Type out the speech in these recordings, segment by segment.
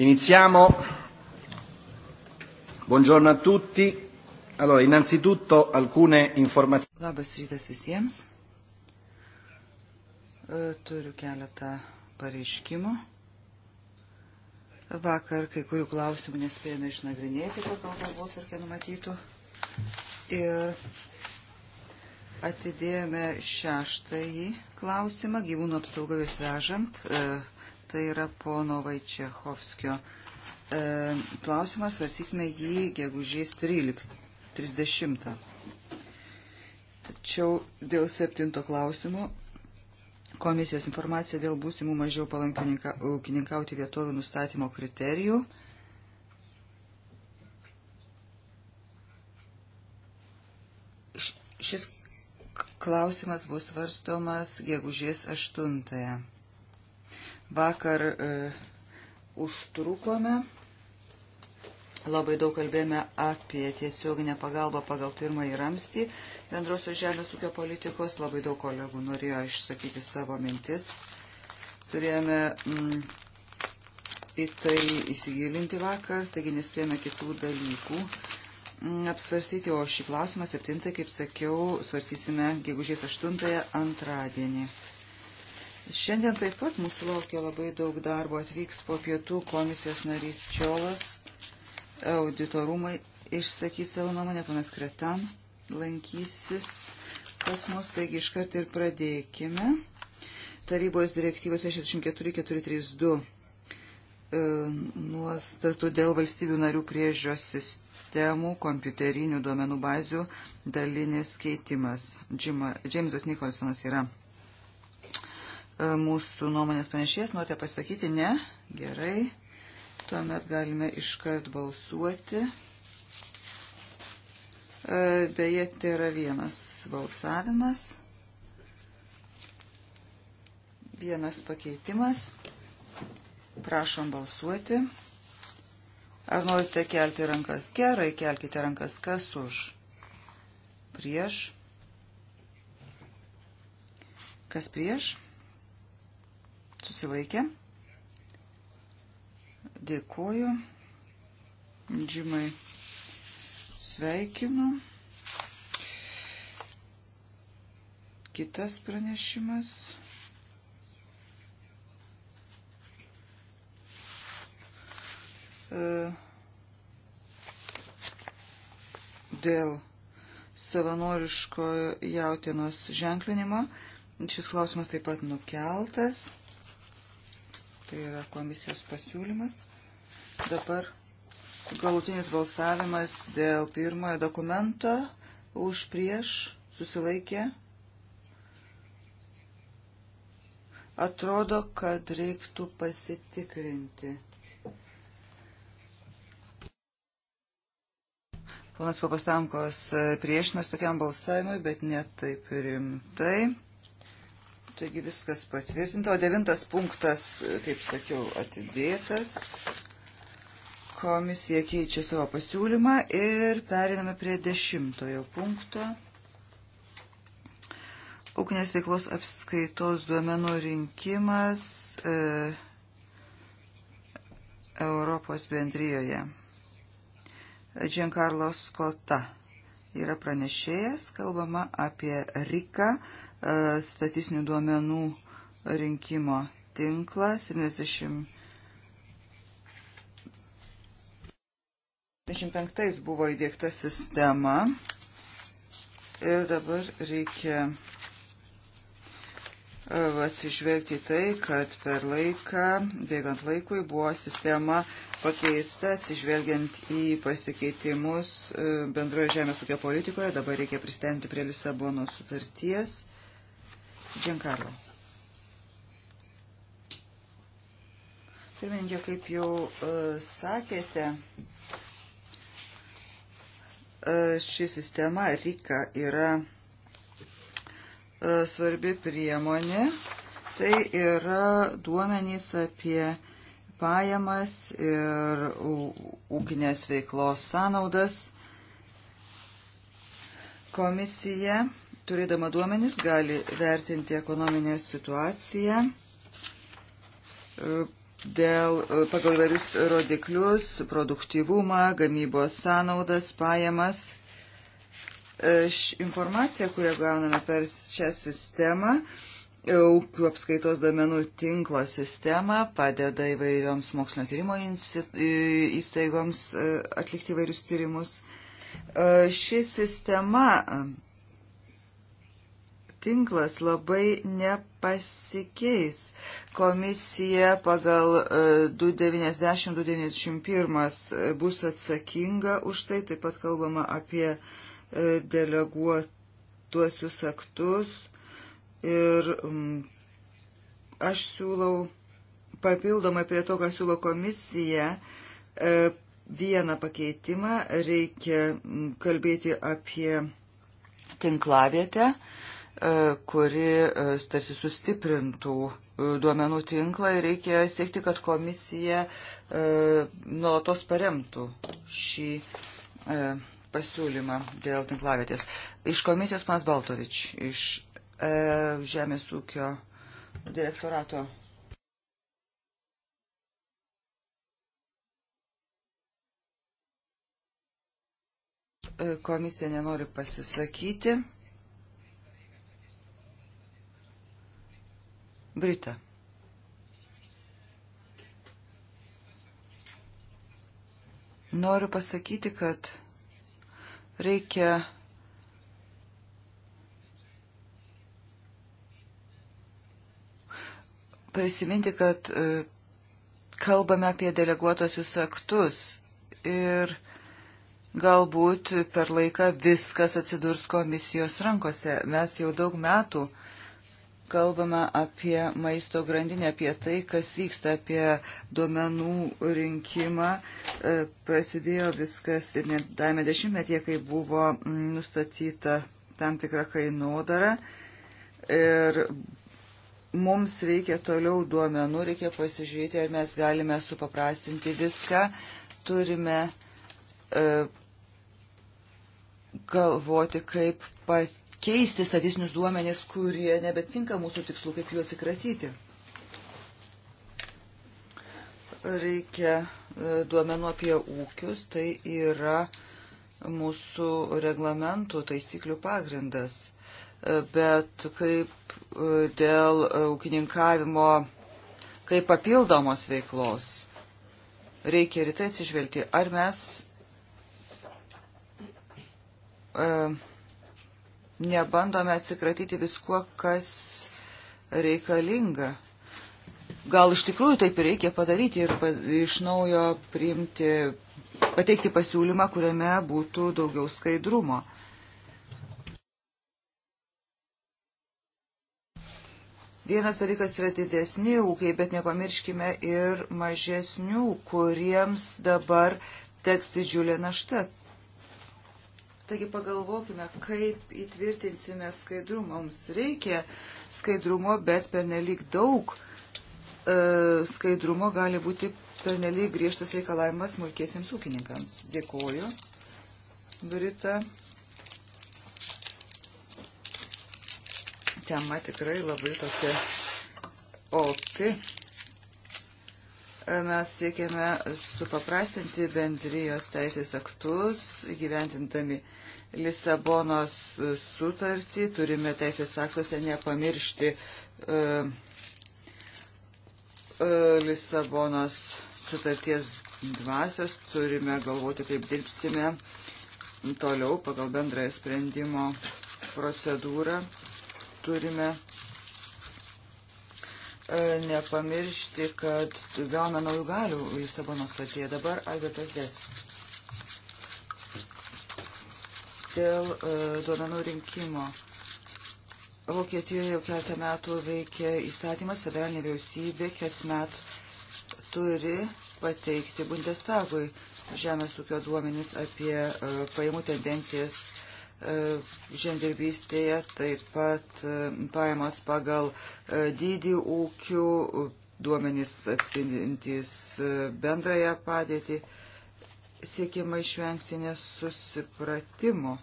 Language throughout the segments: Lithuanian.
Iniziamo. Buongiorno a tutti. Allora, innanzitutto alcune informazioni. Labas rytas visiems. E, turiu keletą pareiškimų. Vakar kai kurių klausimų nespėjome išnagrinėti, pagal darbotvarkę numatytų. Ir atidėjome šeštąjį klausimą gyvūnų apsaugojus vežant. E, Tai yra pono Vaičiachovskio e, klausimas, svarsysime jį gegužės 13.30. Tačiau dėl septinto klausimo komisijos informacija dėl būsimų mažiau palankių ūkininkauti vietovių nustatymo kriterijų. Šis klausimas bus svarstomas gegužės 8. Vakar e, užtrukome, labai daug kalbėjome apie tiesioginę pagalbą pagal pirmąjį ramstį bendrosios žemės ūkio politikos, labai daug kolegų norėjo išsakyti savo mintis. Turėjome mm, į tai įsigilinti vakar, taigi nespėjome kitų dalykų mm, apsvarstyti, o šį klausimą 7, kaip sakiau, svarstysime gegužės 8 antradienį. Šiandien taip pat mūsų laukia labai daug darbo. Atvyks po pietų komisijos narys Čiolas, auditorumai išsakys savo nuomonę, panas Kretan lankysis pas mus, taigi iškart ir pradėkime. Tarybos direktyvos 64432 e, nuostatų dėl valstybių narių priežios sistemų, kompiuterinių duomenų bazių dalinis keitimas. Džima, Džeimsas Nikolsonas yra mūsų nuomonės panešėjas, norite pasakyti ne? Gerai. Tuomet galime iškart balsuoti. E, beje, tai yra vienas balsavimas, vienas pakeitimas. Prašom balsuoti. Ar norite kelti rankas? Gerai, kelkite rankas. Kas už? Prieš. Kas prieš? Susilaikė. Dėkuoju. Džimai sveikinu. Kitas pranešimas. E, dėl savanoriško jautienos ženklinimo šis klausimas taip pat nukeltas. Tai yra komisijos pasiūlymas. Dabar galutinis balsavimas dėl pirmojo dokumento už prieš susilaikė. Atrodo, kad reiktų pasitikrinti. Ponas Papastankos priešinas tokiam balsavimui, bet ne taip rimtai. Taigi viskas patvirtinta. O devintas punktas, kaip sakiau, atidėtas. Komisija keičia savo pasiūlymą ir periname prie dešimtojo punkto. Ūkinės veiklos apskaitos duomenų rinkimas e, Europos bendrijoje. Giancarlo Skota yra pranešėjas, kalbama apie Riką E, statistinių duomenų rinkimo tinklą 70. 75 buvo įdėkta sistema ir dabar reikia e, atsižvelgti tai, kad per laiką, bėgant laikui, buvo sistema pakeista atsižvelgiant į pasikeitimus e, bendroje žemės ūkio politikoje. Dabar reikia pristengti prie Lisabono sutarties. Giancarlo. Pirmininkė, kaip jau uh, sakėte, uh, ši sistema RIKA yra uh, svarbi priemonė. Tai yra duomenys apie pajamas ir ūkinės veiklos sąnaudas. Komisija turėdama duomenis, gali vertinti ekonominę situaciją e, dėl e, pagal įvairius rodiklius, produktyvumą, gamybos sąnaudas, pajamas. E, Informacija, kurią gauname per šią sistemą, ūkių apskaitos domenų tinklo sistemą, padeda įvairioms mokslinio tyrimo įstaigoms atlikti įvairius tyrimus. Ši sistema tinklas labai nepasikeis. Komisija pagal 290-291 e, e, bus atsakinga už tai, taip pat kalbama apie e, deleguotuosius aktus ir aš siūlau papildomai prie to, ką siūlo komisija, vieną pakeitimą reikia kalbėti apie tinklavietę. E, kuri e, tarsi sustiprintų e, duomenų tinklą ir reikia siekti, kad komisija nuolatos paremtų šį pasiūlymą dėl tinklavietės. Iš komisijos Mas Baltovič, iš Žemės ūkio direktorato. Komisija nenori pasisakyti. Brita. Noriu pasakyti, kad reikia prisiminti, kad e, kalbame apie deleguotosius aktus ir galbūt per laiką viskas atsidurs komisijos rankose. Mes jau daug metų uh, kalbame apie maisto grandinę, apie tai, kas vyksta, apie duomenų rinkimą. E, prasidėjo viskas ir net daime dešimtmetyje, kai buvo nustatyta tam tikra kainodara. Ir mums reikia toliau duomenų, reikia pasižiūrėti, ar mes galime supaprastinti viską. Turime e, galvoti, kaip pat keisti statistinius duomenis, kurie nebetinka mūsų tikslų, kaip jų atsikratyti. Reikia e, duomenų apie ūkius, tai yra mūsų reglamentų taisyklių pagrindas. E, bet kaip e, dėl ūkininkavimo, kaip papildomos veiklos, reikia rytai atsižvelgti, ar mes nebandome atsikratyti viskuo, kas reikalinga. Gal iš tikrųjų taip ir reikia padaryti ir iš naujo priimti, pateikti pasiūlymą, kuriame būtų daugiau skaidrumo. Vienas dalykas yra didesni ūkiai, bet nepamirškime ir mažesnių, kuriems dabar teks didžiulė našta. Taigi pagalvokime, kaip įtvirtinsime skaidrumą. Mums reikia skaidrumo, bet pernelik daug e, skaidrumo gali būti pernelik griežtas reikalavimas smulkėsiams ūkininkams. Dėkoju. Brita. Tema tikrai labai tokia opi. Mes siekiame supaprastinti bendrijos teisės aktus, gyventintami Lisabonos sutartį, turime teisės aktuose nepamiršti uh, uh, Lisabonos sutarties dvasios, turime galvoti, kaip dirbsime toliau pagal bendrąją sprendimo procedūrą, turime E, nepamiršti, kad gavome naujų galių Lisabonos patie. Dabar Albertas Des. Dėl e, duomenų rinkimo. Vokietijoje jau keltą metų veikia įstatymas, federalinė vyriausybė kasmet turi pateikti Bundestagui žemės ūkio duomenys apie e, pajamų tendencijas uh, E, žemdirbystėje, taip pat e, pajamos pagal e, dydį ūkių, duomenys atspindintys bendrąją padėtį, siekiama išvengti nesusipratimo.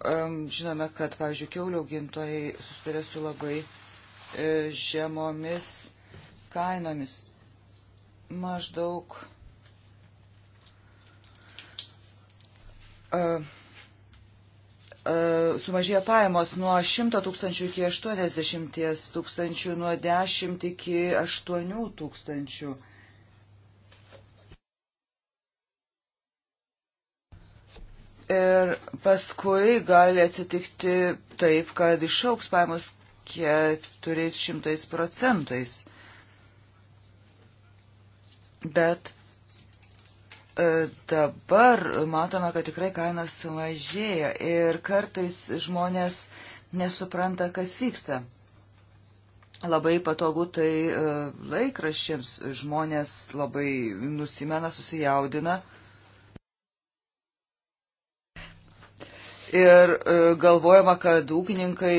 Žinome, kad, pavyzdžiui, keulių augintojai susitarė su labai žemomis kainomis. Maždaug E, e, sumažėjo pajamos nuo 100 tūkstančių iki 80 tūkstančių, nuo 10 iki 8 tūkstančių. Ir paskui gali atsitikti taip, kad išauks pajamos 400 procentais. Bet E, dabar matome, kad tikrai kainos sumažėja ir kartais žmonės nesupranta, kas vyksta. Labai patogu tai e, laikraščiams žmonės labai nusimena, susijaudina. Ir e, galvojama, kad ūkininkai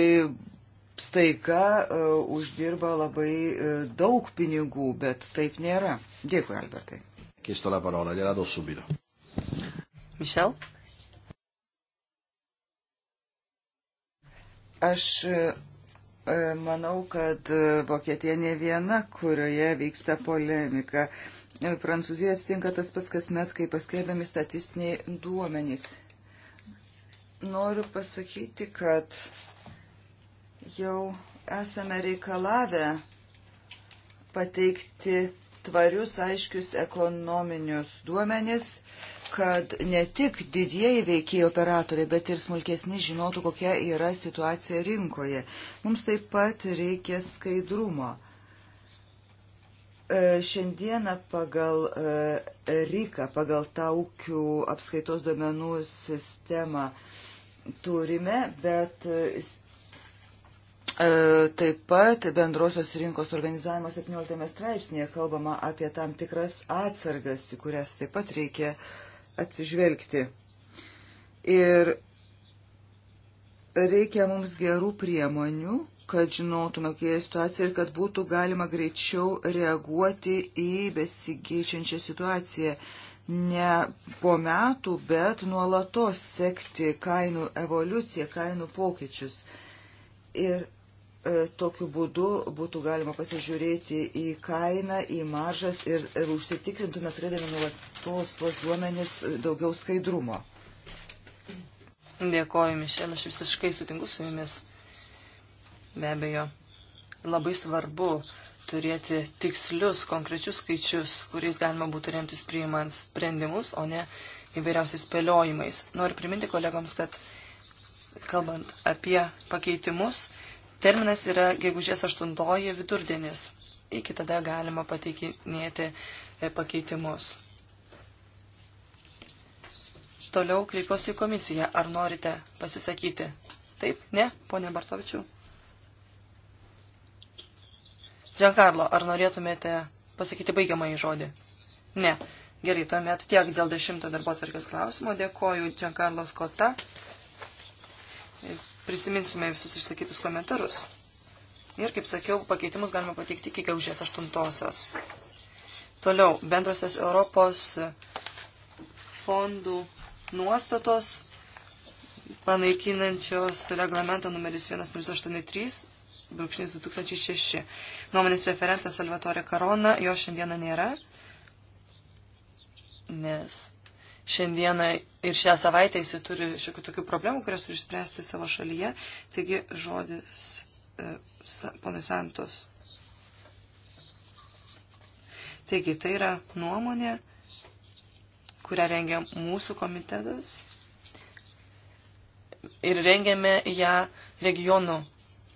staiga uh, uždirba labai uh, daug pinigų, bet taip nėra. Dėkui, Albertai chiesto la parola, gliela do subito. Michel? Aš e, e, manau, kad e, Vokietija ne viena, kurioje vyksta polemika. Prancūzijoje atsitinka tas pats kasmet, kai paskelbiami statistiniai duomenys. Noriu pasakyti, kad jau esame reikalavę pateikti tvarius, aiškius ekonominius duomenis, kad ne tik didieji veikiai operatoriai, bet ir smulkesni žinotų, kokia yra situacija rinkoje. Mums taip pat reikia skaidrumo. E, šiandieną pagal e, RIKA, pagal taukių apskaitos duomenų sistemą turime, bet e, E, taip pat bendrosios rinkos organizavimo 17 straipsnėje kalbama apie tam tikras atsargas, į kurias taip pat reikia atsižvelgti. Ir reikia mums gerų priemonių, kad žinotume, kokia situacija ir kad būtų galima greičiau reaguoti į besigeičiančią situaciją. Ne po metų, bet nuolatos sekti kainų evoliuciją, kainų pokyčius. Ir E, tokiu būdu būtų galima pasižiūrėti į kainą, į maržas ir, ir užsitikrintume, turėdami nuolatos tuos duomenis, e, daugiau skaidrumo. Dėkoju, Mišel, aš visiškai sutinku su jumis. Be abejo, labai svarbu turėti tikslius, konkrečius skaičius, kuriais galima būtų remtis priimant sprendimus, o ne įvairiausiais spėliojimais. Noriu priminti kolegoms, kad kalbant apie pakeitimus, Terminas yra gegužės 8 vidurdienis. Iki tada galima pateikinėti e, pakeitimus. Toliau kreipiuosi į komisiją. Ar norite pasisakyti? Taip? Ne? Pone Bartovičiu? Giancarlo, ar norėtumėte pasakyti baigiamąjį žodį? Ne. Gerai, tuomet tiek dėl dešimto darbo atvarkės klausimo. Dėkoju Giancarlo Skota prisiminsime visus išsakytus komentarus. Ir, kaip sakiau, pakeitimus galima pateikti iki gegužės 8-osios. Toliau, bendrosios Europos fondų nuostatos, panaikinančios reglamento numeris 1083, brūkšnys 2006. Nuomonės referentas Salvatore Karona, jo šiandieną nėra, nes šiandieną ir šią savaitę jis turi šiokių tokių problemų, kurias turi išspręsti savo šalyje. Taigi žodis e, sa, ponui Santos. Taigi tai yra nuomonė, kurią rengia mūsų komitetas ir rengiame ją regionų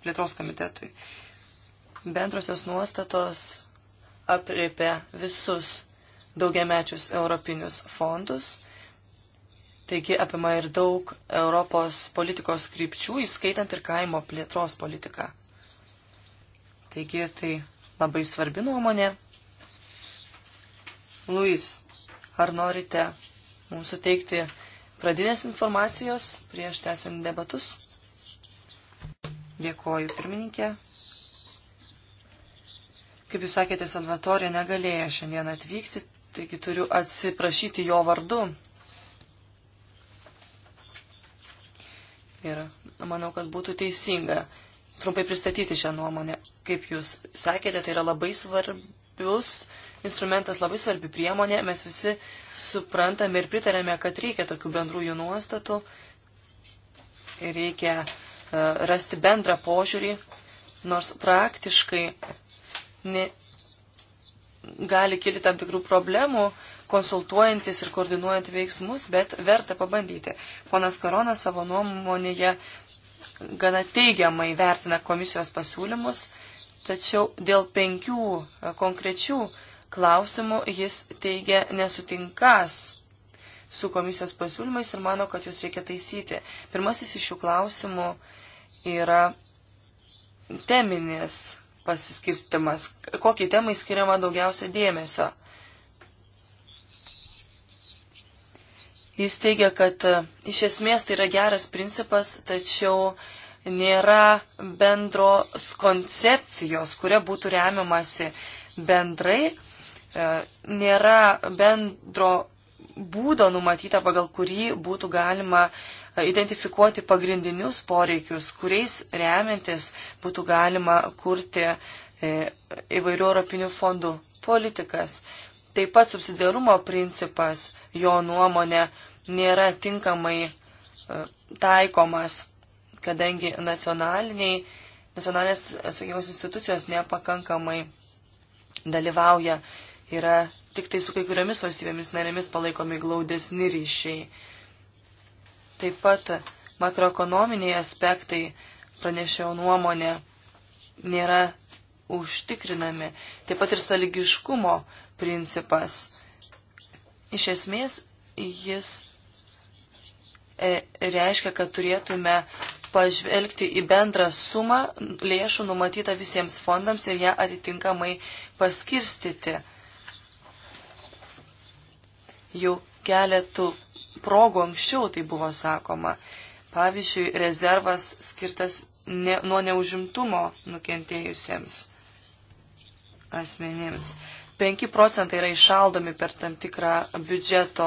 plėtros komitetui. Bendrosios nuostatos apriepia visus daugiamečius europinius fondus Taigi apima ir daug Europos politikos krypčių, įskaitant ir kaimo plėtros politiką. Taigi tai labai svarbi nuomonė. Luis, ar norite mums suteikti pradinės informacijos prieš tęsiant debatus? Dėkoju, pirmininkė. Kaip jūs sakėte, Salvatorija negalėjo šiandien atvykti, taigi turiu atsiprašyti jo vardu Ir manau, kad būtų teisinga trumpai pristatyti šią nuomonę. Kaip jūs sakėte, tai yra labai svarbus instrumentas, labai svarbi priemonė. Mes visi suprantame ir pritarėme, kad reikia tokių bendrųjų nuostatų. Ir reikia e, rasti bendrą požiūrį, nors praktiškai ne, gali kilti tam tikrų problemų, uh, konsultuojantis ir koordinuojant veiksmus, bet verta pabandyti. Ponas Korona savo nuomonėje gana teigiamai vertina komisijos pasiūlymus, tačiau dėl penkių e, konkrečių klausimų jis teigia nesutinkas su komisijos pasiūlymais ir mano, kad juos reikia taisyti. Pirmasis iš šių klausimų yra teminis pasiskirstimas, kokiai temai skiriama daugiausia dėmesio. Jis teigia, kad e, iš esmės tai yra geras principas, tačiau nėra bendros koncepcijos, kuria būtų remiamasi bendrai, e, nėra bendro būdo numatyta, pagal kurį būtų galima e, identifikuoti pagrindinius poreikius, kuriais remiantis būtų galima kurti įvairių europinių fondų politikas. Taip pat subsidiarumo principas, jo nuomonė, nėra tinkamai e, taikomas, kadangi nacionaliniai, nacionalinės atsakingos institucijos nepakankamai dalyvauja, yra tik tai su kai kuriomis valstybėmis narėmis palaikomi glaudesni ryšiai. Taip pat makroekonominiai aspektai, pranešiau nuomonė, nėra užtikrinami. Taip pat ir saligiškumo principas. Iš esmės, jis e, reiškia, kad turėtume pažvelgti į bendrą sumą lėšų numatytą visiems fondams ir ją atitinkamai paskirstyti. Jau keletų progų anksčiau tai buvo sakoma. Pavyzdžiui, rezervas skirtas ne, nuo neužimtumo nukentėjusiems asmenims. 5 procentai yra išaldomi per tam tikrą biudžeto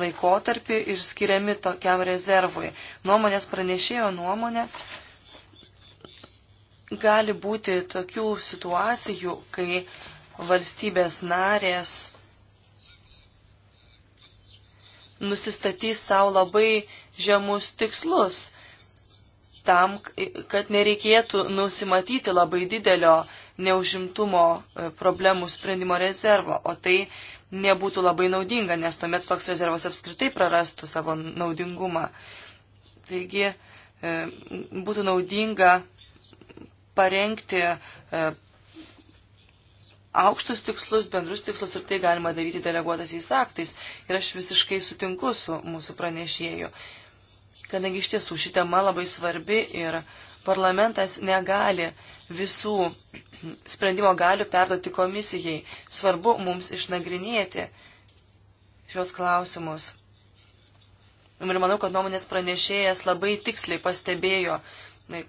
laikotarpį ir skiriami tokiam rezervui. Nuomonės pranešėjo nuomonė gali būti tokių situacijų, kai valstybės narės nusistatys savo labai žemus tikslus tam, kad nereikėtų nusimatyti labai didelio neužimtumo e, problemų sprendimo rezervo, o tai nebūtų labai naudinga, nes tuomet toks rezervas apskritai prarastų savo naudingumą. Taigi e, būtų naudinga parengti e, aukštus tikslus, bendrus tikslus ir tai galima daryti deleguotasiais aktais. Ir aš visiškai sutinku su mūsų pranešėju, kadangi iš tiesų ši tema labai svarbi ir uh, Parlamentas negali visų sprendimo galių perduoti komisijai. Svarbu mums išnagrinėti šios klausimus. Ir manau, kad nuomonės pranešėjas labai tiksliai pastebėjo,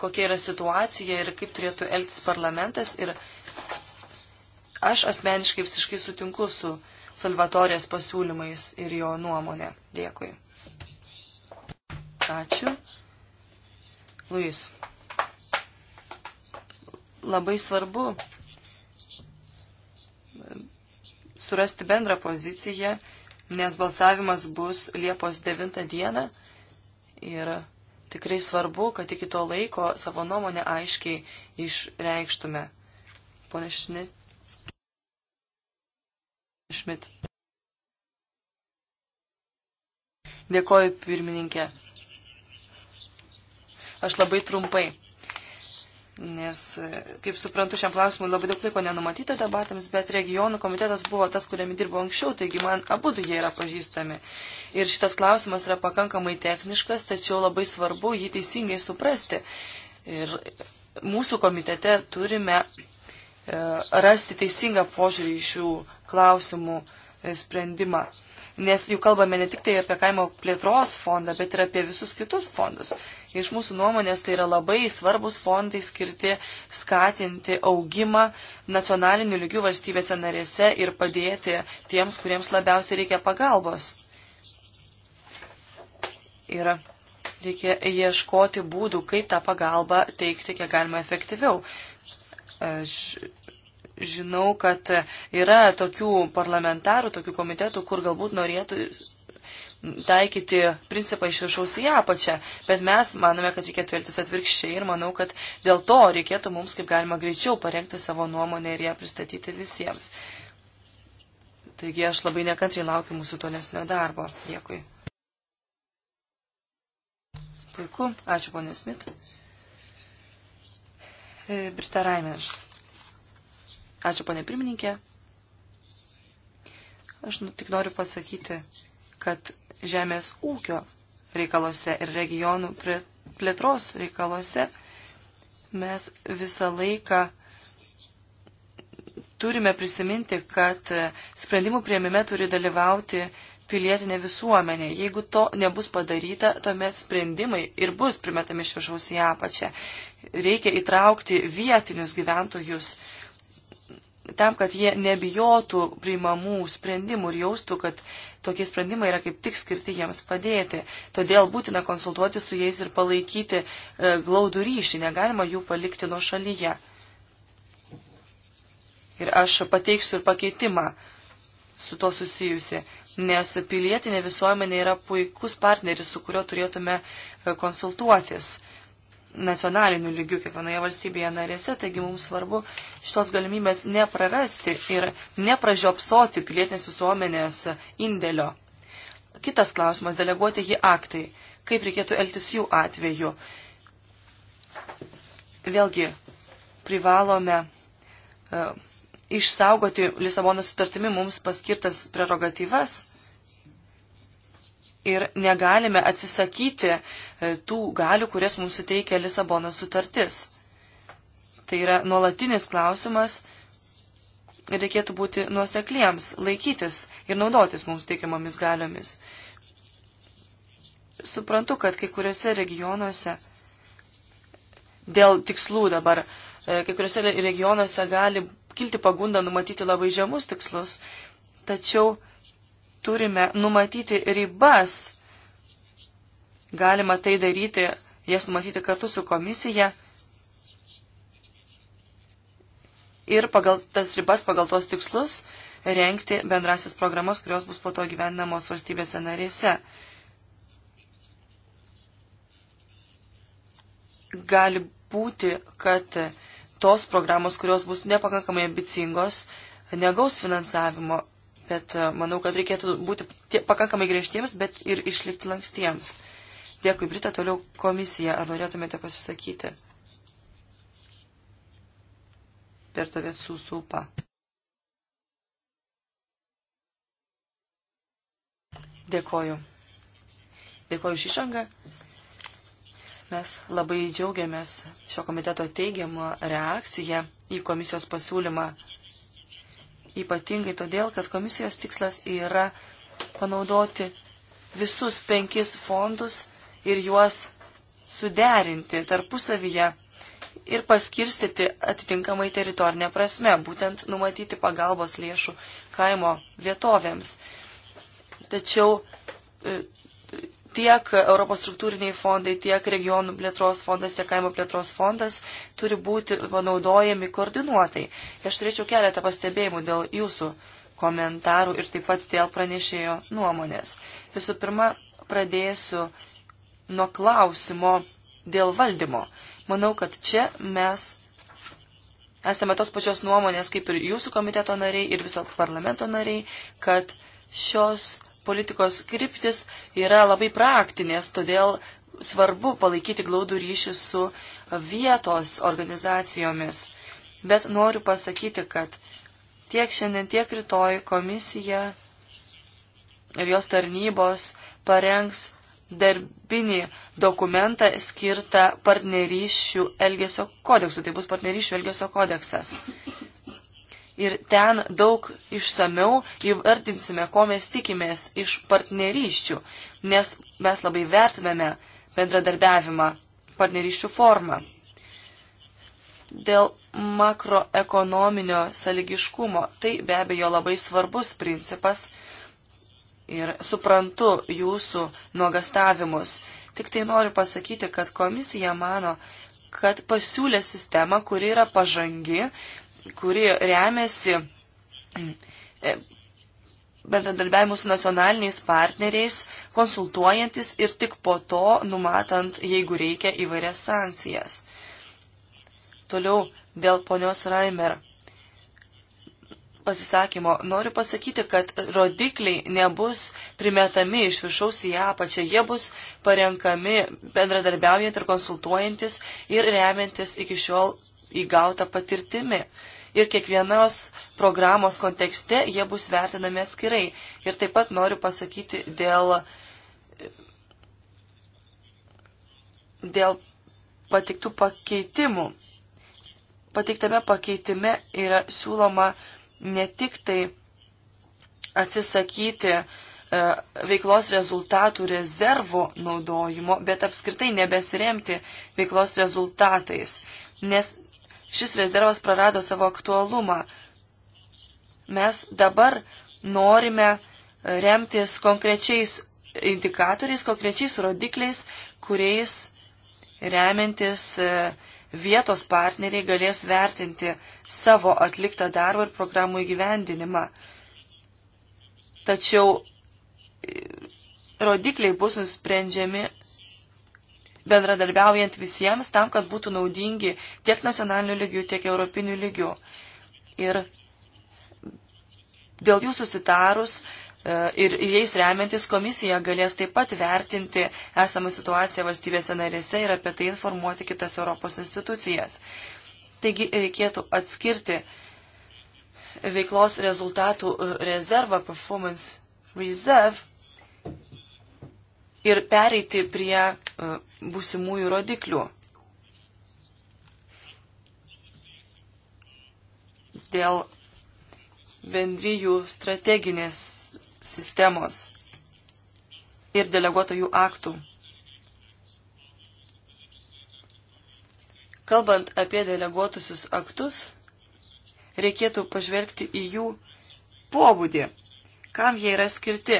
kokia yra situacija ir kaip turėtų elgtis parlamentas. Ir aš asmeniškai visiškai sutinku su Salvatorės pasiūlymais ir jo nuomonė. Dėkui. Ačiū. Luis labai svarbu surasti bendrą poziciją, nes balsavimas bus Liepos 9 dieną ir tikrai svarbu, kad iki to laiko savo nuomonę aiškiai išreikštume. Pone Šmit. Dėkoju, pirmininkė. Aš labai trumpai. Nes, kaip suprantu, šiam klausimui labai daug laiko nenumatyta debatams, bet regionų komitetas buvo tas, kuriame dirbo anksčiau, taigi man abu du jie yra pažįstami. Ir šitas klausimas yra pakankamai techniškas, tačiau labai svarbu jį teisingai suprasti. Ir mūsų komitete turime e, rasti teisingą požiūrį į šių klausimų e, sprendimą. Nes juk kalbame ne tik tai apie kaimo plėtros fondą, bet ir apie visus kitus fondus. Iš mūsų nuomonės tai yra labai svarbus fondai skirti skatinti augimą nacionaliniu lygiu valstybėse narėse ir padėti tiems, kuriems labiausiai reikia pagalbos. Ir reikia ieškoti būdų, kaip tą pagalbą teikti kiek galima efektyviau. Aš žinau, kad yra tokių parlamentarų, tokių komitetų, kur galbūt norėtų taikyti principą iš viršaus į apačią, bet mes manome, kad reikėtų elgtis atvirkščiai ir manau, kad dėl to reikėtų mums kaip galima greičiau parengti savo nuomonę ir ją pristatyti visiems. Taigi aš labai nekantriai laukiu mūsų tolesnio darbo. Dėkui. Puiku, ačiū ponė Smith. E, Brita Raimers. Ačiū ponė pirmininkė. Aš nu, tik noriu pasakyti, kad žemės ūkio reikalose ir regionų plėtros reikalose mes visą laiką turime prisiminti, kad sprendimų prieimime turi dalyvauti pilietinė visuomenė. Jeigu to nebus padaryta, tuomet sprendimai ir bus primetami iš viršaus į apačią. Reikia įtraukti vietinius gyventojus, tam, kad jie nebijotų priimamų sprendimų ir jaustų, kad tokie sprendimai yra kaip tik skirti jiems padėti. Todėl būtina konsultuoti su jais ir palaikyti e, glaudų ryšį, negalima jų palikti nuo šalyje. Ir aš pateiksiu ir pakeitimą su to susijusi, nes pilietinė visuomenė yra puikus partneris, su kuriuo turėtume e, konsultuotis. E, nacionaliniu lygiu kiekvienoje valstybėje narėse, taigi mums svarbu šitos galimybės neprarasti ir nepražiopsoti pilietinės visuomenės indėlio. Kitas klausimas - deleguoti jį aktai. Kaip reikėtų elgtis jų atveju? Vėlgi, privalome uh, išsaugoti Lisabono sutartimi mums paskirtas prerogatyvas ir negalime atsisakyti e, tų galių, kurias mums suteikia Lisabono sutartis. Tai yra nuolatinis klausimas ir reikėtų būti nuosekliems, laikytis ir naudotis mums teikiamomis galiomis. Suprantu, kad kai kuriuose regionuose dėl tikslų dabar, e, kai kuriuose regionuose gali kilti pagunda numatyti labai žemus tikslus, tačiau turime numatyti ribas. Galima tai daryti, jas numatyti kartu su komisija ir pagal tas ribas, pagal tuos tikslus renkti bendrasis programas, kurios bus po to gyvenamos valstybėse narėse. Gali būti, kad tos programos, kurios bus nepakankamai ambicingos, negaus finansavimo Bet e, manau, kad reikėtų būti tie, pakankamai griežtiems, bet ir išlikti lankstiems. Dėkui, Brita, toliau komisija. Ar norėtumėte pasisakyti? Per tavęs susupa. Dėkoju. Dėkoju už išangą. Mes labai džiaugiamės šio komiteto teigiamą reakciją į komisijos pasiūlymą ypatingai todėl, kad komisijos tikslas yra panaudoti visus penkis fondus ir juos suderinti tarpusavyje ir paskirstyti atitinkamai teritorinę prasme, būtent numatyti pagalbos lėšų kaimo vietovėms. Tačiau e, tiek Europos struktūriniai fondai, tiek regionų plėtros fondas, tiek kaimo plėtros fondas turi būti panaudojami koordinuotai. Aš turėčiau keletą pastebėjimų dėl jūsų komentarų ir taip pat dėl pranešėjo nuomonės. Visų pirma, pradėsiu nuo klausimo dėl valdymo. Manau, kad čia mes esame tos pačios nuomonės kaip ir jūsų komiteto nariai ir viso parlamento nariai, kad šios politikos kryptis yra labai praktinės, todėl svarbu palaikyti glaudų ryšį su vietos organizacijomis. Bet noriu pasakyti, kad tiek šiandien, tiek rytoj komisija ir jos tarnybos parengs darbinį dokumentą skirtą partnerysčių elgesio kodeksų. Tai bus partnerysčių elgesio kodeksas ir ten daug išsameu įvardinsime, ko mes tikimės iš partnerysčių, nes mes labai vertiname bendradarbiavimą partnerysčių formą. Dėl makroekonominio saligiškumo tai be abejo labai svarbus principas ir suprantu jūsų nuogastavimus. Tik tai noriu pasakyti, kad komisija mano, kad pasiūlė sistemą, kuri yra pažangi kuri remiasi e, bendradarbiavimu su nacionaliniais partneriais, konsultuojantis ir tik po to numatant, jeigu reikia, įvairias sankcijas. Toliau dėl ponios Raimer pasisakymo noriu pasakyti, kad rodikliai nebus primetami iš viršaus į apačią, jie bus parenkami bendradarbiaujant ir konsultuojantis ir remiantis iki šiol įgautą patirtimį ir kiekvienos programos kontekste jie bus vertinami atskirai. Ir taip pat noriu pasakyti dėl, dėl patiktų pakeitimų. Pateiktame pakeitime yra siūloma ne tik tai atsisakyti e, veiklos rezultatų rezervo naudojimo, bet apskritai nebesiremti veiklos rezultatais, nes šis rezervas prarado savo aktualumą. Mes dabar norime remtis konkrečiais indikatoriais, konkrečiais rodikliais, kuriais remiantis e, vietos partneriai galės vertinti savo atliktą darbą ir programų įgyvendinimą. Tačiau e, rodikliai bus nusprendžiami bendradarbiaujant visiems tam, kad būtų naudingi tiek nacionalinių lygių, tiek europinių lygių. Ir dėl jų susitarus e, ir jais remiantis komisija galės taip pat vertinti esamą situaciją valstybėse narėse ir apie tai informuoti kitas Europos institucijas. Taigi reikėtų atskirti veiklos rezultatų e, rezervą, performance reserve, ir pereiti prie e, būsimųjų rodiklių. Dėl bendryjų strateginės sistemos ir deleguotojų aktų. Kalbant apie deleguotusius aktus, reikėtų pažvelgti į jų pobūdį, kam jie yra skirti.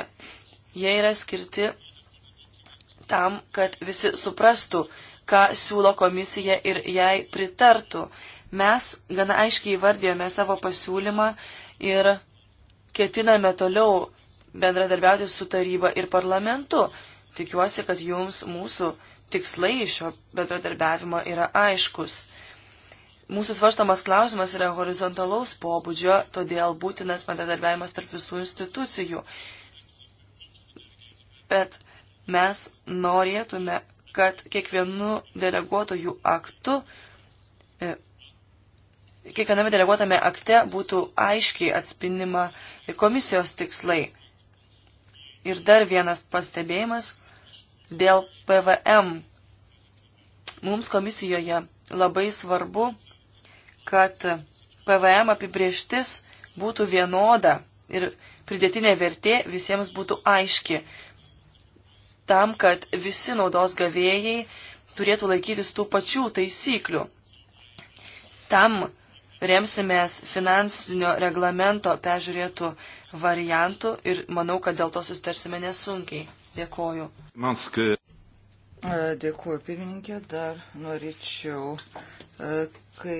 Jie yra skirti tam, kad visi suprastų, ką siūlo komisija ir jai pritartų. Mes gana aiškiai įvardėjome savo pasiūlymą ir ketiname toliau bendradarbiauti su taryba ir parlamentu. Tikiuosi, kad jums mūsų tikslai šio bendradarbiavimo yra aiškus. Mūsų svarstamas klausimas yra horizontalaus pobūdžio, todėl būtinas bendradarbiavimas tarp visų institucijų. Bet Mes norėtume, kad kiekvienu deleguotojų aktu, e, kiekviename deleguotame akte būtų aiškiai atspindima komisijos tikslai. Ir dar vienas pastebėjimas dėl PVM. Mums komisijoje labai svarbu, kad PVM apibrieštis būtų vienoda ir pridėtinė vertė visiems būtų aiški tam, kad visi naudos gavėjai turėtų laikytis tų pačių taisyklių. Tam remsimės finansinio reglamento pežiūrėtų variantų ir manau, kad dėl to sustarsime nesunkiai. Dėkoju. Manske. Dėkuoju, pirmininkė. Dar norėčiau kai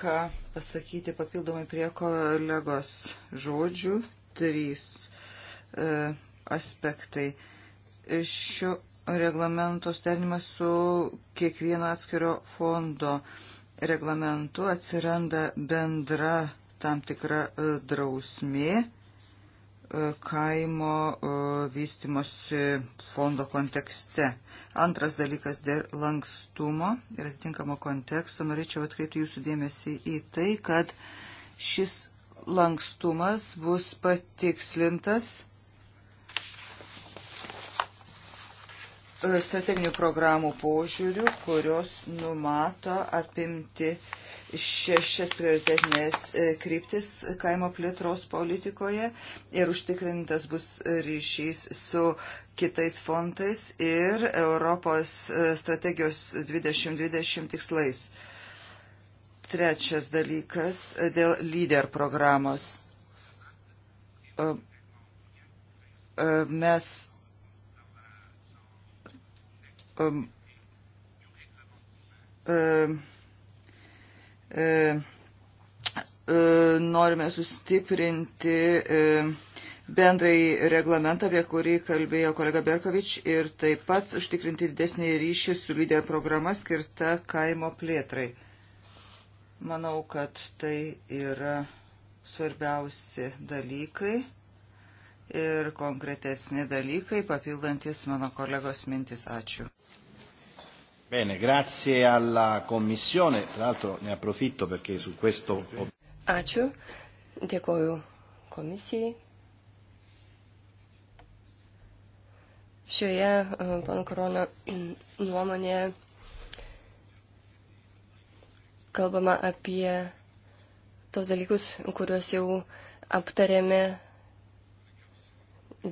ką pasakyti papildomai prie kolegos žodžių. Trys aspektai. E, šio reglamento sterinimas su kiekvieno atskiro fondo reglamentu atsiranda bendra tam tikra e, drausmė e, kaimo e, vystimosi fondo kontekste. Antras dalykas dėl lankstumo ir atitinkamo konteksto. Norėčiau atkreipti jūsų dėmesį į tai, kad šis lankstumas bus patikslintas E, strateginių programų požiūrių, kurios numato apimti šešias prioritetinės e, kryptis kaimo plėtros politikoje ir užtikrintas bus ryšys su kitais fondais ir Europos e, strategijos 2020 tikslais. Trečias dalykas dėl lyder programos. Mes um, um, um, norime sustiprinti e, bendrai reglamentą, apie kurį kalbėjo kolega Berkovič, ir taip pat užtikrinti didesnį ryšį su lyderio programa skirta kaimo plėtrai. Manau, kad tai yra svarbiausi dalykai ir konkretesni dalykai, papildantis mano kolegos mintis. Ačiū. Bene, grazie alla Commissione, tra l'altro ne approfitto perché su questo... Ačiū, dėkoju komisijai. Šioje e, pano Korona mm, nuomonėje kalbama apie tos dalykus, kuriuos jau aptarėme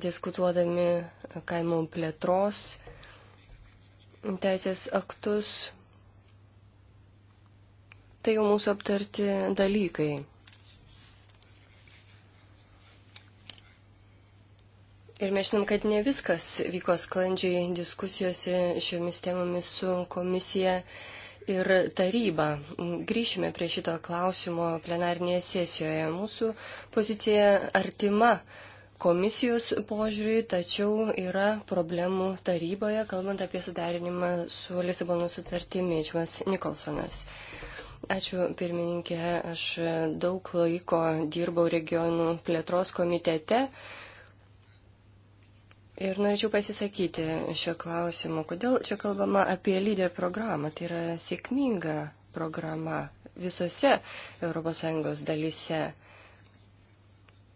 diskutuodami kaimo plėtros teisės aktus, tai jau mūsų aptarti dalykai. Ir mes žinom, kad ne viskas vyko sklandžiai diskusijose šiomis temomis su komisija ir taryba. Grįšime prie šito klausimo plenarnėje sesijoje. Mūsų pozicija artima komisijos požiūriui, tačiau yra problemų taryboje, kalbant apie suderinimą su Lisabono sutartimi, Džmas Nikolsonas. Ačiū pirmininkė, aš daug laiko dirbau regionų plėtros komitete. Ir norėčiau pasisakyti šio klausimu, kodėl čia kalbama apie lyderio programą. Tai yra sėkminga programa visose ES dalise.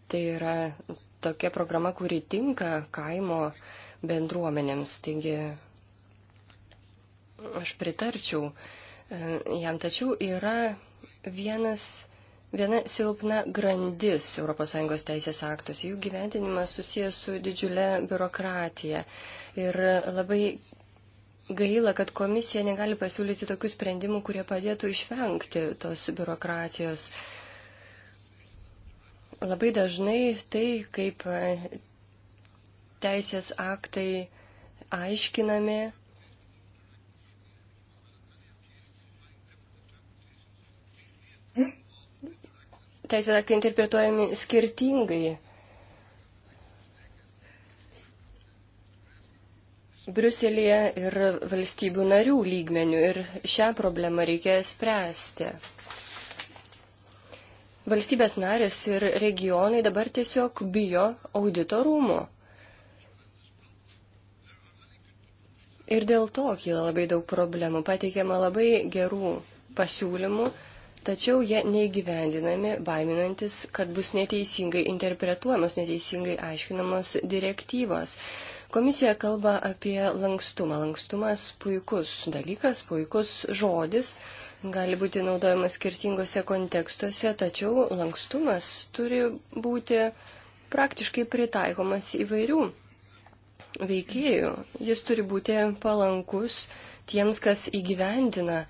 Tai yra tokia programa, kuri tinka kaimo bendruomenėms. Taigi aš pritarčiau e, jam, tačiau yra vienas, viena silpna grandis ES teisės aktuose. Jų gyventinimas susijęs su didžiulė biurokratija. Ir labai gaila, kad komisija negali pasiūlyti tokių sprendimų, kurie padėtų išvengti tos biurokratijos. Labai dažnai tai, kaip e, teisės aktai aiškinami, teisės aktai interpretuojami skirtingai. Briuselėje ir valstybių narių lygmenių ir šią problemą reikia spręsti. Valstybės narės ir regionai dabar tiesiog bijo audito rūmų. Ir dėl to kyla labai daug problemų. Pateikiama labai gerų pasiūlymų, tačiau jie neįgyvendinami, baiminantis, kad bus neteisingai interpretuojamos, neteisingai aiškinamos direktyvos. Komisija kalba apie lankstumą. Lankstumas puikus dalykas, puikus žodis, gali būti naudojamas skirtingose kontekstuose, tačiau lankstumas turi būti praktiškai pritaikomas įvairių veikėjų. Jis turi būti palankus tiems, kas įgyvendina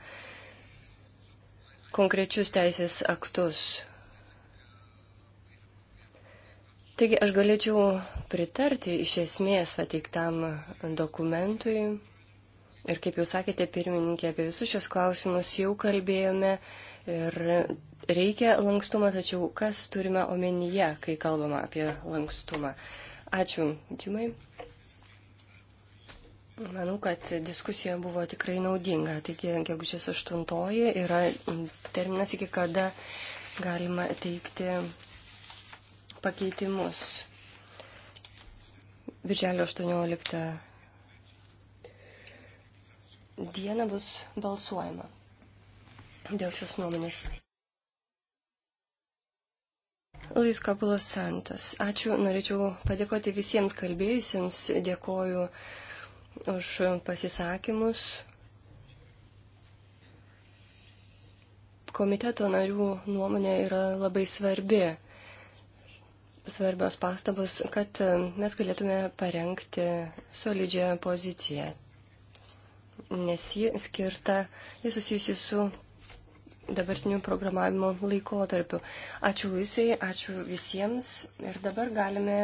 konkrečius teisės aktus. Taigi aš galėčiau pritarti iš esmės pateiktam dokumentui, Ir kaip jau sakėte, pirmininkė, apie visus šios klausimus jau kalbėjome ir reikia lankstumą, tačiau kas turime omenyje, kai kalbama apie lankstumą? Ačiū, Timai. Manau, kad diskusija buvo tikrai naudinga. Taigi, gegužės 8 yra terminas, iki kada galima teikti pakeitimus. Birželio 18 dieną bus balsuojama dėl šios nuomonės. Luis Kapulas Santos. Ačiū, norėčiau padėkoti visiems kalbėjusiems, dėkoju už pasisakymus. Komiteto narių nuomonė yra labai svarbi. Svarbios pastabos, kad mes galėtume parengti solidžią poziciją nes ji skirta, ji susijusi su dabartiniu programavimo laikotarpiu. Ačiū Luisai, ačiū visiems ir dabar galime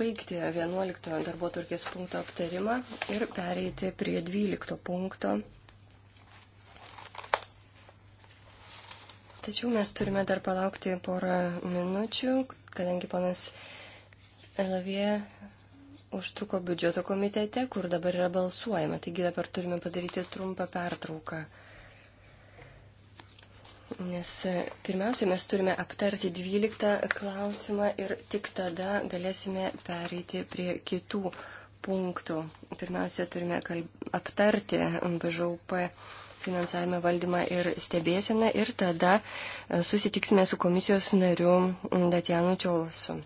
baigti 11 darbo turkės punkto aptarimą ir pereiti prie 12 punkto. Tačiau mes turime dar palaukti porą minučių, kadangi panas Elavie užtruko biudžeto komitete, kur dabar yra balsuojama. Taigi dabar turime padaryti trumpą pertrauką. Nes e, pirmiausia, mes turime aptarti 12 klausimą ir tik tada galėsime pereiti prie kitų punktų. Pirmiausia, turime kalb... aptarti BŽUP finansavimą valdymą ir stebėseną ir tada e, susitiksime su komisijos nariu Datjanu Čiolosu.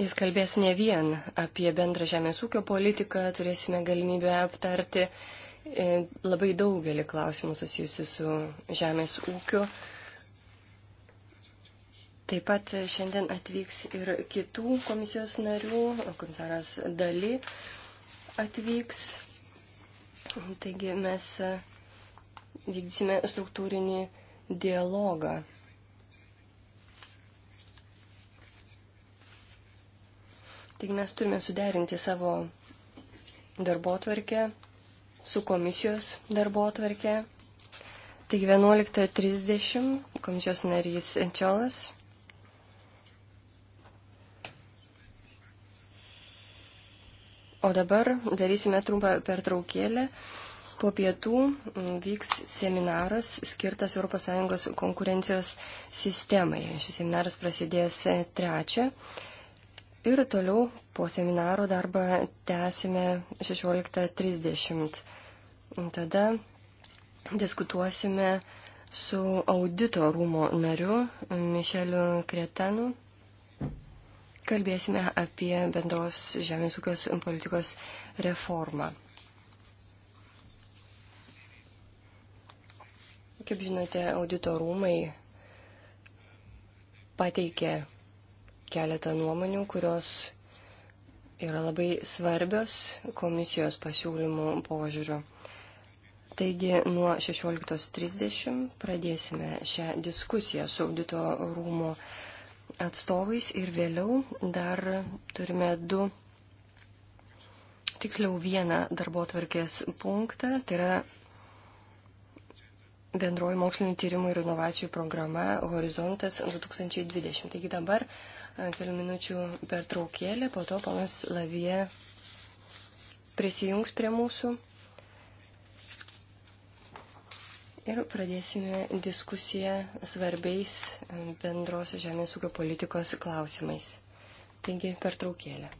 Jis kalbės ne vien apie bendrą žemės ūkio politiką, turėsime galimybę aptarti e, labai daugelį klausimų susijusių su žemės ūkiu. Taip pat šiandien atvyks ir kitų komisijos narių, komisaras Dali atvyks. Taigi mes e, vykdysime struktūrinį dialogą Taigi mes turime suderinti savo darbo tvarkę su komisijos darbo tvarkė. Taigi 11.30 komisijos narys Enčiolas. O dabar darysime trumpą pertraukėlę. Po pietų vyks seminaras skirtas ES konkurencijos sistemai. Šis seminaras prasidės trečią. Ir toliau po seminaro darbą tęsime 16.30. Tada diskutuosime su audito rūmo nariu Mišeliu Kretanu. Kalbėsime apie bendros žemės ūkio politikos reformą. Kaip žinote, audito rūmai pateikė keletą nuomonių, kurios yra labai svarbios komisijos pasiūlymų požiūriu. Taigi nuo 16.30 pradėsime šią diskusiją su audito rūmų atstovais ir vėliau dar turime du, tiksliau vieną darbo tvarkės punktą, tai yra bendroji mokslinio tyrimų ir inovacijų programa Horizontas 2020. Taigi dabar kelių minučių pertraukėlė, po to ponas Lavie prisijungs prie mūsų ir pradėsime diskusiją svarbiais e, bendrosios žemės ūkio politikos klausimais. Taigi pertraukėlė.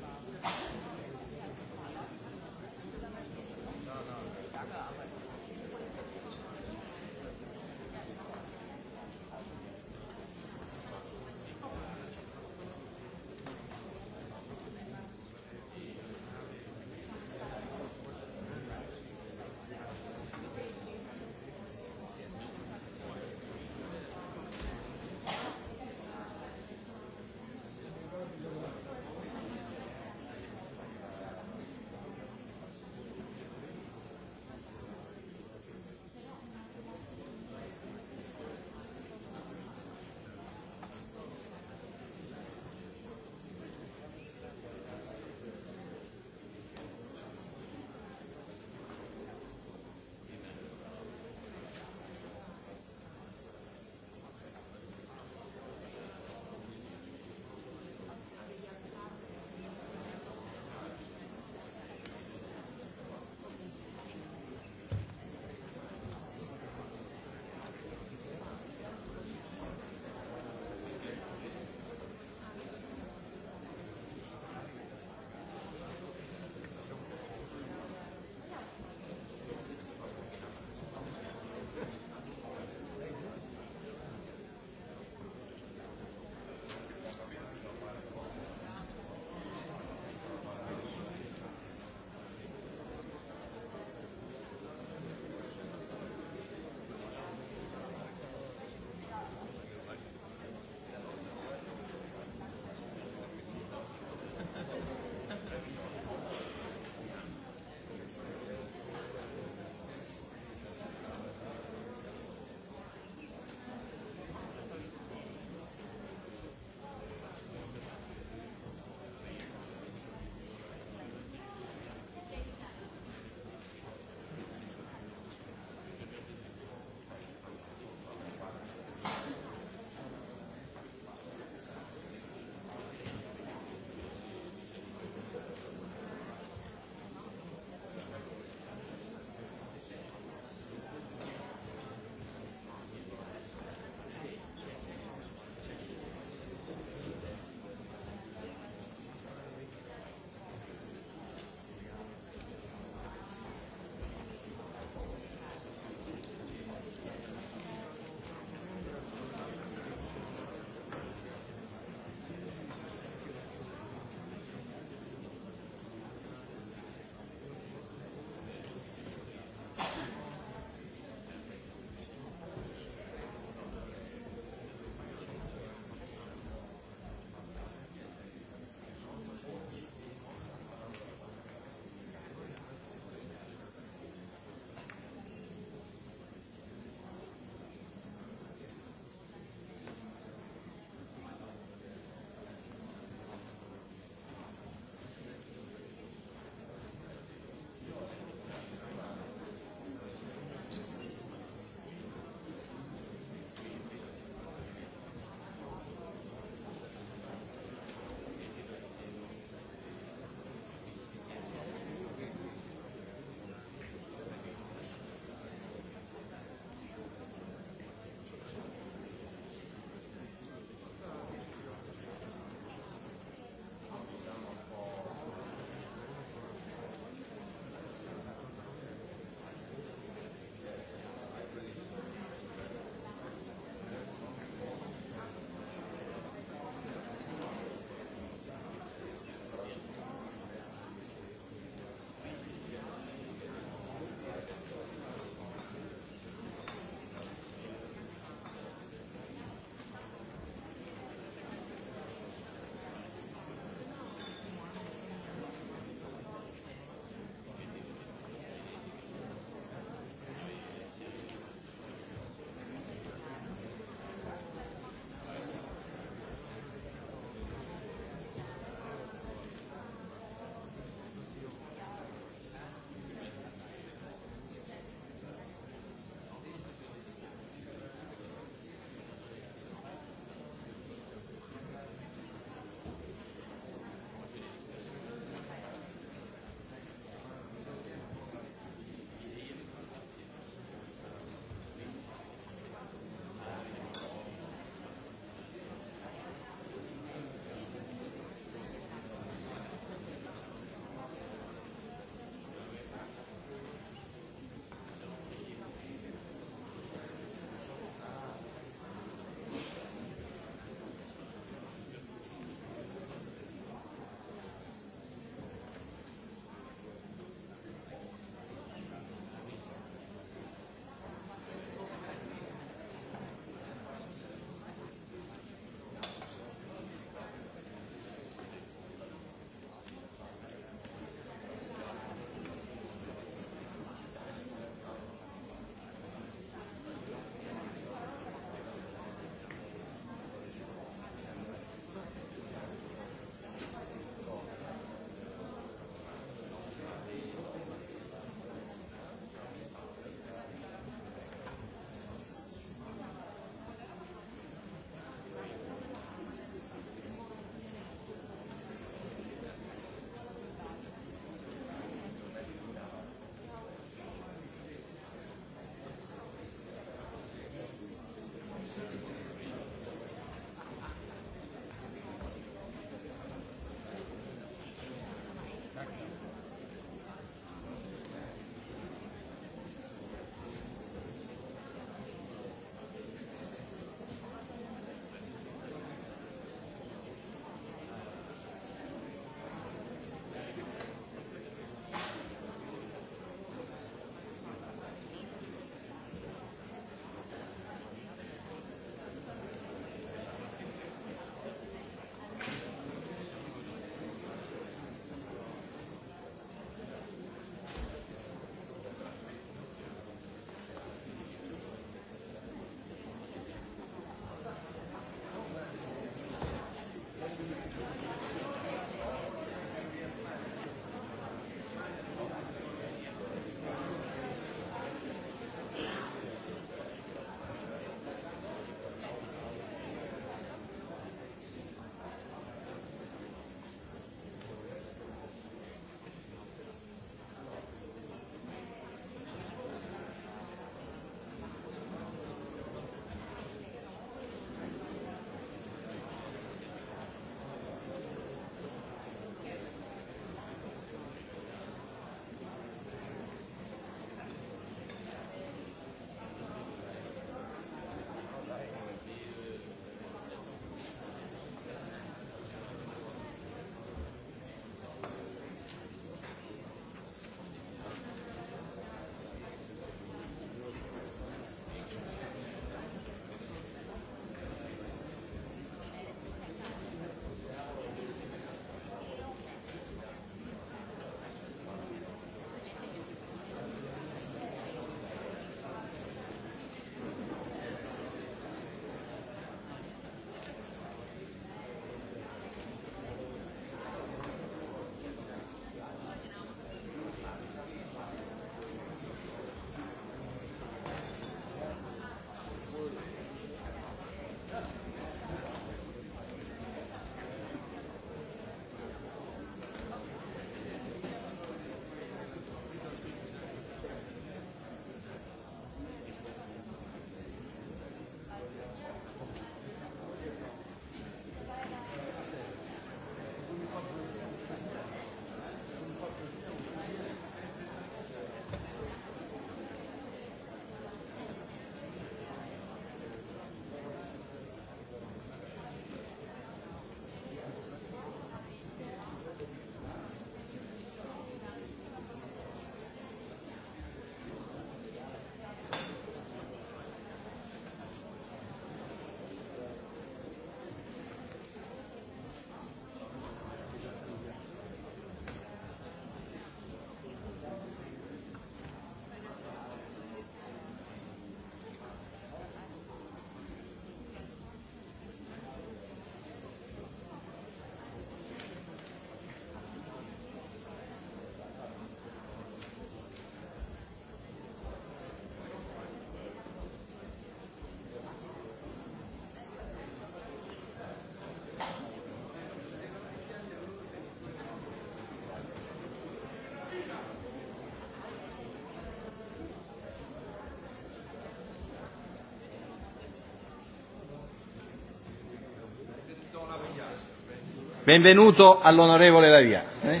Benvenuto all'onorevole Lavia. Eh?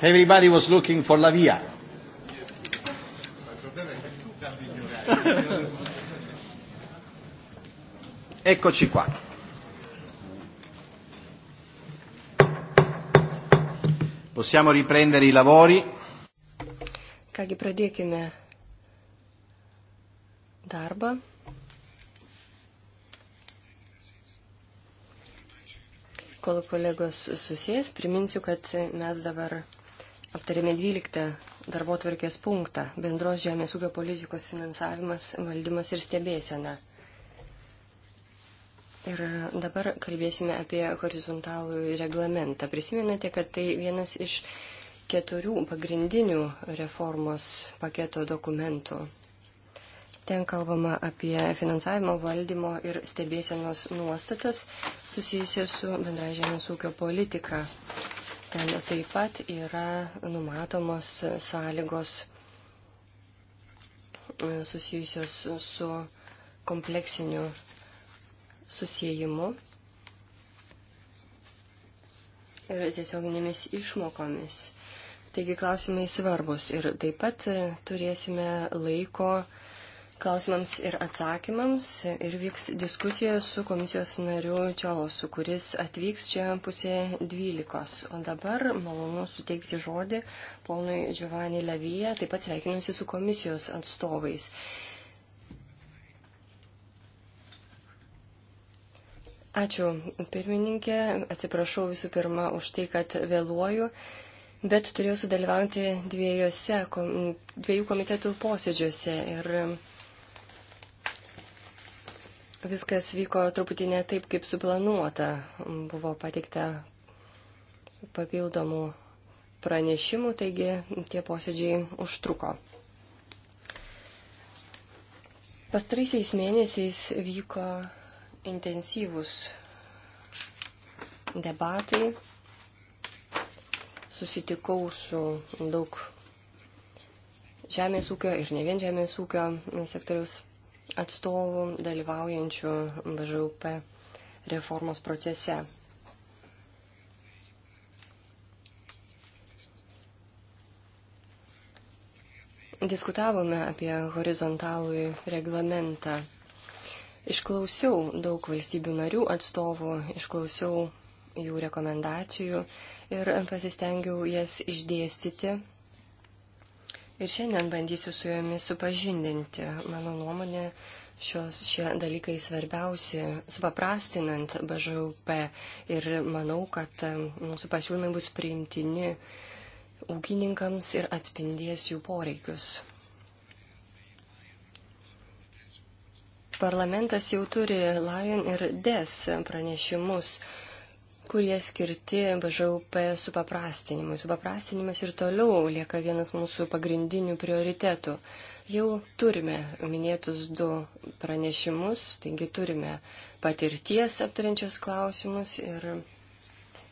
Everybody was looking for Lavia. Eccoci qua. Possiamo riprendere i lavori. Kągi pradėkime darbą. kol kolegos susės, priminsiu, kad mes dabar aptarėme 12 darbo tvarkės punktą - bendros žemės ūkio politikos finansavimas, valdymas ir stebėsena. Ir dabar kalbėsime apie horizontalų reglamentą. Prisimenate, kad tai vienas iš keturių pagrindinių reformos paketo dokumentų. Ten kalbama apie finansavimo valdymo ir stebėsienos nuostatas susijusias su bendra žemės ūkio politika. Ten taip pat yra numatomos sąlygos e, susijusios su kompleksiniu susijimu ir tiesioginėmis išmokomis. Taigi klausimai svarbus ir taip pat e, turėsime laiko klausimams ir atsakymams ir vyks diskusija su komisijos nariu Čiolosu, kuris atvyks čia pusė dvylikos. O dabar malonu suteikti žodį ponui Giovanni Levyje, taip pat sveikinusi su komisijos atstovais. Ačiū, pirmininkė. Atsiprašau visų pirma už tai, kad vėluoju bet turėjau sudalyvauti dviejose, dviejų komitetų posėdžiuose ir Viskas vyko truputį ne taip, kaip suplanuota. Buvo pateikta papildomų pranešimų, taigi tie posėdžiai užtruko. Pastraisiais mėnesiais vyko intensyvūs debatai. Susitikau su daug žemės ūkio ir ne vien žemės ūkio sektoriaus atstovų dalyvaujančių BŽUP reformos procese. Diskutavome apie horizontalų reglamentą. Išklausiau daug valstybių narių atstovų, išklausiau jų rekomendacijų ir pasistengiau jas išdėstyti ir šiandien bandysiu su jomis supažindinti. Mano nuomonė, šios, šie dalykai svarbiausi, supaprastinant BŽUP ir manau, kad mūsų pasiūlymai bus priimtini ūkininkams ir atspindės jų poreikius. Parlamentas jau turi Lion ir DES pranešimus kurie skirti BŽUP supaprastinimui. Supaprastinimas ir toliau lieka vienas mūsų pagrindinių prioritetų. Jau turime minėtus du pranešimus, taigi turime patirties aptariančios klausimus ir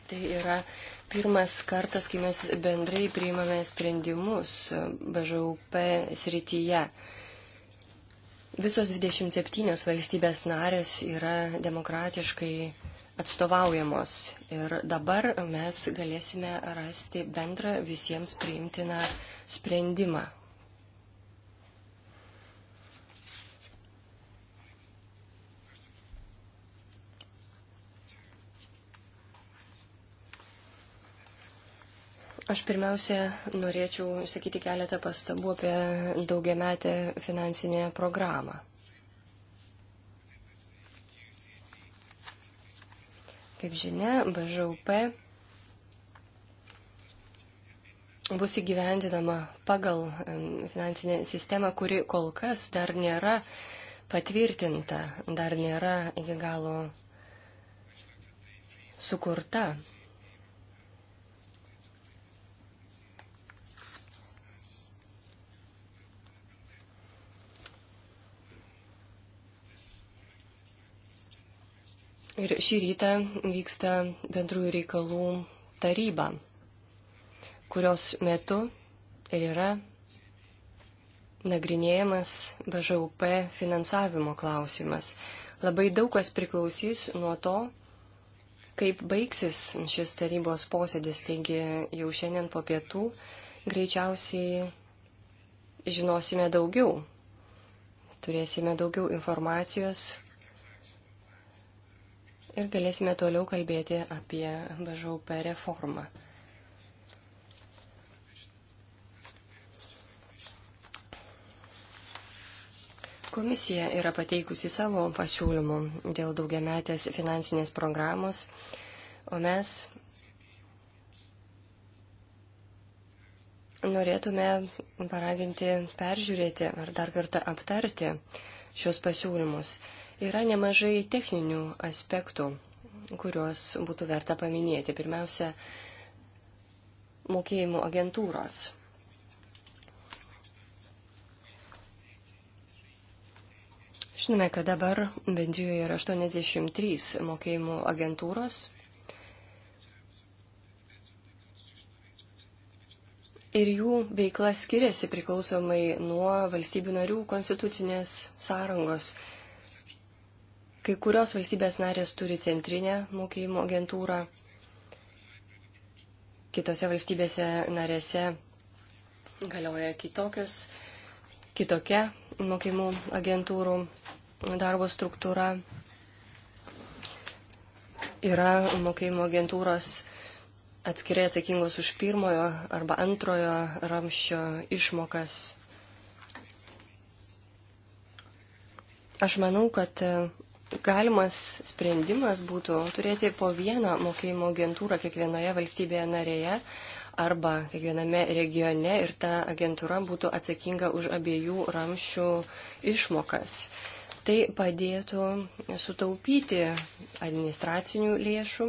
tai yra pirmas kartas, kai mes bendrai priimame sprendimus BŽUP srityje. Visos 27 valstybės narės yra demokratiškai atstovaujamos. Ir dabar mes galėsime rasti bendrą visiems priimtiną sprendimą. Aš pirmiausia norėčiau sakyti keletą pastabų apie daugiametę finansinę programą. Kaip žinia, BŽUP bus įgyvendinama pagal finansinę sistemą, kuri kol kas dar nėra patvirtinta, dar nėra iki galo sukurta. Ir šį rytą vyksta bendrųjų reikalų taryba, kurios metu ir yra nagrinėjamas BŽUP finansavimo klausimas. Labai daug kas priklausys nuo to, kaip baigsis šis tarybos posėdis. Taigi jau šiandien po pietų greičiausiai žinosime daugiau, turėsime daugiau informacijos, ir galėsime toliau kalbėti apie BŽUP reformą. Komisija yra pateikusi savo pasiūlymų dėl daugiametės finansinės programos, o mes norėtume paraginti peržiūrėti ar dar kartą aptarti šios pasiūlymus. Yra nemažai techninių aspektų, kuriuos būtų verta paminėti. Pirmiausia, mokėjimų agentūros. Žinome, kad dabar bendrijoje yra 83 mokėjimų agentūros. Ir jų veikla skiriasi priklausomai nuo valstybių narių konstitucinės sąrangos. Kai kurios valstybės narės turi centrinę mokėjimo agentūrą, kitose valstybėse narėse galioja kitokios, kitokia mokėjimų agentūrų darbo struktūra. Yra mokėjimo agentūros atskirai atsakingos už pirmojo arba antrojo ramščio išmokas. Aš manau, kad galimas sprendimas būtų turėti po vieną mokėjimo agentūrą kiekvienoje valstybėje narėje arba kiekviename regione ir ta agentūra būtų atsakinga už abiejų ramščių išmokas. Tai padėtų sutaupyti administracinių lėšų,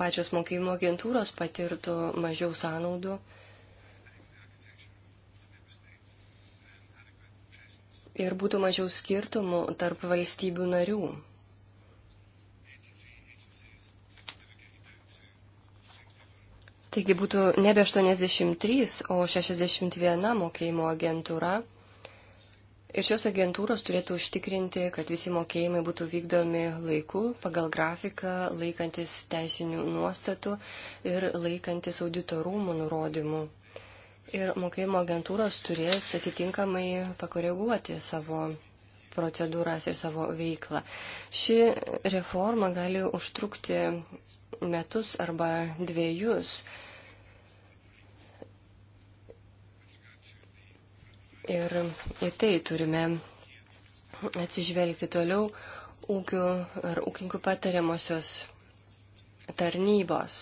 pačios mokėjimo agentūros patirtų mažiau sąnaudų. Ir būtų mažiau skirtumų tarp valstybių narių. Taigi būtų nebe 83, o 61 mokėjimo agentūra. Ir šios agentūros turėtų užtikrinti, kad visi mokėjimai būtų vykdomi laiku, pagal grafiką, laikantis teisinių nuostatų ir laikantis auditorumų nurodymų. Ir mokėjimo agentūros turės atitinkamai pakoreguoti savo procedūras ir savo veiklą. Ši reforma gali užtrukti metus arba dviejus. Ir į tai turime atsižvelgti toliau ūkių ar ūkininkų patariamosios tarnybos.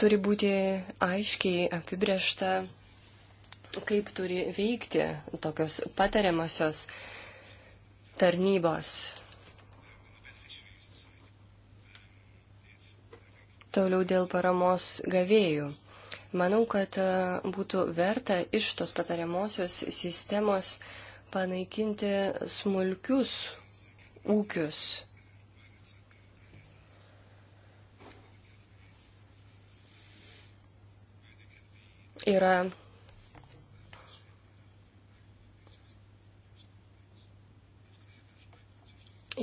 Turi būti aiškiai apibriešta kaip turi veikti tokios patariamosios tarnybos. Toliau dėl paramos gavėjų. Manau, kad e, būtų verta iš tos patariamosios sistemos panaikinti smulkius ūkius. Yra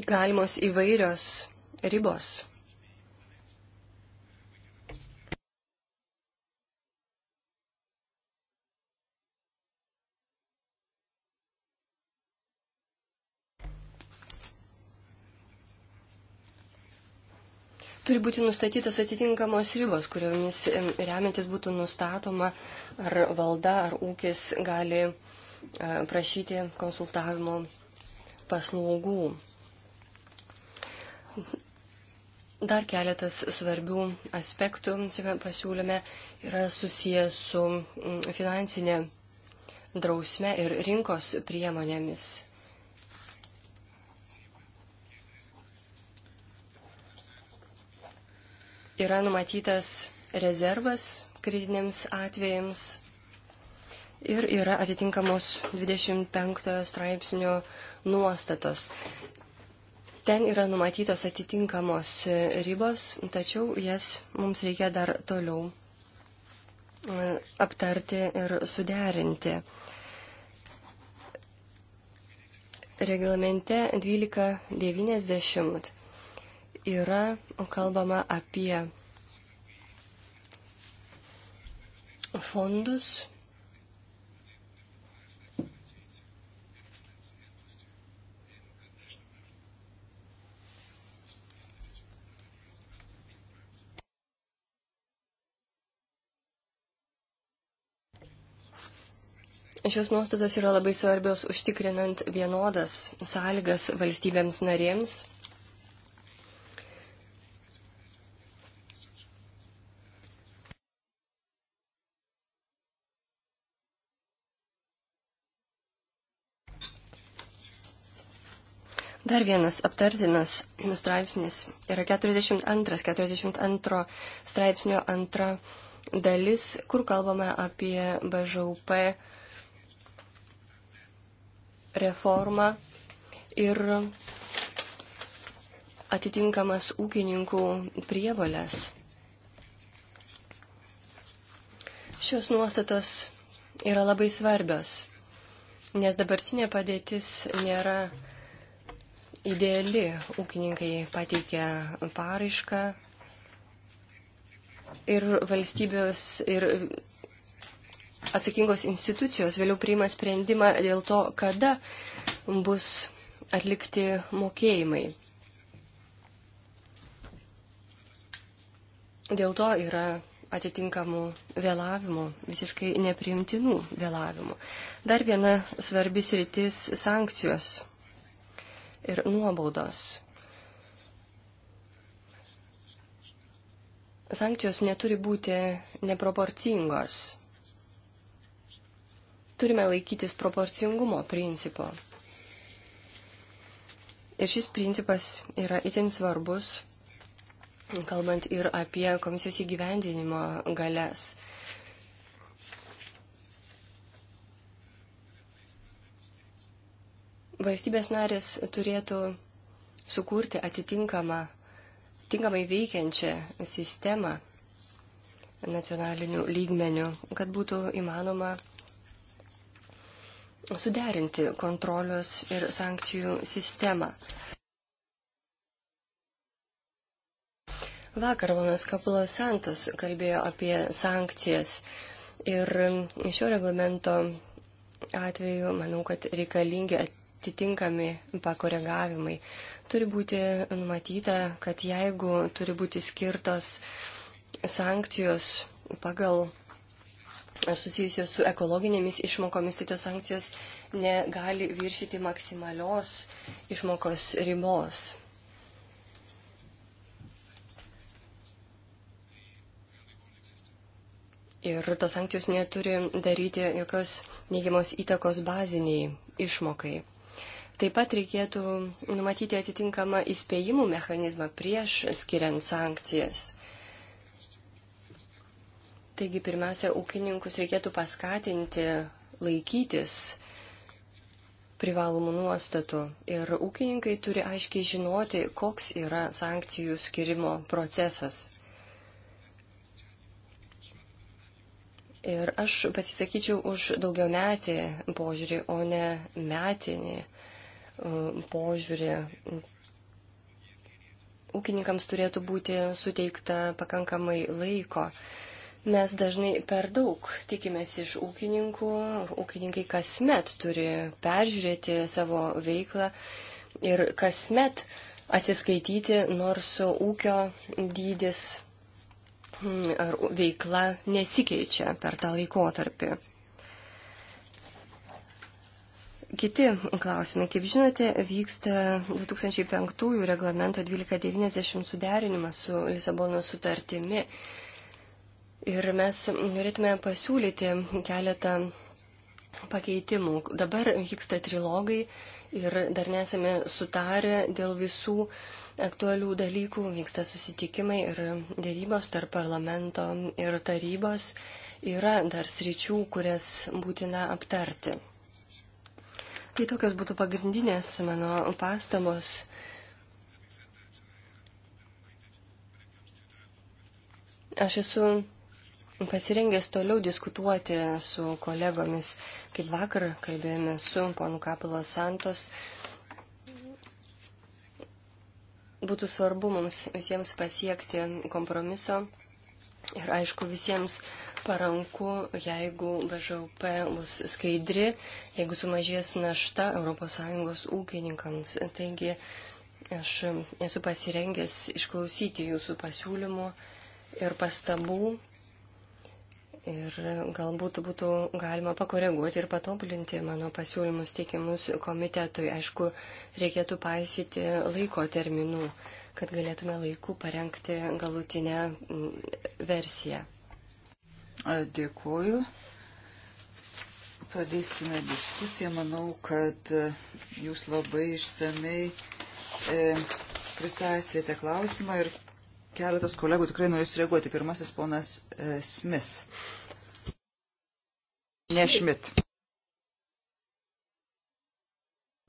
galimos įvairios ribos. turi būti nustatytos atitinkamos ribos, kuriomis remiantis būtų nustatoma, ar valda, ar ūkis gali e, prašyti konsultavimo paslaugų. Dar keletas svarbių aspektų šiame pasiūlyme yra susijęs su mm, finansinė drausme ir rinkos priemonėmis. Yra numatytas rezervas kritiniams atvejams ir yra atitinkamos 25 straipsnio nuostatos. Ten yra numatytos atitinkamos ribos, tačiau jas mums reikia dar toliau e, aptarti ir suderinti. Reglamente 1290 yra kalbama apie fondus Šios nuostatos yra labai svarbios užtikrinant vienodas sąlygas valstybėms narėms. Dar vienas aptartinas straipsnis yra 42-42 straipsnio antra dalis, kur kalbame apie BŽUP reformą ir atitinkamas ūkininkų prievalės. Šios nuostatos yra labai svarbios, nes dabartinė padėtis nėra ideali. Ūkininkai pateikia paraišką ir valstybės ir atsakingos institucijos vėliau priima sprendimą dėl to, kada bus atlikti mokėjimai. Dėl to yra atitinkamų vėlavimų, visiškai nepriimtinų vėlavimų. Dar viena svarbi sritis - sankcijos ir nuobaudos. Sankcijos neturi būti neproporcingos turime laikytis proporcingumo principo. Ir šis principas yra itin svarbus, kalbant ir apie komisijos įgyvendinimo galės. Valstybės narės turėtų sukurti atitinkamą, tinkamai veikiančią sistemą nacionalinių lygmenių, kad būtų įmanoma suderinti kontrolės ir sankcijų sistemą. Vakar ponas Kapulas Santos kalbėjo apie sankcijas ir šio reglamento atveju manau, kad reikalingi atitinkami pakoregavimai. Turi būti numatyta, kad jeigu turi būti skirtos sankcijos pagal susijusios su ekologinėmis išmokomis, tai tos sankcijos negali viršyti maksimalios išmokos ribos. Ir tos sankcijos neturi daryti jokios neigiamos įtakos baziniai išmokai. Taip pat reikėtų numatyti atitinkamą įspėjimų mechanizmą prieš skiriant sankcijas. Taigi pirmiausia, ūkininkus reikėtų paskatinti laikytis privalomų nuostatų. Ir ūkininkai turi aiškiai žinoti, koks yra sankcijų skirimo procesas. Ir aš pasisakyčiau už daugiametį požiūrį, o ne metinį e, požiūrį. Ūkininkams turėtų būti suteikta pakankamai laiko Mes dažnai per daug tikimės iš ūkininkų. Ūkininkai kasmet turi peržiūrėti savo veiklą ir kasmet atsiskaityti, nors ūkio dydis mm, ar veikla nesikeičia per tą laikotarpį. Kiti klausimai. Kaip žinote, vyksta 2005 reglamento 1290 suderinimas su Lisabono sutartimi. Ir mes norėtume pasiūlyti keletą pakeitimų. Dabar vyksta trilogai ir dar nesame sutarę dėl visų aktualių dalykų. Vyksta susitikimai ir dėrybos tarp parlamento ir tarybos. Yra dar sričių, kurias būtina aptarti. Tai tokios būtų pagrindinės mano pastabos. Aš esu pasirengęs toliau diskutuoti su kolegomis, kaip vakar kalbėjome su ponu Kapilo Santos. Būtų svarbu mums visiems pasiekti kompromiso ir aišku visiems paranku, jeigu BŽUP bus skaidri, jeigu sumažės našta ES ūkininkams. Taigi aš esu pasirengęs išklausyti jūsų pasiūlymų ir pastabų Ir galbūt būtų galima pakoreguoti ir patobulinti mano pasiūlymus teikiamus komitetui. Aišku, reikėtų paisyti laiko terminų, kad galėtume laiku parengti galutinę mm, versiją. Dėkuoju. Pradėsime diskusiją. Manau, kad e, jūs labai išsamei e, pristatėte klausimą ir Keletas kolegų tikrai norės reaguoti. Pirmasis ponas e, Smith. Ne Schmidt.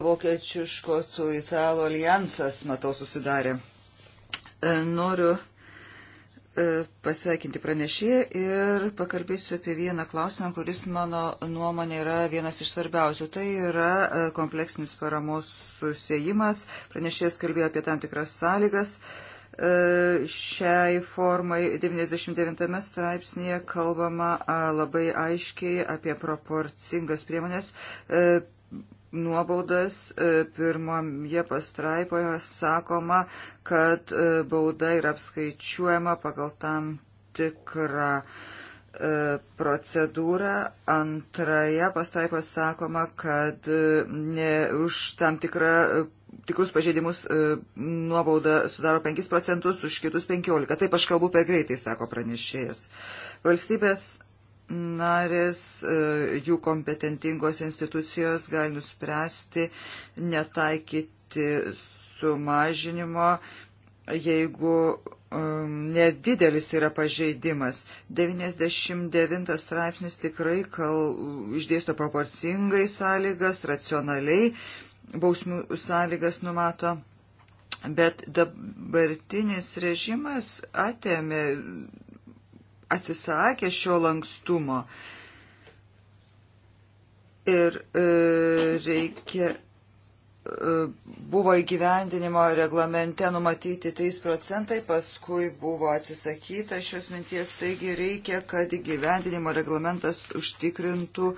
Vokiečių škotų italų alijansas, matau, susidarė. E, noriu e, pasveikinti pranešėją ir pakalbėsiu apie vieną klausimą, kuris mano nuomonė yra vienas iš svarbiausių. Tai yra e, kompleksinis paramos susijimas. Pranešėjas kalbėjo apie tam tikras sąlygas. E, E, šiai formai 99 straipsnėje kalbama labai aiškiai apie proporcingas priemonės e, nuobaudas. E, pirmoje pastraipoje sakoma, kad bauda yra apskaičiuojama pagal tam tikrą procedūrą. Antraje pastraipoje sakoma, kad ne, už tam tikrą tikrus pažeidimus e, nuobauda sudaro 5 procentus, už kitus 15. Taip aš kalbu per greitai, sako pranešėjas. Valstybės narės, e, jų kompetentingos institucijos gali nuspręsti netaikyti sumažinimo, jeigu um, nedidelis yra pažeidimas. 99 straipsnis tikrai kal, išdėsto proporcingai sąlygas, racionaliai. Um, bausmių sąlygas numato. Bet dabartinis režimas atėmė, atsisakė šio lankstumo. Ir e, reikia, e, buvo įgyvendinimo reglamente numatyti 3 procentai, paskui buvo atsisakyta šios minties, taigi reikia, kad įgyvendinimo reglamentas užtikrintų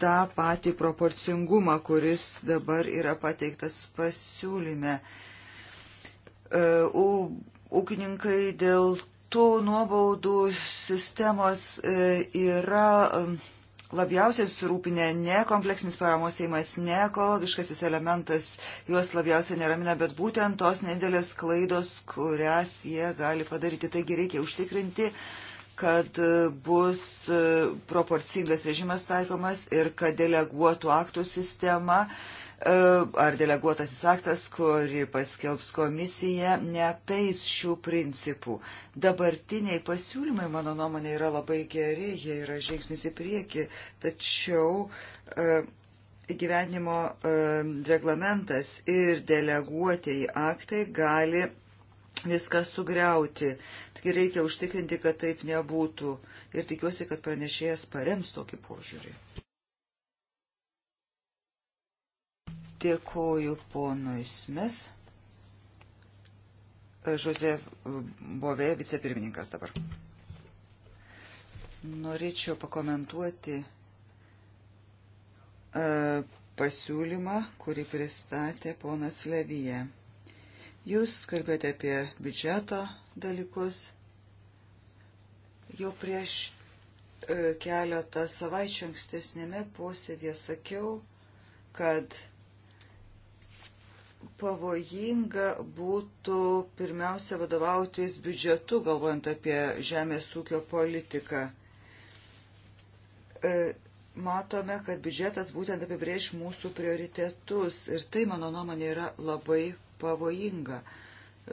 tą patį proporcingumą, kuris dabar yra pateiktas pasiūlyme. E, ūkininkai dėl tų nuobaudų sistemos e, yra e, labiausiai surūpinę ne kompleksinis paramos įimas, ne ekologiškasis elementas, juos labiausiai neramina, bet būtent tos nedėlės klaidos, kurias jie gali padaryti. Taigi reikia užtikrinti uh, kad e, bus e, proporcingas režimas taikomas ir kad deleguotų aktų sistema e, ar deleguotasis aktas, kurį paskelbs komisija, neapeis šių principų. Dabartiniai pasiūlymai, mano nuomonė, yra labai geri, jie yra žingsnis į priekį, tačiau įgyvenimo reglamentas ir deleguotieji aktai gali viską sugriauti. Taigi reikia užtikrinti, kad taip nebūtų ir tikiuosi, kad pranešėjas parems tokį požiūrį. Dėkoju ponui Smith. Žozef e, Bovė, vicepirmininkas dabar. Norėčiau pakomentuoti e, pasiūlymą, kurį pristatė ponas Levyje. Jūs kalbėjote apie biudžeto dalykus. Jau prieš e, keletą savaičių ankstesnėme posėdėje sakiau, kad pavojinga būtų pirmiausia vadovautis biudžetu, galvojant apie žemės ūkio politiką. E, matome, kad biudžetas būtent apibrėž mūsų prioritetus ir tai, mano nuomonė, yra labai pavojinga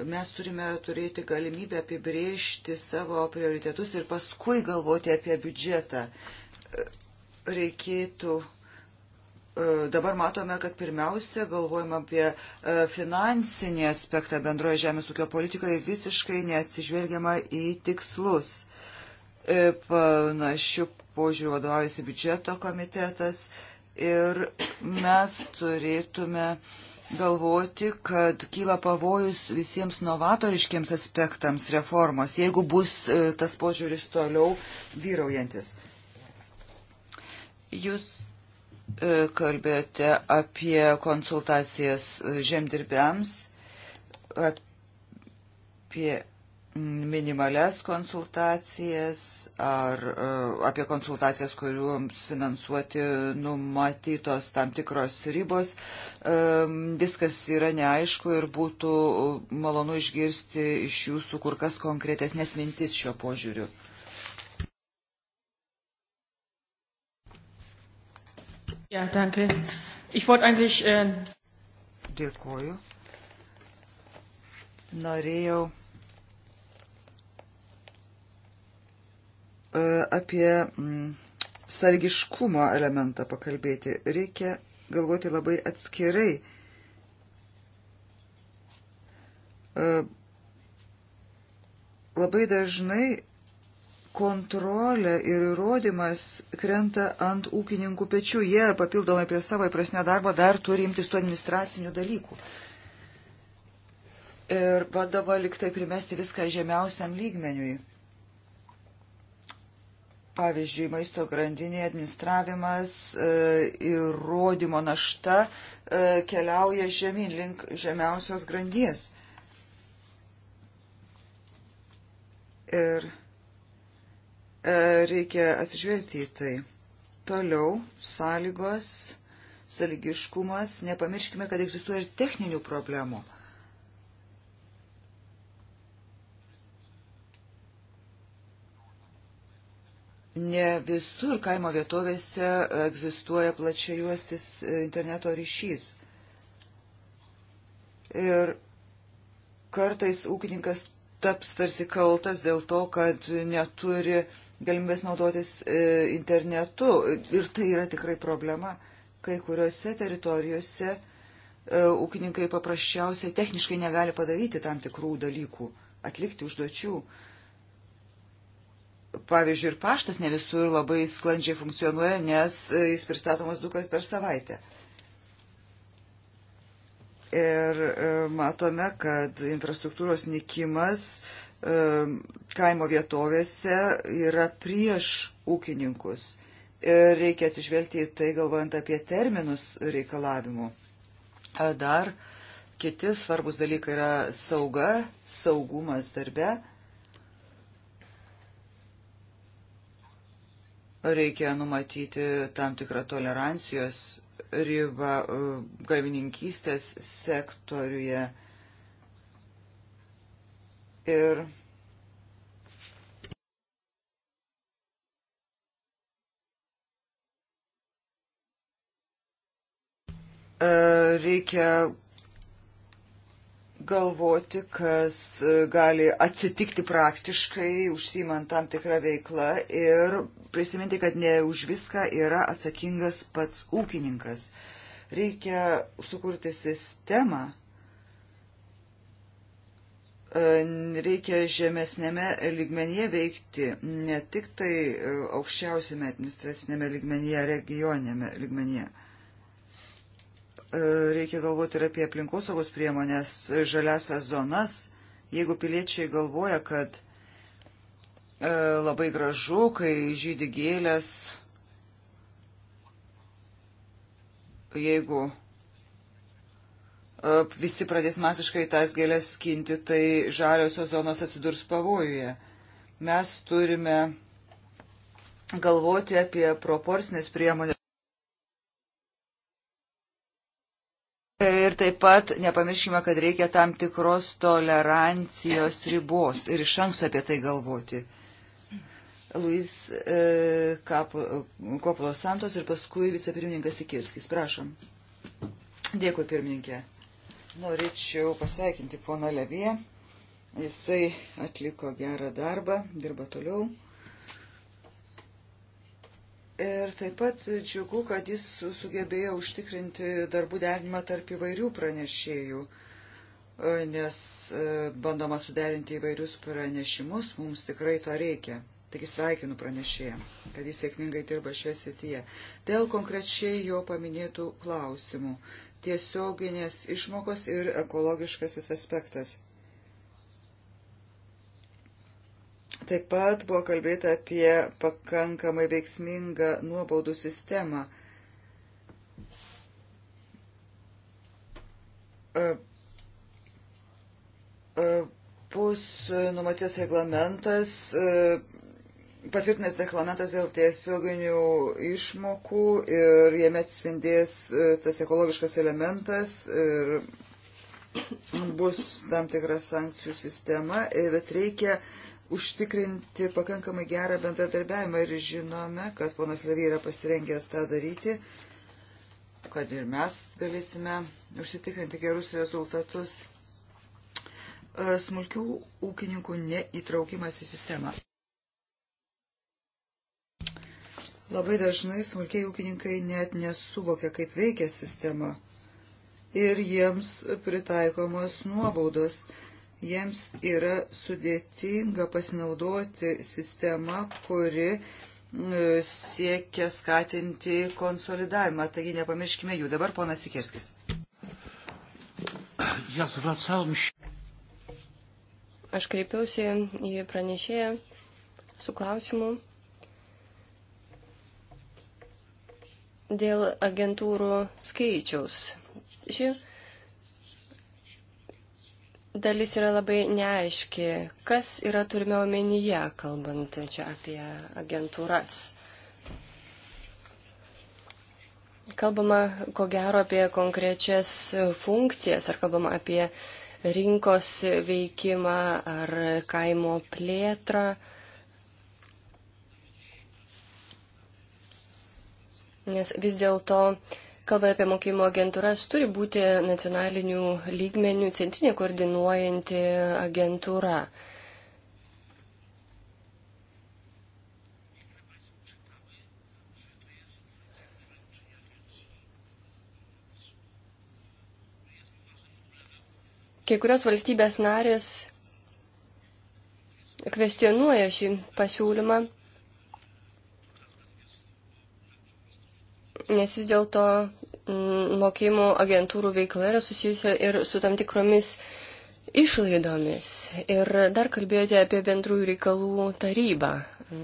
mes turime turėti galimybę apibrėžti savo prioritetus ir paskui galvoti apie biudžetą. Reikėtų. E, dabar matome, kad pirmiausia galvojame apie e, finansinį aspektą bendroje žemės ūkio politikoje visiškai neatsižvelgiama į tikslus. E, Panašių požiūrių vadovaujasi biudžeto komitetas ir mes turėtume uh, galvoti, kad kyla pavojus visiems novatoriškiams aspektams reformos, jeigu bus e, tas požiūris toliau vyraujantis. Jūs e, kalbėjote apie konsultacijas e, žemdirbiams, apie minimales konsultacijas ar e, apie konsultacijas, kuriuoms finansuoti numatytos tam tikros ribos. E, viskas yra neaišku ir būtų malonu išgirsti iš jūsų kur kas konkretesnės mintis šio požiūriu. Ja, danke. Ich wollte eigentlich. Äh... Dėkuoju. Norėjau E, apie mm, salgiškumo elementą pakalbėti. Reikia galvoti labai atskirai. E, labai dažnai kontrolė ir įrodymas krenta ant ūkininkų pečių. Jie papildomai prie savo įprasnio darbo dar turi imtis tų administracinių dalykų. Ir bandoma liktai primesti viską žemiausiam lygmeniui. Pavyzdžiui, maisto grandinė, administravimas, e, įrodymo našta e, keliauja žemyn link žemiausios grandies. Ir e, reikia atsižvelgti į tai. Toliau sąlygos, sąlygiškumas. Nepamirškime, kad egzistuoja ir techninių problemų. Ne visur kaimo vietovėse egzistuoja plačiai juostis e, interneto ryšys. Ir kartais ūkininkas taps tarsi kaltas dėl to, kad neturi galimybės naudotis e, internetu. Ir tai yra tikrai problema. Kai kuriuose teritorijose e, ūkininkai paprasčiausiai techniškai negali padaryti tam tikrų dalykų, atlikti užduočių pavyzdžiui, ir paštas ne visur labai sklandžiai funkcionuoja, nes e, jis pristatomas du kart per savaitę. Ir e, matome, kad infrastruktūros nikimas e, kaimo vietovėse yra prieš ūkininkus. Ir reikia atsižvelgti į tai, galvojant apie terminus reikalavimų. Dar kiti svarbus dalykai yra sauga, saugumas darbe Reikia numatyti tam tikrą tolerancijos ribą e, galvininkystės sektoriuje. Ir e, reikia galvoti, kas e, gali atsitikti praktiškai, užsimant tam tikrą veiklą ir prisiminti, kad ne už viską yra atsakingas pats ūkininkas. Reikia sukurti sistemą, e, reikia žemesnėme lygmenyje veikti, ne tik tai e, aukščiausiame administracinėme lygmenyje, regioninėme lygmenyje. E, reikia galvoti ir apie aplinkosaugos priemonės, e, žaliasias zonas. Jeigu piliečiai galvoja, kad e, labai gražu, kai žydi gėlės, jeigu visi pradės masiškai tas gėlės skinti, tai žaliosios zonos atsidurs pavojuje. Mes turime galvoti apie proporcinės priemonės. taip pat nepamirškime, kad reikia tam tikros tolerancijos ribos ir iš anksto apie tai galvoti. Luis e, Koplo Santos ir paskui vicepirmininkas Sikirskis. Prašom. Dėkui, pirmininkė. Norėčiau pasveikinti poną Leviją. Jisai atliko gerą darbą, dirba toliau. Ir taip pat džiugu, kad jis sugebėjo užtikrinti darbų derinimą tarp įvairių pranešėjų, e, nes e, bandoma suderinti įvairius pranešimus, mums tikrai to reikia. Taigi sveikinu pranešėją, kad jis sėkmingai dirba šioje srityje. Dėl konkrečiai jo paminėtų klausimų - tiesioginės išmokos ir ekologiškasis aspektas. Taip pat buvo kalbėta apie pakankamai veiksmingą nuobaudų sistemą. Bus numatytas reglamentas, patvirtinęs reglamentas dėl tiesioginių išmokų ir jame atspindės tas ekologiškas elementas ir bus tam tikra sankcijų sistema, e, bet reikia uh, užtikrinti pakankamai gerą bendradarbiavimą ir žinome, kad ponas Levy yra pasirengęs tą daryti, kad ir mes galėsime užsitikrinti gerus rezultatus. E, smulkių ūkininkų neįtraukimas į sistemą. Labai dažnai smulkiai ūkininkai net nesuvokia, kaip veikia sistema ir jiems pritaikomos nuobaudos. Mm jiems yra sudėtinga pasinaudoti sistema, kuri siekia skatinti konsolidavimą. Taigi nepamirškime jų. Dabar ponas Sikerskis. Aš kreipiausi į pranešėją su klausimu dėl agentūrų skaičiaus. Ši dalis yra labai neaiški. Kas yra turime omenyje, kalbant čia apie agentūras? Kalbama, ko gero, apie konkrečias funkcijas, ar kalbama apie rinkos veikimą, ar kaimo plėtrą. Nes vis dėlto uh, Kalbant apie mokymo agentūras, turi būti nacionalinių lygmenių centrinė koordinuojanti agentūra. Kai kurios valstybės narės kvestionuoja šį pasiūlymą nes vis dėlto mm, mokėjimo agentūrų veikla yra susijusi ir su tam tikromis išlaidomis. Ir dar kalbėjote apie bendrųjų reikalų tarybą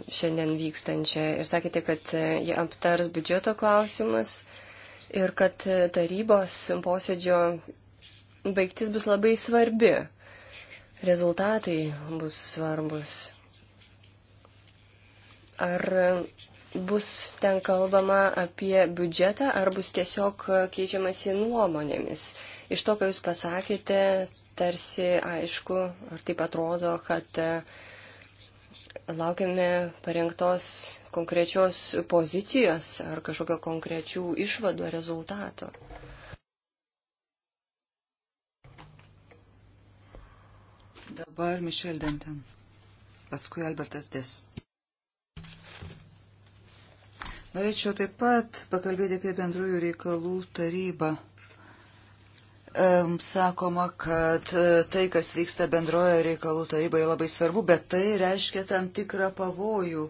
šiandien vykstančią ir sakėte, kad jie aptars biudžeto klausimus ir kad tarybos posėdžio baigtis bus labai svarbi. Rezultatai bus svarbus. Ar bus ten kalbama apie biudžetą ar bus tiesiog keičiamasi nuomonėmis. Iš to, ką Jūs pasakėte, tarsi aišku, ar taip atrodo, kad e, laukiame parengtos konkrečios pozicijos ar kažkokio konkrečių išvadų ar rezultato. Dabar Mišel Denten, paskui Albertas Des. Norėčiau taip pat pakalbėti apie bendrųjų reikalų tarybą. Sakoma, kad e, tai, kas vyksta bendrojo reikalų taryboje, labai svarbu, bet tai reiškia tam tikrą pavojų,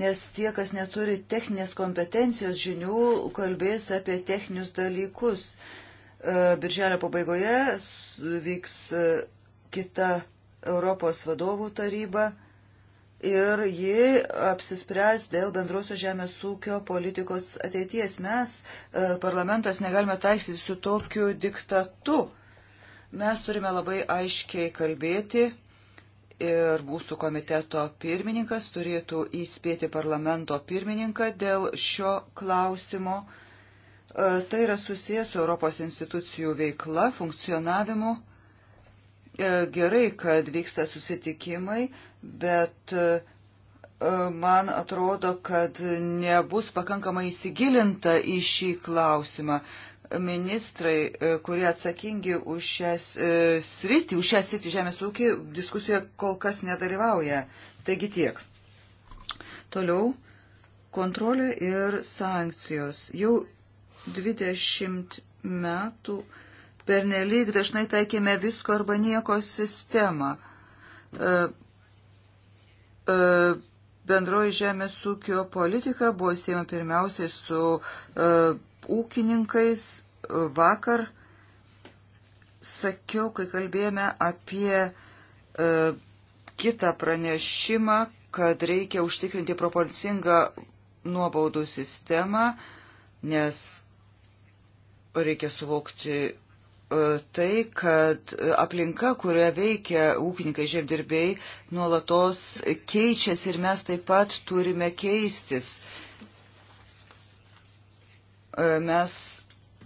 nes tie, kas neturi techninės kompetencijos žinių, kalbės apie techninius dalykus. E, birželio pabaigoje vyks e, kita Europos vadovų taryba ir ji apsispręs dėl bendrosios žemės ūkio politikos ateities. Mes, e, parlamentas, negalime taiksyti su tokiu diktatu. Mes turime labai aiškiai kalbėti ir mūsų komiteto pirmininkas turėtų įspėti parlamento pirmininką dėl šio klausimo. E, tai yra susijęs su Europos institucijų veikla, funkcionavimu. E, gerai, kad vyksta susitikimai, bet e, e, man atrodo, kad nebus pakankamai įsigilinta į šį klausimą. Ministrai, e, kurie atsakingi už šią sritį, už šią sritį žemės ūkį, diskusijoje kol kas nedalyvauja. Taigi tiek. Toliau kontrolė ir sankcijos. Jau 20 metų pernelyg dažnai taikėme visko arba nieko sistemą E, bendroji žemės ūkio politika buvo siejama pirmiausiai su e, ūkininkais. Vakar sakiau, kai kalbėjome apie e, kitą pranešimą, kad reikia užtikrinti proporcingą nuobaudų sistemą, nes reikia suvokti tai, kad aplinka, kurioje veikia ūkininkai žemdirbiai, nuolatos keičiasi ir mes taip pat turime keistis. E, mes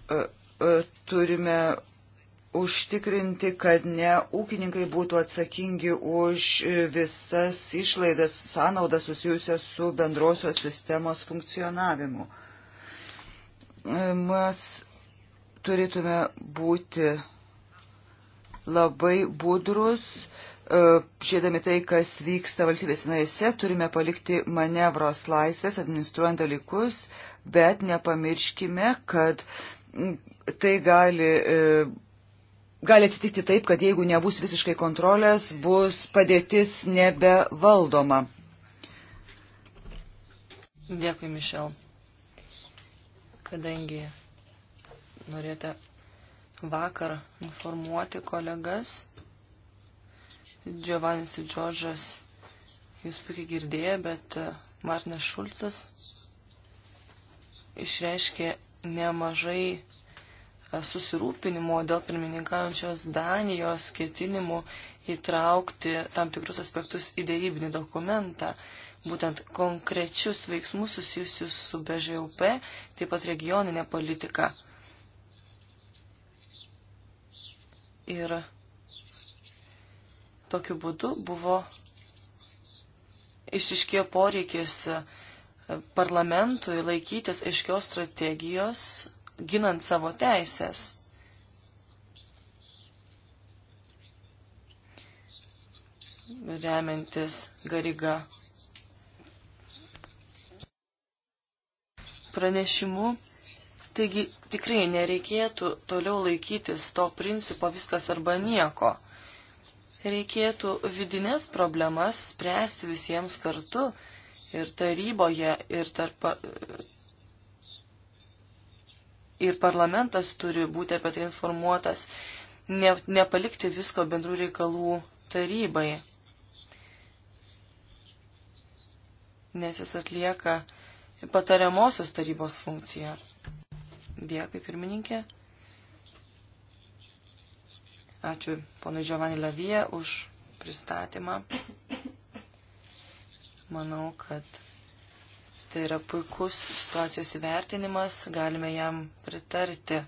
e, e, turime užtikrinti, kad ne ūkininkai būtų atsakingi už visas išlaidas, sąnaudas susijusias su bendrosios sistemos funkcionavimu. Mes turėtume būti labai budrus, e, žiedami tai, kas vyksta valstybės narėse, turime palikti manevros laisvės, administruojant dalykus, bet nepamirškime, kad tai gali, e, gali atsitikti taip, kad jeigu nebus visiškai kontrolės, bus padėtis nebevaldoma. Dėkui, Mišel. Kadangi norėjote vakar informuoti kolegas. Giovannis ir Džordžas jūs puikiai girdėjo, bet e, Martinas Šulcas išreiškė nemažai e, susirūpinimo dėl pirmininkaujančios Danijos ketinimų įtraukti tam tikrus aspektus į dėrybinį dokumentą, būtent konkrečius veiksmus susijusius su BŽUP, taip pat regioninė politika. Ir tokiu būdu buvo išiškėjo poreikis parlamentui laikytis aiškios strategijos, ginant savo teisės. Remiantis Gariga pranešimu Taigi tikrai nereikėtų toliau laikytis to principo viskas arba nieko. Reikėtų vidinės problemas spręsti visiems kartu ir taryboje, ir tarp. Ir parlamentas turi būti apie tai informuotas, ne, nepalikti visko bendrų reikalų tarybai, nes jis atlieka patariamosios tarybos funkciją. Dėkui, pirmininkė. Ačiū ponui Giovanni Lavie už pristatymą. Manau, kad tai yra puikus situacijos įvertinimas, galime jam pritarti.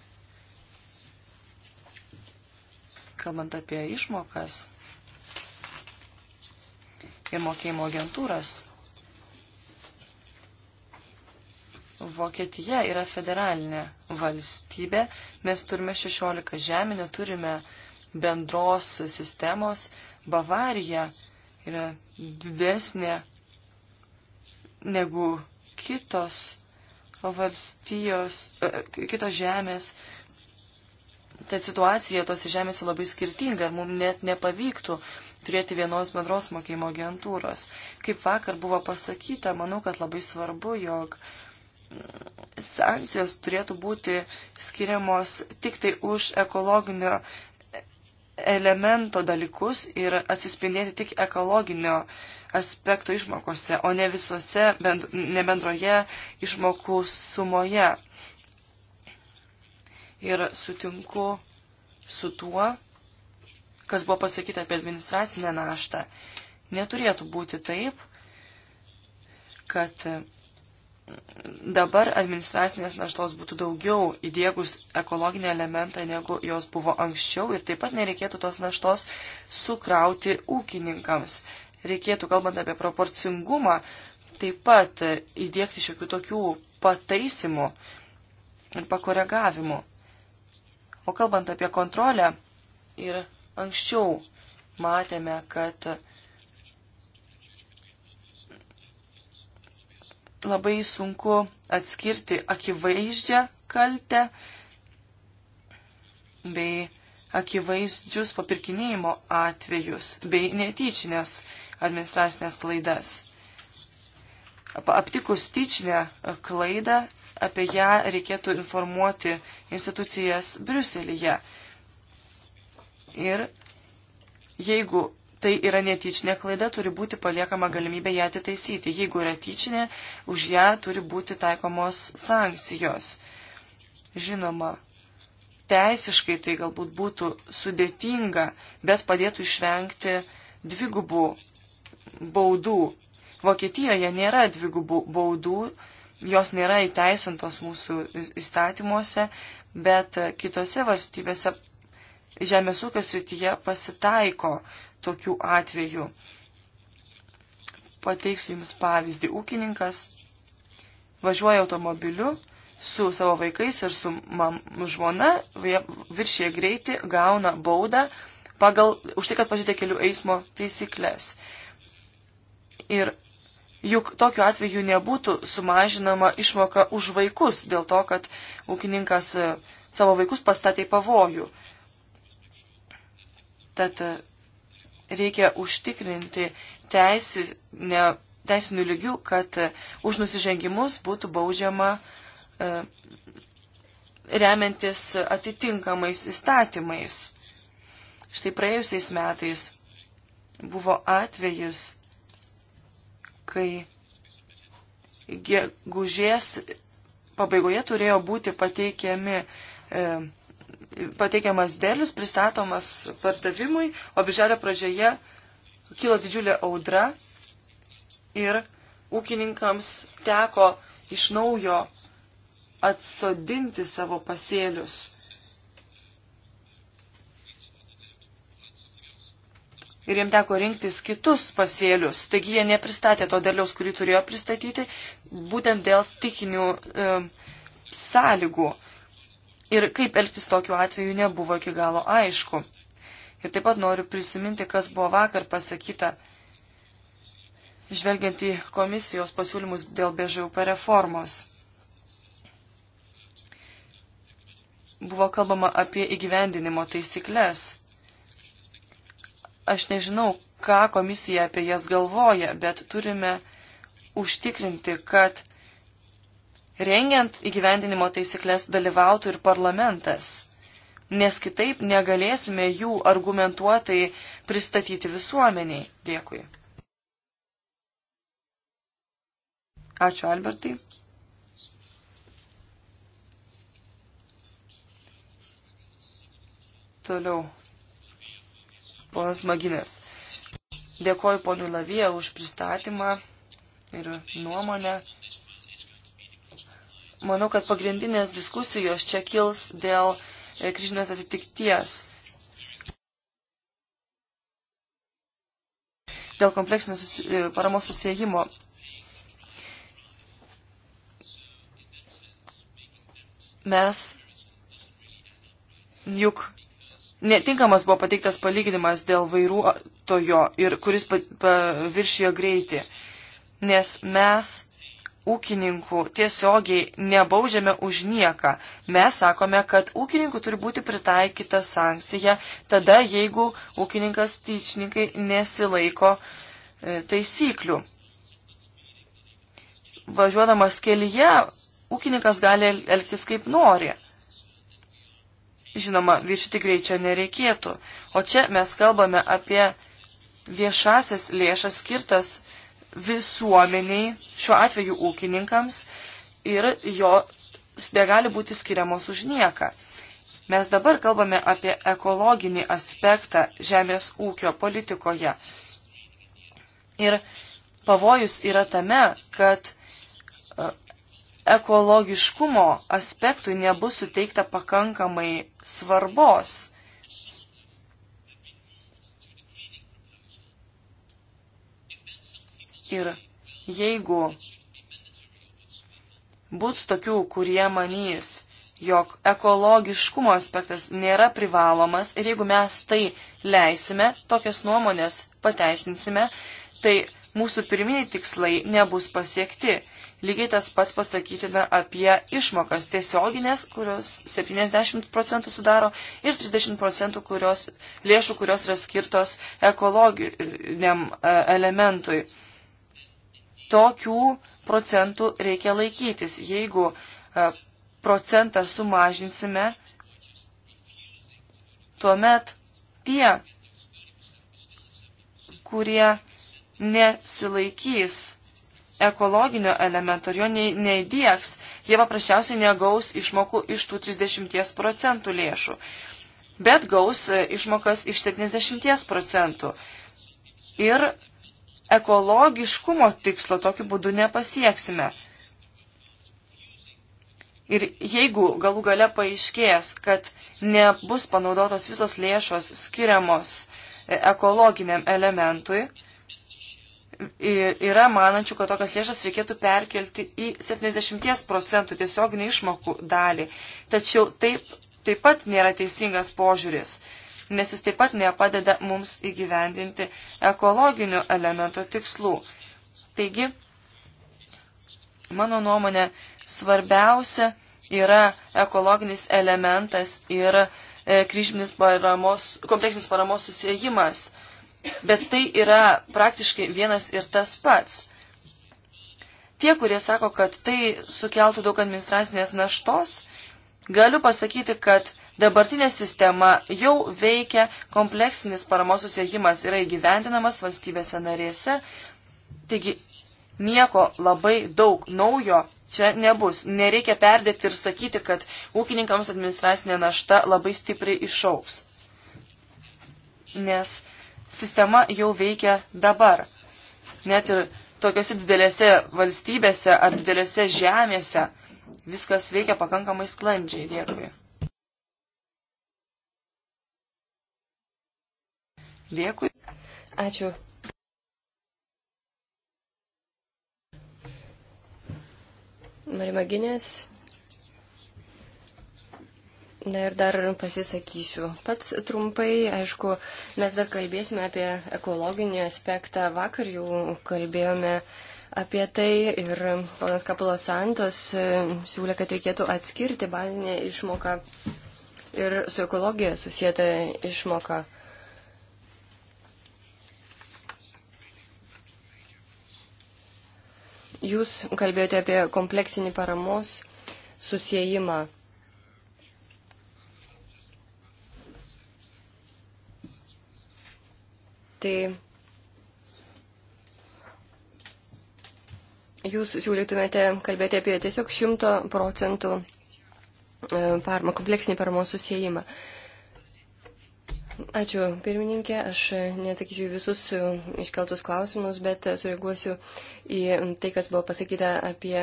Kalbant apie išmokas ir mokėjimo agentūras, Vokietija yra federalinė valstybė, mes turime 16 žemė, neturime bendros sistemos. Bavarija yra didesnė negu kitos valstijos, e, e, kitos žemės. Ta situacija tose žemėse labai skirtinga ir mums net nepavyktų turėti vienos bendros mokėjimo agentūros. Kaip vakar buvo pasakyta, manau, kad labai svarbu, jog uh, sankcijos turėtų būti skiriamos tik tai už ekologinio elemento dalykus ir atsispindėti tik ekologinio aspekto išmokose, o ne visose, bend, ne bendroje išmokų sumoje. Ir sutinku su tuo, kas buvo pasakyta apie administracinę naštą. Neturėtų būti taip, kad dabar administracinės naštos būtų daugiau įdėgus ekologinį elementą, negu jos buvo anksčiau ir taip pat nereikėtų tos naštos sukrauti ūkininkams. Reikėtų, kalbant apie proporcingumą, taip pat įdėkti šiokių tokių pataisimų ir pakoregavimų. O kalbant apie kontrolę, ir anksčiau matėme, kad labai sunku atskirti akivaizdžią kaltę bei akivaizdžius papirkinėjimo atvejus bei netyčinės administracinės klaidas. Aptikus tyčinę klaidą, apie ją reikėtų informuoti institucijas Briuselyje. Ir jeigu tai yra netyčinė klaida, turi būti paliekama galimybė ją atitaisyti. Jeigu yra tyčinė, už ją turi būti taikomos sankcijos. Žinoma, teisiškai tai galbūt būtų sudėtinga, bet padėtų išvengti dvigubų baudų. Vokietijoje nėra dvigubų baudų, jos nėra įteisintos mūsų įstatymuose, bet kitose valstybėse žemės ūkio srityje pasitaiko tokių atvejų. Pateiksiu Jums pavyzdį. Ūkininkas važiuoja automobiliu su savo vaikais ir su mam, žmona, viršė greitį, gauna baudą pagal, už tai, kad pažydė kelių eismo taisyklės. Ir juk tokiu atveju nebūtų sumažinama išmoka už vaikus dėl to, kad ūkininkas savo vaikus pastatė į pavojų. Tad reikia užtikrinti teisinę, teisinių lygių, kad e, už nusižengimus būtų baudžiama e, remiantis atitinkamais įstatymais. Štai praėjusiais metais buvo atvejis, kai gegužės pabaigoje turėjo būti pateikiami e, pateikiamas dėlis, pristatomas pardavimui, o birželio pradžioje kilo didžiulė audra ir ūkininkams teko iš naujo atsodinti savo pasėlius. Ir jiem teko rinktis kitus pasėlius. Taigi jie nepristatė to derliaus, kurį turėjo pristatyti, būtent dėl stikinių e, sąlygų. Ir kaip elgtis tokiu atveju nebuvo iki galo aišku. Ir taip pat noriu prisiminti, kas buvo vakar pasakyta, žvelgiant į komisijos pasiūlymus dėl BŽUP reformos. Buvo kalbama apie įgyvendinimo taisyklės. Aš nežinau, ką komisija apie jas galvoja, bet turime užtikrinti, kad rengiant įgyvendinimo taisyklės dalyvautų ir parlamentas, nes kitaip negalėsime jų argumentuotai pristatyti visuomeniai. Dėkui. Ačiū, Albertai. Toliau. Ponas Maginės. Dėkoju ponui Lavija už pristatymą ir nuomonę manau, kad pagrindinės diskusijos čia kils dėl e, kryžinės atitikties. Dėl kompleksinio susi e, paramos susijimo. Mes juk netinkamas buvo pateiktas palyginimas dėl vairuotojo ir kuris paviršijo greitį, nes mes ūkininkų tiesiogiai nebaudžiame už nieką. Mes sakome, kad ūkininkų turi būti pritaikyta sankcija tada, jeigu ūkininkas tyčininkai nesilaiko e, taisyklių. Važiuodamas kelyje, ūkininkas gali elgtis kaip nori. Žinoma, viršyti greičio nereikėtų. O čia mes kalbame apie viešasias lėšas skirtas uh, visuomeniai, šiuo atveju ūkininkams, ir jos negali būti skiriamos už nieką. Mes dabar kalbame apie ekologinį aspektą žemės ūkio politikoje. Ir pavojus yra tame, kad e, ekologiškumo aspektui nebus suteikta pakankamai svarbos. Ir jeigu bus tokių, kurie manys, jog ekologiškumo aspektas nėra privalomas ir jeigu mes tai leisime, tokias nuomonės pateisinsime, tai mūsų pirminiai tikslai nebus pasiekti. Lygiai tas pats pasakytina apie išmokas tiesioginės, kurios 70 procentų sudaro ir 30 procentų kurios, lėšų, kurios yra skirtos ekologiniam e, elementui tokių procentų reikia laikytis. Jeigu e, procentą sumažinsime, tuomet tie, kurie nesilaikys ekologinio elemento ir jo neįdėks, jie paprasčiausiai negaus išmokų iš tų 30 procentų lėšų, bet gaus e, išmokas iš 70 procentų. Ir ekologiškumo tikslo tokiu būdu nepasieksime. Ir jeigu galų gale paaiškės, kad nebus panaudotos visos lėšos skiriamos e, ekologiniam elementui, yra manančių, kad tokias lėšas reikėtų perkelti į 70 procentų tiesioginių išmokų dalį. Tačiau taip, taip pat nėra teisingas požiūris nes jis taip pat nepadeda mums įgyvendinti ekologinių elemento tikslų. Taigi, mano nuomonė, svarbiausia yra ekologinis elementas ir e, kryžminis paramos, kompleksinis paramos susijimas. Bet tai yra praktiškai vienas ir tas pats. Tie, kurie sako, kad tai sukeltų daug administracinės naštos, galiu pasakyti, kad Dabartinė sistema jau veikia, kompleksinis paramos susiejimas yra įgyvendinamas valstybėse narėse, taigi nieko labai daug naujo čia nebus. Nereikia perdėti ir sakyti, kad ūkininkams administracinė našta labai stipriai išauks, nes sistema jau veikia dabar. Net ir tokiuose didelėse valstybėse ar didelėse žemėse viskas veikia pakankamai sklandžiai. Dėkui. Dėkui. Ačiū. Marima Ginės. Na ir dar pasisakysiu. Pats trumpai, aišku, mes dar kalbėsime apie ekologinį aspektą. Vakar jau kalbėjome apie tai ir ponas Kapulas Santos e, siūlė, kad reikėtų atskirti bazinę išmoką ir su ekologija susijęta išmoka. Jūs kalbėjote apie kompleksinį paramos susijimą. Tai jūs siūlytumėte kalbėti apie tiesiog 100 procentų e, parma, kompleksinį paramos susijimą. Uh, Ačiū, pirmininkė. Aš neatsakysiu visus e, iškeltus klausimus, bet e, sureaguosiu į tai, kas buvo pasakyta apie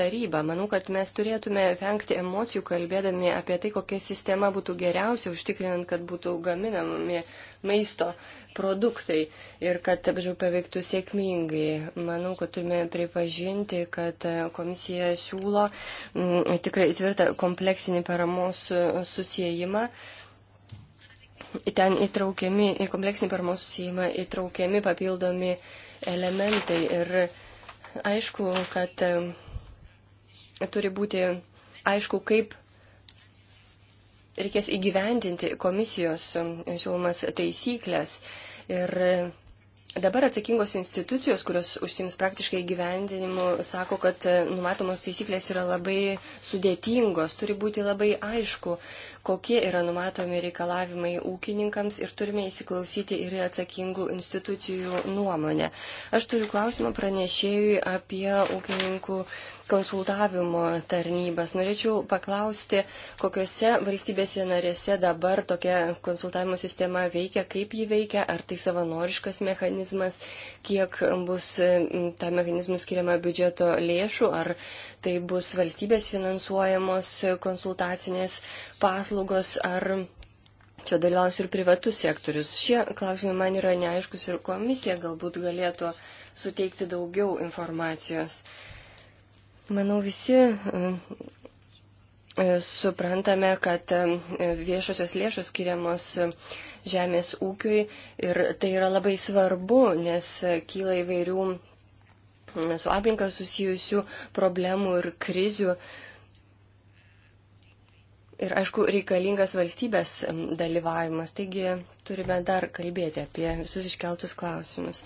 tarybą. Manau, kad mes turėtume vengti emocijų, kalbėdami apie tai, kokia sistema būtų geriausia, užtikrinant, kad būtų gaminami maisto produktai ir kad apžiūrėjau paveiktų sėkmingai. Manau, kad turime pripažinti, kad e, komisija siūlo m, tikrai tvirtą kompleksinį paramos susijimą. Su ten įtraukiami į kompleksinį paramos susijimą, įtraukiami papildomi elementai. Ir aišku, kad turi būti aišku, kaip reikės įgyvendinti komisijos siūlomas taisyklės. Ir Dabar atsakingos institucijos, kurios užsims praktiškai gyvendinimu, sako, kad e, numatomos taisyklės yra labai sudėtingos, turi būti labai aišku, kokie yra numatomi reikalavimai ūkininkams ir turime įsiklausyti ir atsakingų institucijų nuomonę. Aš turiu klausimą pranešėjui apie ūkininkų konsultavimo tarnybas. Norėčiau paklausti, kokiuose valstybėse narėse dabar tokia konsultavimo sistema veikia, kaip ji veikia, ar tai savanoriškas mechanizmas, kiek bus tą mechanizmą skiriama biudžeto lėšų, ar tai bus valstybės finansuojamos konsultacinės paslaugos, ar. Čia dalyvaus ir privatus sektorius. Šie klausimai man yra neaiškus ir komisija galbūt galėtų suteikti daugiau informacijos. Uh, Manau, visi e, e, suprantame, kad e, viešosios lėšos skiriamos žemės ūkiui ir tai yra labai svarbu, nes kyla įvairių su aplinka susijusių problemų ir krizių. Ir aišku, reikalingas valstybės dalyvavimas, taigi turime dar kalbėti apie visus iškeltus klausimus.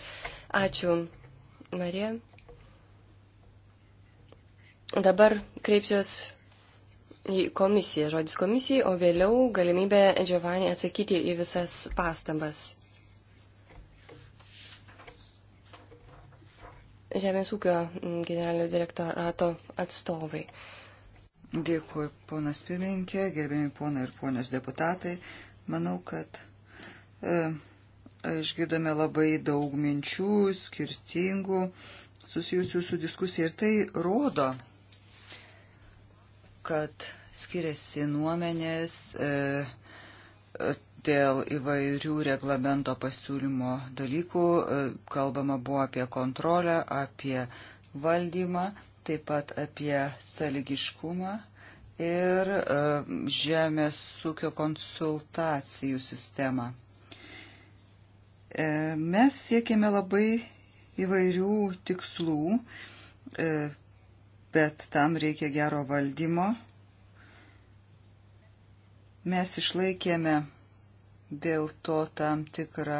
Ačiū, Marija. Dabar kreipsiuos į komisiją, žodis komisijai, o vėliau galimybė Giovanni atsakyti į visas pastabas. Žemės ūkio generalinio direktorato atstovai. Dėkuoju, ponas pirmininkė, gerbėmi ponai ir ponios deputatai. Manau, kad e, išgirdome labai daug minčių, skirtingų, susijusių su diskusija ir tai rodo, kad skiriasi nuomenės e, e, dėl įvairių reglamento pasiūlymo dalykų. E, kalbama buvo apie kontrolę, apie valdymą, taip pat apie saligiškumą ir e, žemės ūkio konsultacijų sistemą. E, mes siekėme labai įvairių tikslų. E, bet tam reikia gero valdymo. Mes išlaikėme dėl to tam tikrą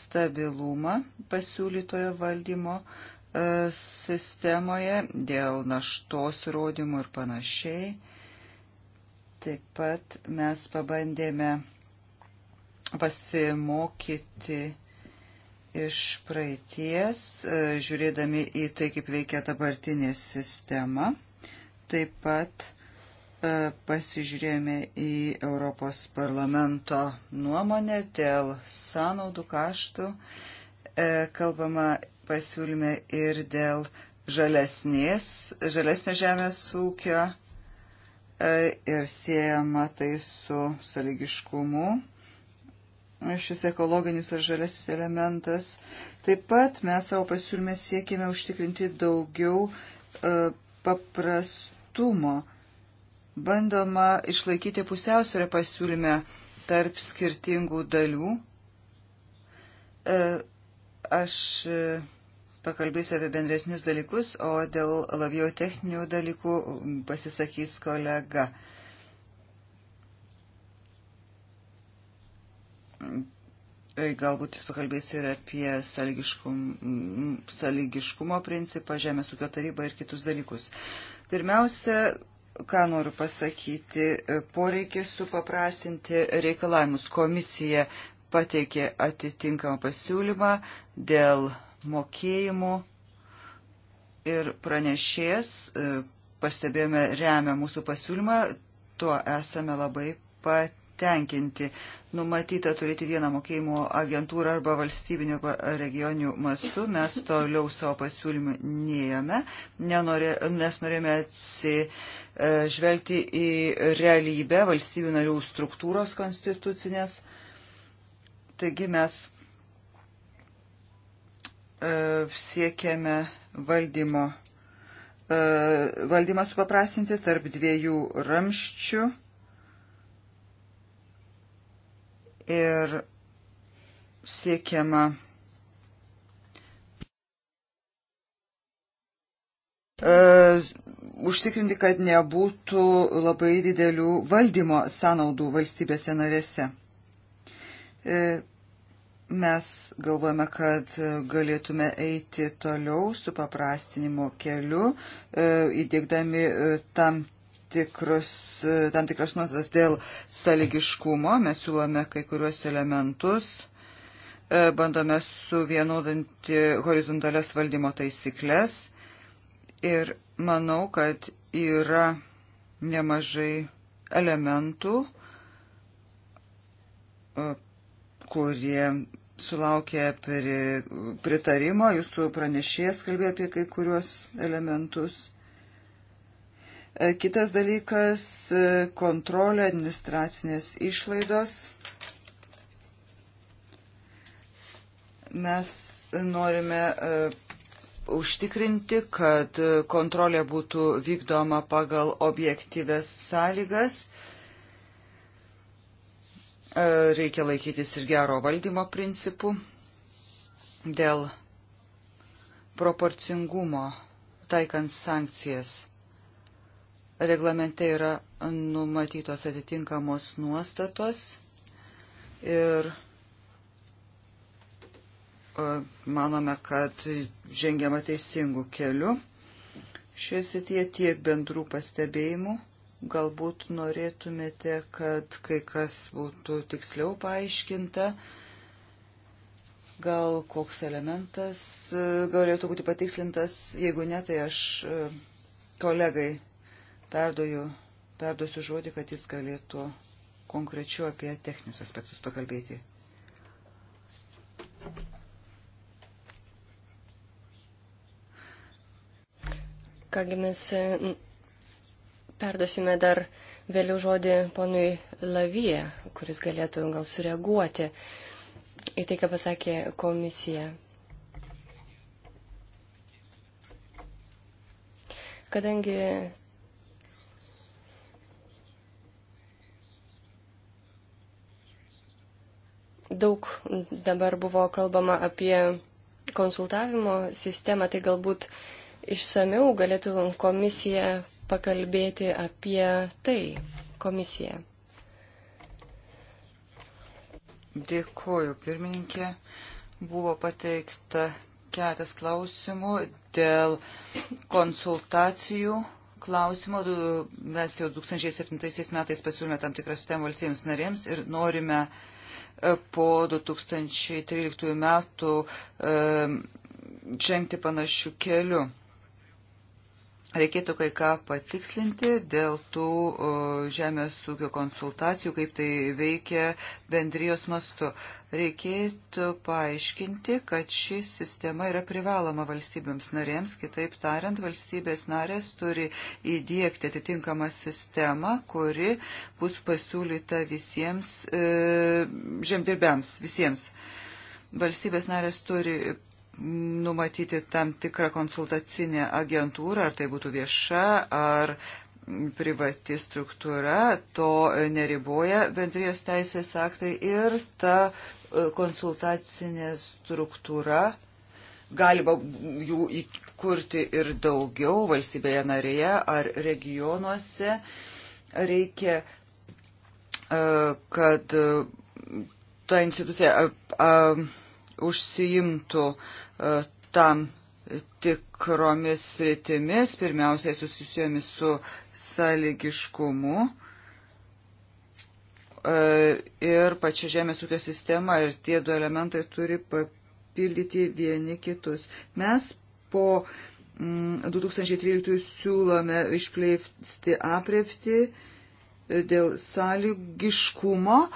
stabilumą pasiūlytojo valdymo e, sistemoje dėl naštos įrodymų ir panašiai. Taip pat mes pabandėme pasimokyti iš praeities, e, žiūrėdami į tai, kaip veikia dabartinė sistema. Taip pat e, pasižiūrėjome į Europos parlamento nuomonę dėl sąnaudų kaštų. E, kalbama pasiūlyme ir dėl žalesnės, žalesnio žemės ūkio ir siejama tai su saligiškumu šis ekologinis ar žalesis elementas. Taip pat mes savo pasiūlymę siekime užtikrinti daugiau e, paprastumo. Bandoma išlaikyti pusiausvyrę pasiūlymę tarp skirtingų dalių. E, aš e, pakalbėsiu apie bendresnius dalykus, o dėl labiau techninių dalykų pasisakys kolega. E, E, galbūt jis pakalbės ir apie sąlygiškum, sąlygiškumo principą, Žemės ūkio tarybą ir kitus dalykus. Pirmiausia, ką noriu pasakyti, e, poreikis supaprastinti reikalavimus. Komisija pateikė atitinkamą pasiūlymą dėl mokėjimų ir pranešės, e, pastebėjome, remia mūsų pasiūlymą, tuo esame labai pat tenkinti. Numatyta turėti vieną mokėjimo agentūrą arba valstybinių arba regionių mastų. Mes toliau savo pasiūlymų nėjome, nenorė, nes norėjome atsižvelgti e, į realybę valstybių narių struktūros konstitucinės. Taigi mes e, siekiame valdymo, e, valdymą supaprastinti tarp dviejų ramščių ir siekiama uh, užtikrinti, kad nebūtų labai didelių valdymo sąnaudų valstybėse narėse. Uh, mes galvojame, kad galėtume eiti toliau su paprastinimo keliu, e, įdėkdami tam tikrus, tam tikras nuostatas dėl sąlygiškumo. Mes siūlome kai kuriuos elementus, e, bandome suvienodinti horizontales valdymo taisyklės ir manau, kad yra nemažai elementų, e, kurie sulaukė pritarimo, jūsų pranešėjas kalbėjo apie kai kuriuos elementus. E, kitas dalykas e, - kontrolė administracinės išlaidos. Mes norime e, užtikrinti, kad kontrolė būtų vykdoma pagal objektyves sąlygas. Reikia laikytis ir gero valdymo principų dėl proporcingumo taikant sankcijas reglamente yra numatytos atitinkamos nuostatos ir e, manome, kad žengiama teisingų kelių. Šioje sityje tiek bendrų pastebėjimų. Galbūt norėtumėte, kad kai kas būtų tiksliau paaiškinta, gal koks elementas e, galėtų būti patikslintas, jeigu ne, tai aš e, kolegai perdoju, perduosiu žodį, kad jis galėtų konkrečiu apie techninius aspektus pakalbėti. Kągi mes e, perduosime dar vėliau žodį ponui Lavie, kuris galėtų gal sureaguoti į tai, ką pasakė komisija. Kadangi Daug dabar buvo kalbama apie konsultavimo sistemą, tai galbūt išsameu galėtų komisija pakalbėti apie tai. Komisija. Dėkuoju, pirmininkė. Buvo pateikta keletas klausimų dėl konsultacijų klausimo. Mes jau 2007 metais pasiūlėme tam tikrą sistemą valstybėms narėms ir norime uh, po 2013 metų žengti panašių kelių. Reikėtų kai ką patikslinti dėl tų žemės ūkio konsultacijų, kaip tai veikia bendrijos mastu. Reikėtų paaiškinti, kad ši sistema yra privaloma valstybėms narėms, kitaip tariant, valstybės narės turi įdėkti atitinkamą sistemą, kuri bus pasiūlyta visiems e, žemdirbėms, visiems. Valstybės narės turi numatyti tam tikrą konsultacinę agentūrą, ar tai būtų vieša, ar privati struktūra, to neriboja bendrijos teisės aktai ir ta e, konsultacinė struktūra, galima jų įkurti ir daugiau valstybėje narėje ar regionuose, reikia, e, kad e, ta institucija užsiimtų uh, tam tikromis sritimis, pirmiausiai susijusiomis su sąlygiškumu e, ir pačia žemės ūkio sistema ir tie du elementai turi papildyti vieni kitus. Mes po 2013 mm, siūlome išplėsti apriepti dėl sąlygiškumo e,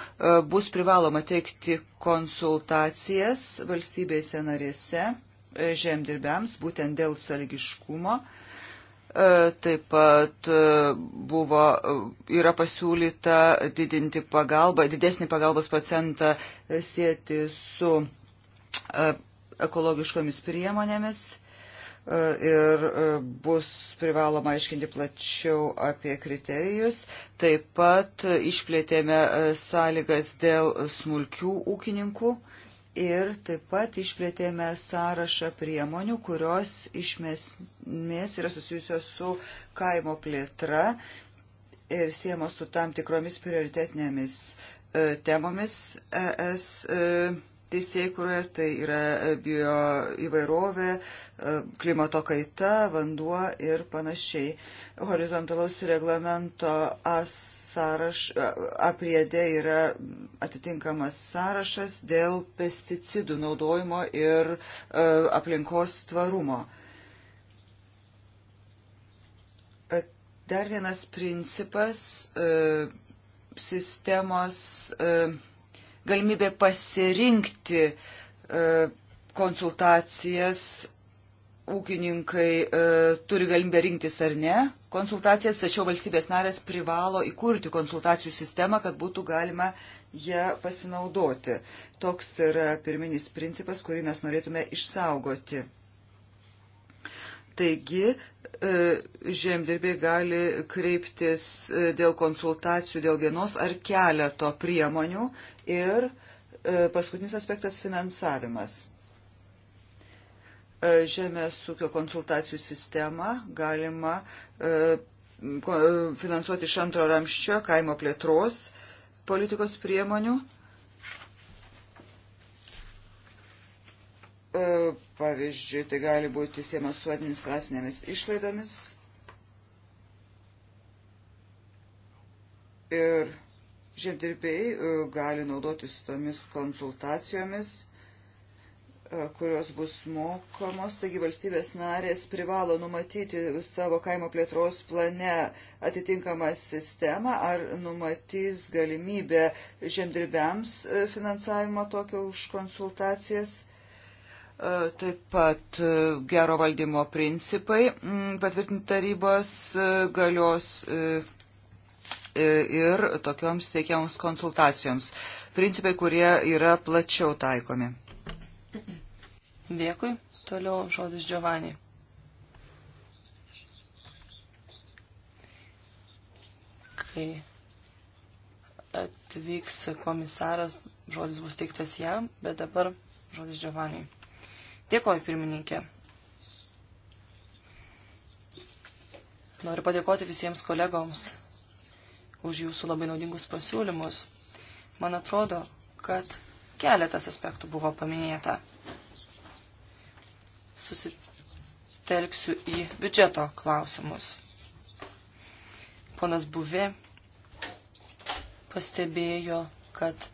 bus privaloma teikti konsultacijas valstybėse narėse e, žemdirbiams būtent dėl sąlygiškumo. E, taip pat buvo, yra pasiūlyta didinti pagalbą, didesnį pagalbos procentą sėti su ekologiškomis priemonėmis E, ir e, bus privaloma aiškinti plačiau apie kriterijus. Taip pat išplėtėme e, sąlygas dėl smulkių ūkininkų ir taip pat išplėtėme sąrašą priemonių, kurios išmesmės yra susijusios su kaimo plėtra ir siemos su tam tikromis prioritetinėmis temomis ES. E, teisėkuroje, tai yra e, bio įvairovė, e, klimato kaita, vanduo ir panašiai. Horizontalaus reglamento sąraš, e, apriedė yra atitinkamas sąrašas dėl pesticidų naudojimo ir aplinkos tvarumo. Dar vienas principas sistemos galimybė pasirinkti e, konsultacijas ūkininkai e, turi galimybę rinktis ar ne konsultacijas, tačiau valstybės narės privalo įkurti konsultacijų sistemą, kad būtų galima ją pasinaudoti. Toks yra pirminis principas, kurį mes norėtume išsaugoti. Taigi, e, žemdirbiai gali kreiptis e, dėl konsultacijų dėl vienos ar keleto priemonių ir e, paskutinis aspektas - finansavimas. Žemės ūkio konsultacijų sistemą galima finansuoti iš antro ramščio kaimo plėtros politikos priemonių E, pavyzdžiui, tai gali būti siema su administracinėmis išlaidomis. Ir žemdirbiai e, gali naudotis tomis konsultacijomis e, kurios bus mokamos, taigi valstybės narės privalo numatyti savo kaimo plėtros plane atitinkamą sistemą ar numatys galimybę žemdirbiams finansavimo tokio už konsultacijas. E, taip pat e, gero valdymo principai patvirtinti tarybos e, galios ir tokioms teikiamoms konsultacijoms. Principai, kurie yra plačiau taikomi. Dėkui. Toliau žodis Giovanni. Kai atvyks komisaras, žodis bus teiktas jam, bet dabar žodis Giovanni. Dėkoju, pirmininkė. Noriu padėkoti visiems kolegoms už jūsų labai naudingus pasiūlymus. Man atrodo, kad keletas aspektų buvo paminėta. Susitelksiu į biudžeto klausimus. Ponas Buvė pastebėjo, kad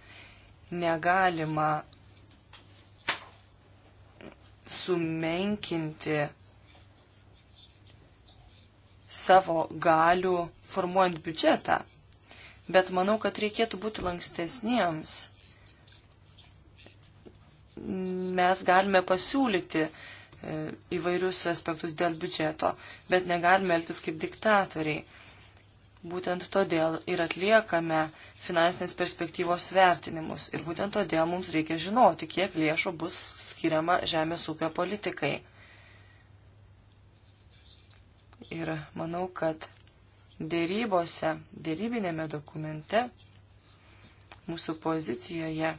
negalima sumenkinti savo galių formuojant biudžetą. Bet manau, kad reikėtų būti lankstesniems. Mes galime pasiūlyti e, įvairius aspektus dėl biudžeto, bet negalime elgtis kaip diktatoriai. Būtent todėl ir atliekame finansinės perspektyvos vertinimus ir būtent todėl mums reikia žinoti, kiek lėšų bus skiriama žemės ūkio politikai. Ir manau, kad dėrybose, dėrybinėme dokumente, mūsų pozicijoje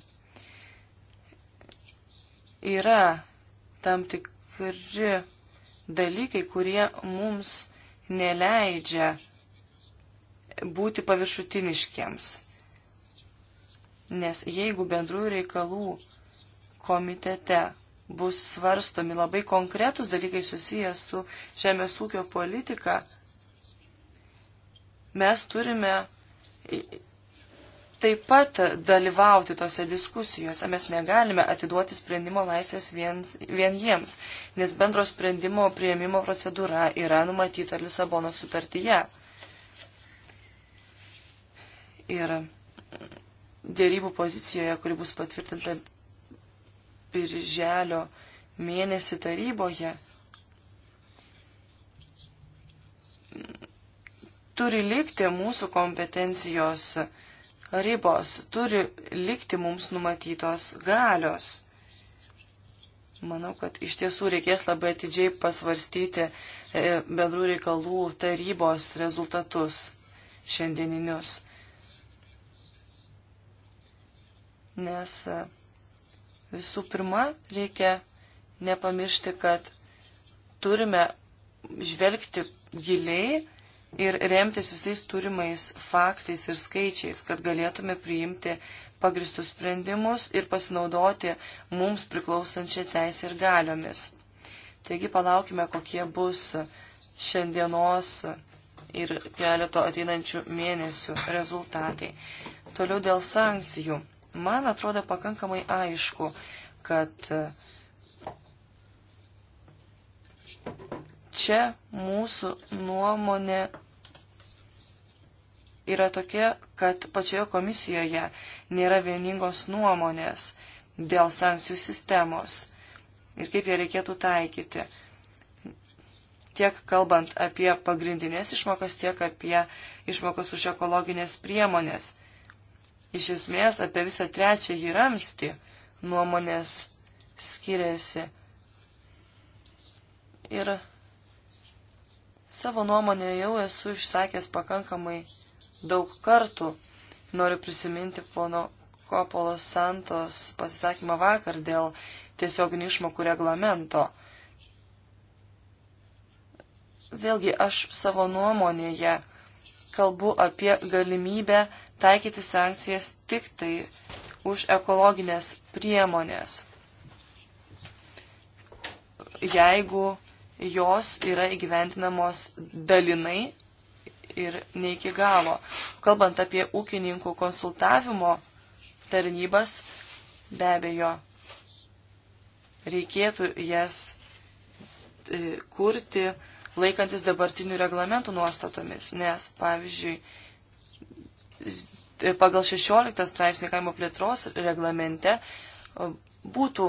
yra tam tikri dalykai, kurie mums neleidžia būti paviršutiniškiems. Nes jeigu bendrųjų reikalų komitete bus svarstomi labai konkretus dalykai susiję su žemės ūkio politika, mes turime taip pat dalyvauti tose diskusijose. Mes negalime atiduoti sprendimo laisvės vien, vien jiems, nes bendro sprendimo prieimimo procedūra yra numatyta Lisabono sutartyje. Ir dėrybų pozicijoje, kuri bus patvirtinta birželio mėnesį taryboje, turi likti mūsų kompetencijos ribos, turi likti mums numatytos galios. Manau, kad iš tiesų reikės labai atidžiai pasvarstyti e, bendrų reikalų tarybos rezultatus šiandieninius. nes e, visų pirma reikia nepamiršti, kad turime žvelgti giliai ir remtis visais turimais faktais ir skaičiais, kad galėtume priimti pagristus sprendimus ir pasinaudoti mums priklausančią teisę ir galiomis. Taigi palaukime, kokie bus šiandienos ir keleto ateinančių mėnesių rezultatai. Toliau dėl sankcijų. Man atrodo pakankamai aišku, kad čia mūsų nuomonė yra tokia, kad pačioje komisijoje nėra vieningos nuomonės dėl sankcijų sistemos ir kaip ją reikėtų taikyti. Tiek kalbant apie pagrindinės išmokas, tiek apie išmokas už ekologinės priemonės. Iš esmės apie visą trečiąjį ramstį nuomonės skiriasi. Ir savo nuomonę jau esu išsakęs pakankamai daug kartų. Noriu prisiminti pono Kopolos Santos pasisakymą vakar dėl tiesioginių išmokų reglamento. Vėlgi aš savo nuomonėje kalbu apie galimybę taikyti sankcijas tik tai už ekologinės priemonės, jeigu jos yra įgyventinamos dalinai ir ne iki galo. Kalbant apie ūkininkų konsultavimo tarnybas, be abejo, reikėtų jas e, kurti laikantis dabartinių reglamentų nuostatomis, nes, pavyzdžiui, pagal 16 straipsnį kaimo plėtros reglamente būtų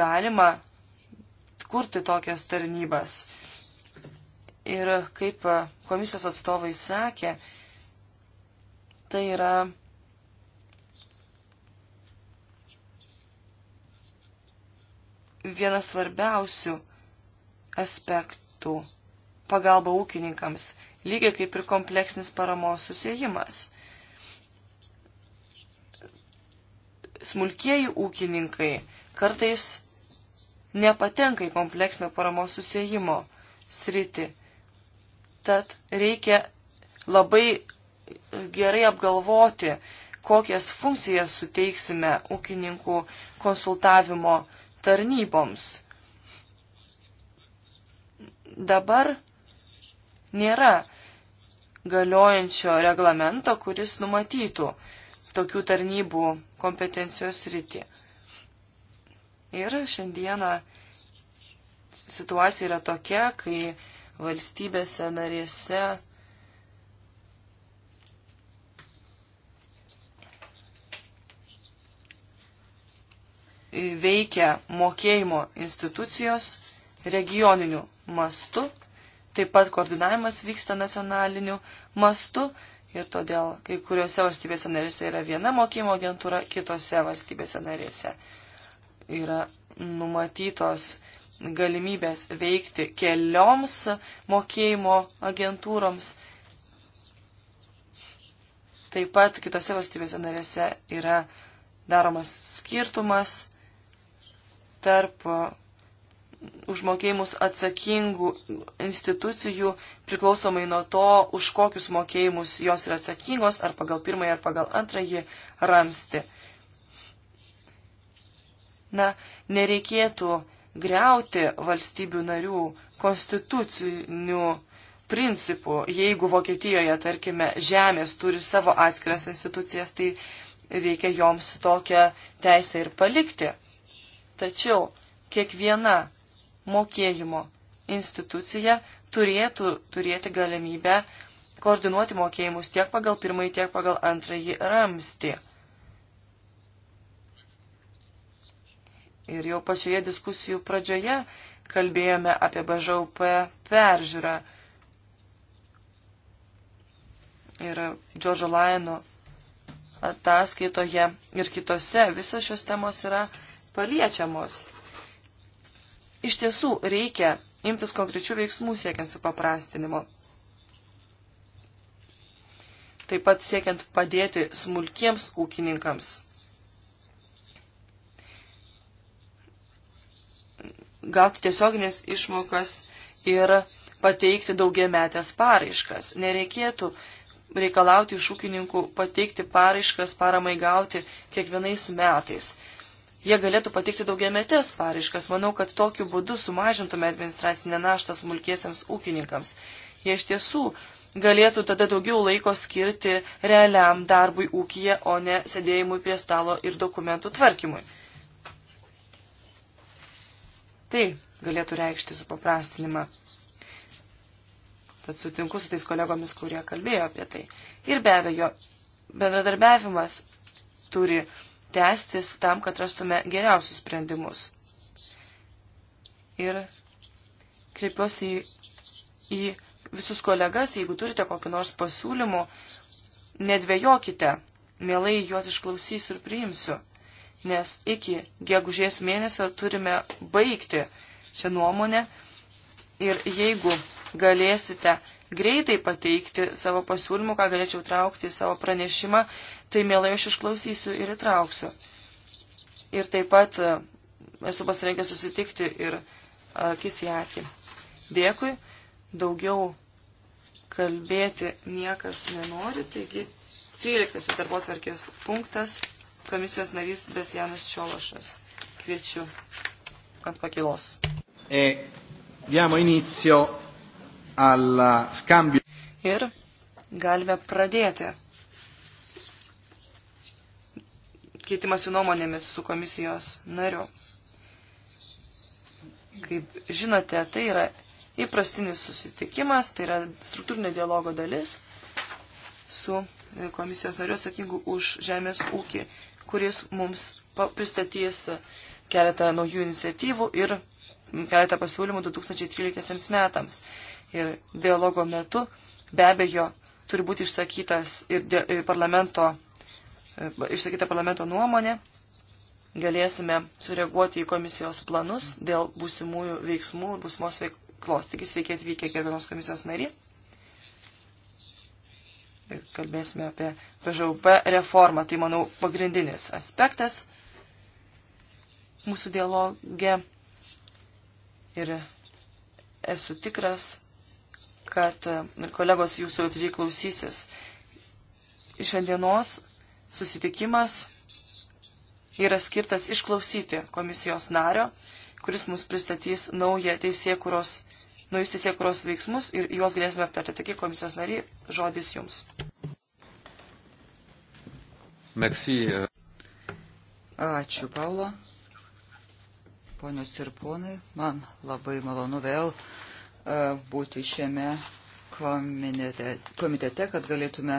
galima kurti tokias tarnybas. Ir kaip komisijos atstovai sakė, tai yra vienas svarbiausių aspektų pagalba ūkininkams, lygiai kaip ir kompleksinis paramos susijimas. smulkieji ūkininkai kartais nepatenka į kompleksinio paramos susijimo sritį. Tad reikia labai gerai apgalvoti, kokias funkcijas suteiksime ūkininkų konsultavimo tarnyboms. Dabar nėra galiojančio reglamento, kuris numatytų, tokių tarnybų kompetencijos rytį. Ir šiandieną situacija yra tokia, kai valstybėse narėse veikia mokėjimo institucijos regioniniu mastu, taip pat koordinavimas vyksta nacionaliniu mastu, ir todėl kai kuriuose valstybėse narėse yra viena mokymo agentūra, kitose valstybėse narėse yra numatytos galimybės veikti kelioms mokėjimo agentūroms. Taip pat kitose valstybėse narėse yra daromas skirtumas tarp užmokėjimus atsakingų institucijų priklausomai nuo to, už kokius mokėjimus jos yra atsakingos, ar pagal pirmąjį, ar pagal antrąjį ramsti. Na, nereikėtų greuti valstybių narių konstitucinių principų. Jeigu Vokietijoje, tarkime, žemės turi savo atskiras institucijas, tai reikia joms tokią teisę ir palikti. Tačiau kiekviena mokėjimo institucija turėtų turėti galimybę koordinuoti mokėjimus tiek pagal pirmąjį, tiek pagal antrąjį ramstį. Ir jau pačioje diskusijų pradžioje kalbėjome apie BŽUP peržiūrą. Ir Džordžo Laino ataskaitoje ir kitose visos šios temos yra paliečiamos iš tiesų reikia imtis konkrečių veiksmų siekiant supaprastinimo. Taip pat siekiant padėti smulkiems ūkininkams. Gauti tiesioginės išmokas ir pateikti daugiametės paraiškas. Nereikėtų reikalauti iš ūkininkų pateikti paraiškas paramai gauti kiekvienais metais jie galėtų patikti daugiametės paraiškas. Manau, kad tokiu būdu sumažintume administracinę naštą smulkiesiams ūkininkams. Jie iš tiesų galėtų tada daugiau laiko skirti realiam darbui ūkiją, o ne sėdėjimui prie stalo ir dokumentų tvarkymui. Tai galėtų reikšti supaprastinimą. Tad sutinku su tais kolegomis, kurie kalbėjo apie tai. Ir be abejo, bendradarbiavimas turi tęstis tam, kad rastume geriausius sprendimus. Ir kreipiuosi į, į visus kolegas, jeigu turite kokį nors pasiūlymų, nedvėjokite, mielai juos išklausysiu ir priimsiu, nes iki gegužės mėnesio turime baigti šią nuomonę ir jeigu galėsite greitai pateikti savo pasiūlymų, ką galėčiau traukti į savo pranešimą, tai mielai aš išklausysiu ir įtrauksiu. Ir taip pat e, esu pasirengęs susitikti ir akis į akį. Dėkui, daugiau kalbėti niekas nenori, taigi 13 darbo tvarkės punktas komisijos narys Desjanas Čiološas. Kviečiu ant pakilos. E, diamo inizio alla scambio. Ir galime pradėti keitimasi nuomonėmis su komisijos nariu. Kaip žinote, tai yra įprastinis susitikimas, tai yra struktūrinio dialogo dalis su komisijos nariu atsakingu už žemės ūkį, kuris mums pristatys keletą naujų iniciatyvų ir keletą pasiūlymų 2013 metams. Ir dialogo metu be abejo turi būti išsakytas ir, ir parlamento, e, išsakyta parlamento nuomonė. Galėsime sureaguoti į komisijos planus dėl būsimųjų veiksmų ir būsimos veiklos. Tik sveiki atvykę, gerbiamos komisijos nariai. Ir kalbėsime apie PŽUP reformą. Tai, manau, pagrindinis aspektas mūsų dialoge Ir esu tikras, kad kolegos jūsų atidžiai klausysis. Šiandienos susitikimas yra skirtas išklausyti komisijos nario, kuris mums pristatys naują teisėkuros, naujus teisėkuros veiksmus ir juos galėsime aptarti. Taigi, komisijos nariai, žodis jums. Merci. Euh. Ačiū, Paulo ponios ir ponai. Man labai malonu vėl e, būti šiame komitete, kad galėtume,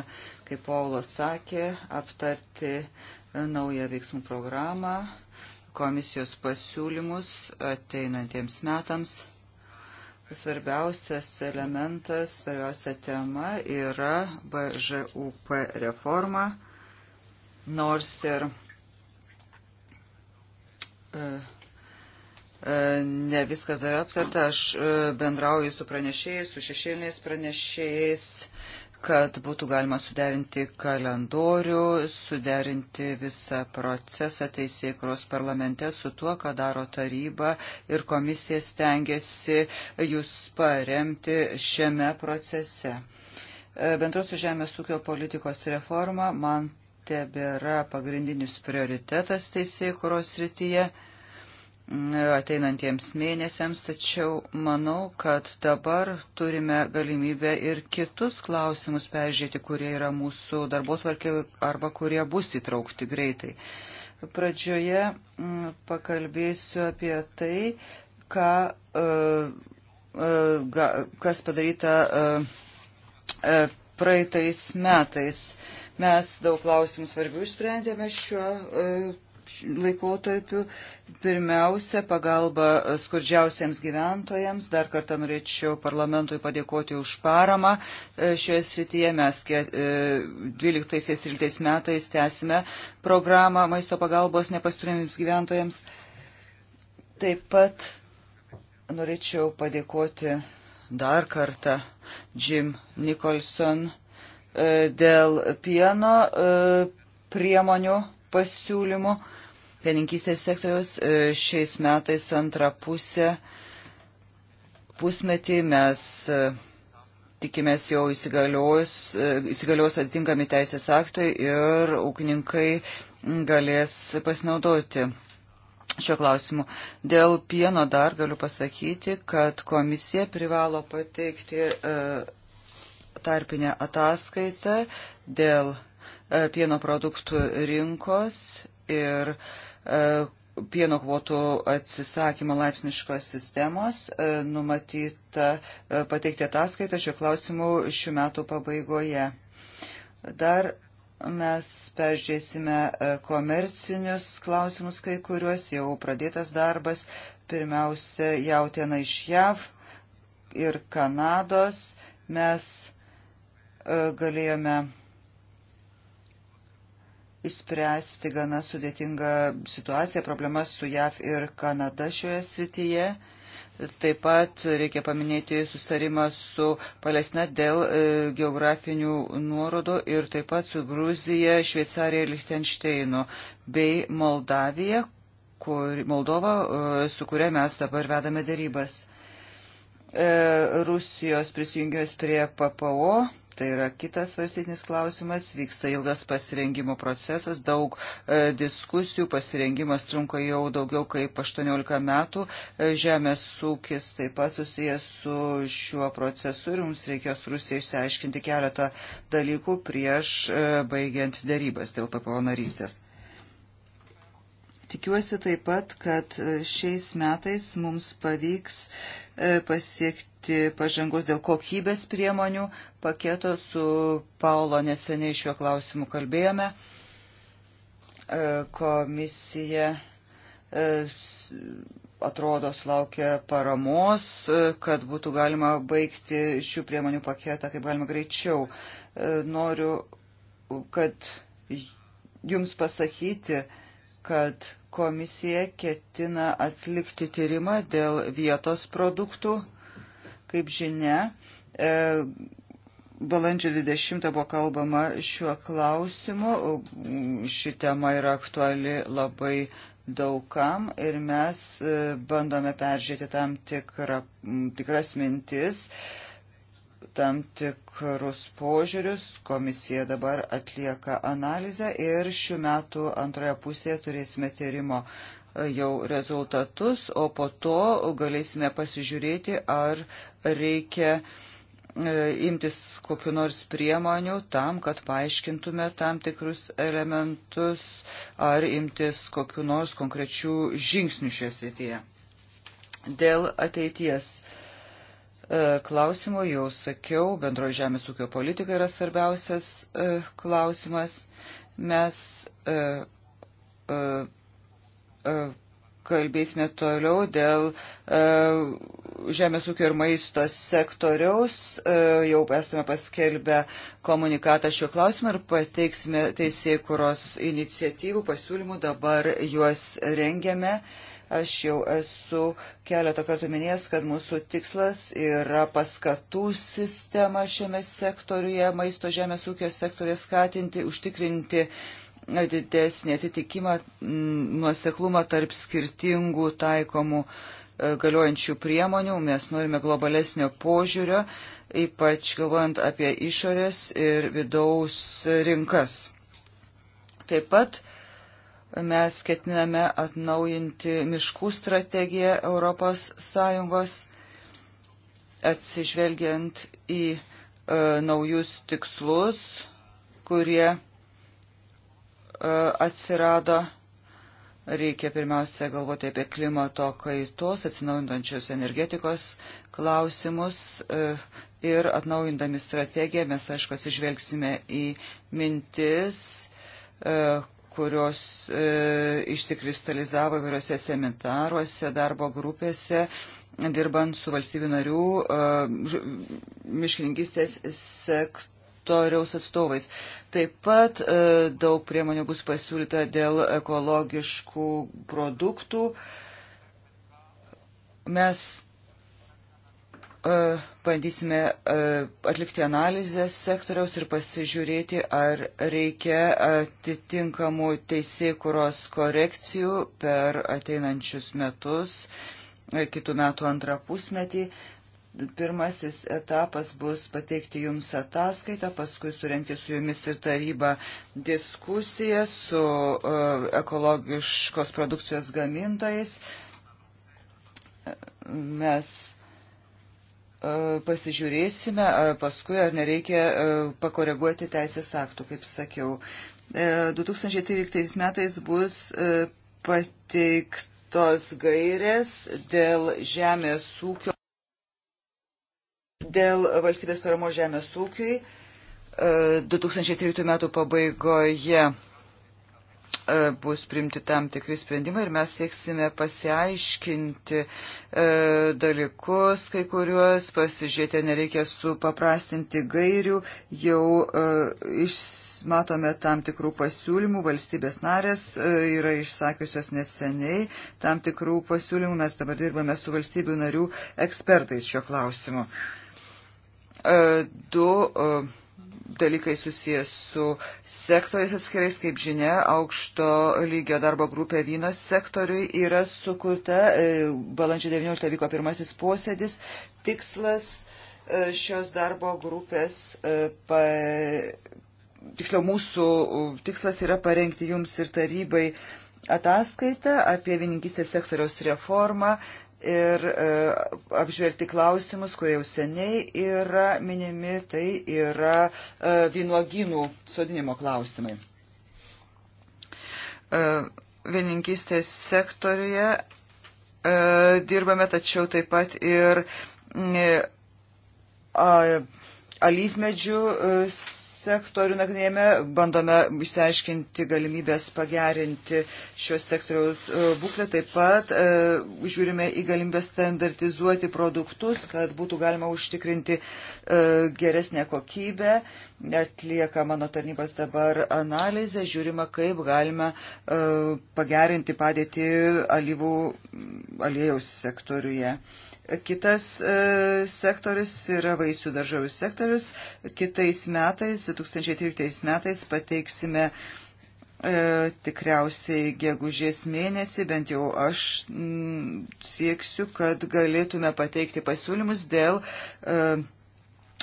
kaip Paulas sakė, aptarti e, naują veiksmų programą, komisijos pasiūlymus ateinantiems metams. Svarbiausias elementas, svarbiausia tema yra BŽUP reforma, nors ir e, E, ne viskas dar aptarta. Aš e, bendrauju su pranešėjais, su šešėliniais pranešėjais, kad būtų galima suderinti kalendorių, suderinti visą procesą teisėkros parlamente su tuo, ką daro taryba ir komisija stengiasi jūs paremti šiame procese. E, bendrosios žemės ūkio politikos reforma man tebėra pagrindinis prioritetas teisėkuros rytyje ateinantiems mėnesiams, tačiau manau, kad dabar turime galimybę ir kitus klausimus peržiūrėti, kurie yra mūsų darbo tvarkė arba kurie bus įtraukti greitai. Pradžioje mm, pakalbėsiu apie tai, ką, e, e, kas padaryta e, praeitais metais. Mes daug klausimų svarbių išsprendėme šiuo laikotarpiu. Pirmiausia, pagalba skurdžiausiems gyventojams. Dar kartą norėčiau parlamentui padėkoti už paramą. E, šioje srityje mes 12-13 e, metais tęsime programą maisto pagalbos nepasturėmiams gyventojams. Taip pat norėčiau padėkoti dar kartą Jim Nicholson e, dėl pieno priemonių pasiūlymų pieninkystės sektoriaus. E, šiais metais antrą pusę pusmetį mes e, tikimės jau įsigalios, e, įsigalios atitinkami teisės aktai ir ūkininkai galės pasinaudoti šio klausimu. Dėl pieno dar galiu pasakyti, kad komisija privalo pateikti tarpinę ataskaitą dėl pieno produktų rinkos ir uh, E, pieno kvotų atsisakymo laipsniškos sistemos e, numatyta e, pateikti ataskaitą šiuo klausimu šių metų pabaigoje. Dar mes peržiūrėsime komercinius klausimus kai kuriuos, jau pradėtas darbas, pirmiausia jautiena iš JAV ir Kanados. Mes galėjome išspręsti gana sudėtingą situaciją, problemas su JAV ir Kanada šioje srityje. Taip pat reikia paminėti sustarimą su Palestina dėl e, geografinių nuorodų ir taip pat su Gruzija, Šveicarija ir Lichtensteinu bei Moldavija, kur, Moldova, e, su kuria mes dabar vedame darybas. E, Rusijos prisijungęs prie PPO tai yra kitas svarstytinis klausimas, vyksta ilgas pasirengimo procesas, daug e, diskusijų, pasirengimas trunka jau daugiau kaip 18 metų, e, žemės ūkis taip pat susijęs su šiuo procesu ir mums reikės Rusija išsiaiškinti keletą dalykų prieš e, baigiant darybas dėl PPO narystės. Tikiuosi taip pat, kad e, šiais metais mums pavyks e, pasiekti pasiekti pažangos dėl kokybės priemonių paketo. Su Paulo neseniai šiuo klausimu kalbėjome. E, komisija e, atrodo sulaukia paramos, e, kad būtų galima baigti šių priemonių paketą kaip galima greičiau. Noriu, kad jums pasakyti, kad komisija ketina atlikti tyrimą dėl vietos produktų Kaip žinia, e, balandžio 20 buvo kalbama šiuo klausimu. Ši tema yra aktuali labai daugam ir mes e, bandome peržiūrėti tam tikrą, tikras mintis tam tikrus požiūrius. Komisija dabar atlieka analizę ir šių metų antroje pusėje turėsime tyrimo e, jau rezultatus, o po to galėsime pasižiūrėti, ar reikia e, imtis kokiu nors priemonių tam, kad paaiškintume tam tikrus elementus ar imtis kokiu nors konkrečių žingsnių šioje srityje. Dėl ateities e, klausimo jau sakiau, bendro žemės ūkio politika yra svarbiausias e, klausimas. Mes kalbėsime toliau dėl e, žemės ūkio ir maisto sektoriaus. E, jau esame paskelbę komunikatą šiuo klausimu ir pateiksime teisėkuros iniciatyvų pasiūlymų. Dabar juos rengiame. Aš jau esu keletą kartų minėjęs, kad mūsų tikslas yra paskatų sistema šiame sektoriuje, maisto žemės ūkio sektorė skatinti, užtikrinti didesnį atitikimą mm, nuoseklumą tarp skirtingų taikomų e, galiojančių priemonių. Mes norime globalesnio požiūrio, ypač galvojant apie išorės ir vidaus rinkas. Taip pat mes ketiname atnaujinti miškų strategiją ES atsižvelgiant į e, naujus tikslus, kurie E, atsirado. Reikia pirmiausia galvoti apie klimato kaitos, atsinaujinančios energetikos klausimus e, ir atnaujindami strategiją mes, aišku, atsižvelgsime į mintis, e, kurios išsikristalizavo įvairiose seminaruose, darbo grupėse dirbant su valstybių narių miškininkistės sektoriu sektoriaus atstovais. Taip pat e, daug priemonių bus pasiūlyta dėl ekologiškų produktų. Mes e, bandysime e, atlikti analizę sektoriaus ir pasižiūrėti, ar reikia atitinkamų teisėkuros korekcijų per ateinančius metus, kitų metų antrą pusmetį. Pirmasis etapas bus pateikti jums ataskaitą, paskui surenkti su jumis ir taryba diskusiją su e, ekologiškos produkcijos gamintojais. Mes e, pasižiūrėsime e, paskui, ar nereikia pakoreguoti teisės aktų, kaip sakiau. 2013 metais bus pateiktos gairės dėl žemės ūkio dėl valstybės paramo žemės ūkiui 2013 e, metų pabaigoje e, bus primti tam tikri sprendimai ir mes sieksime pasiaiškinti e, dalykus, kai kuriuos pasižiūrėti, nereikia supaprastinti gairių, jau e, išmatome tam tikrų pasiūlymų, valstybės narės e, yra išsakiusios neseniai tam tikrų pasiūlymų, mes dabar dirbame su valstybių narių ekspertais šio klausimu. E, E, du e, dalykai susijęs su sektoriais atskirais, kaip žinia, aukšto lygio darbo grupė vynos sektoriui yra sukurta, e, balandžio 19 vyko pirmasis posėdis, tikslas šios darbo grupės, pa, tiksliau mūsų tikslas yra parengti jums ir tarybai ataskaitą apie vieningistės sektoriaus reformą, ir e, apžvelgti klausimus, kurie jau seniai yra minimi, tai yra e, vynuoginų sodinimo klausimai. E, Vieninkystės sektoriuje dirbame, tačiau taip pat ir alyvmedžių sektoriuje sektorių nagrinėjame, bandome išsiaiškinti galimybės pagerinti šios sektoriaus e, būklę, taip pat e, žiūrime į galimybę standartizuoti produktus, kad būtų galima užtikrinti e, geresnę kokybę. Atlieka mano tarnybos dabar analizę, žiūrima, kaip galima pagerinti padėtį alyvų aliejaus sektoriuje. Kitas e, sektorius yra vaisių daržovių sektorius. Kitais metais, 2013 metais, pateiksime e, tikriausiai gegužės mėnesį, bent jau aš m, sieksiu, kad galėtume pateikti pasiūlymus dėl e,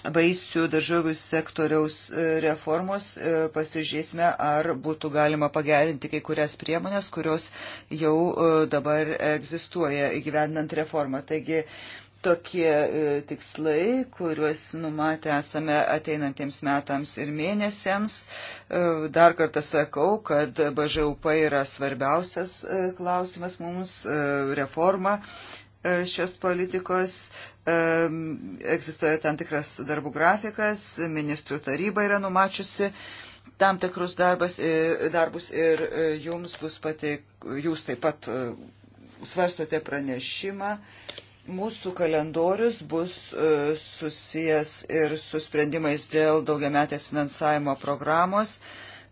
vaisių daržovių sektoriaus e, reformos, e, pasižiūrėsime, ar būtų galima pagerinti kai kurias priemonės, kurios jau e, dabar egzistuoja gyvenant reformą. Taigi, tokie tikslai, kuriuos numatę esame ateinantiems metams ir mėnesiams. Dar kartą sakau, kad BŽUP yra svarbiausias klausimas mums reforma šios politikos egzistuoja tam tikras darbų grafikas, ministrų taryba yra numačiusi tam tikrus darbas, darbus ir e, jums bus pateik, jūs taip pat e, svarstote pranešimą. Mūsų kalendorius bus e, susijęs ir su sprendimais dėl daugiametės finansavimo programos.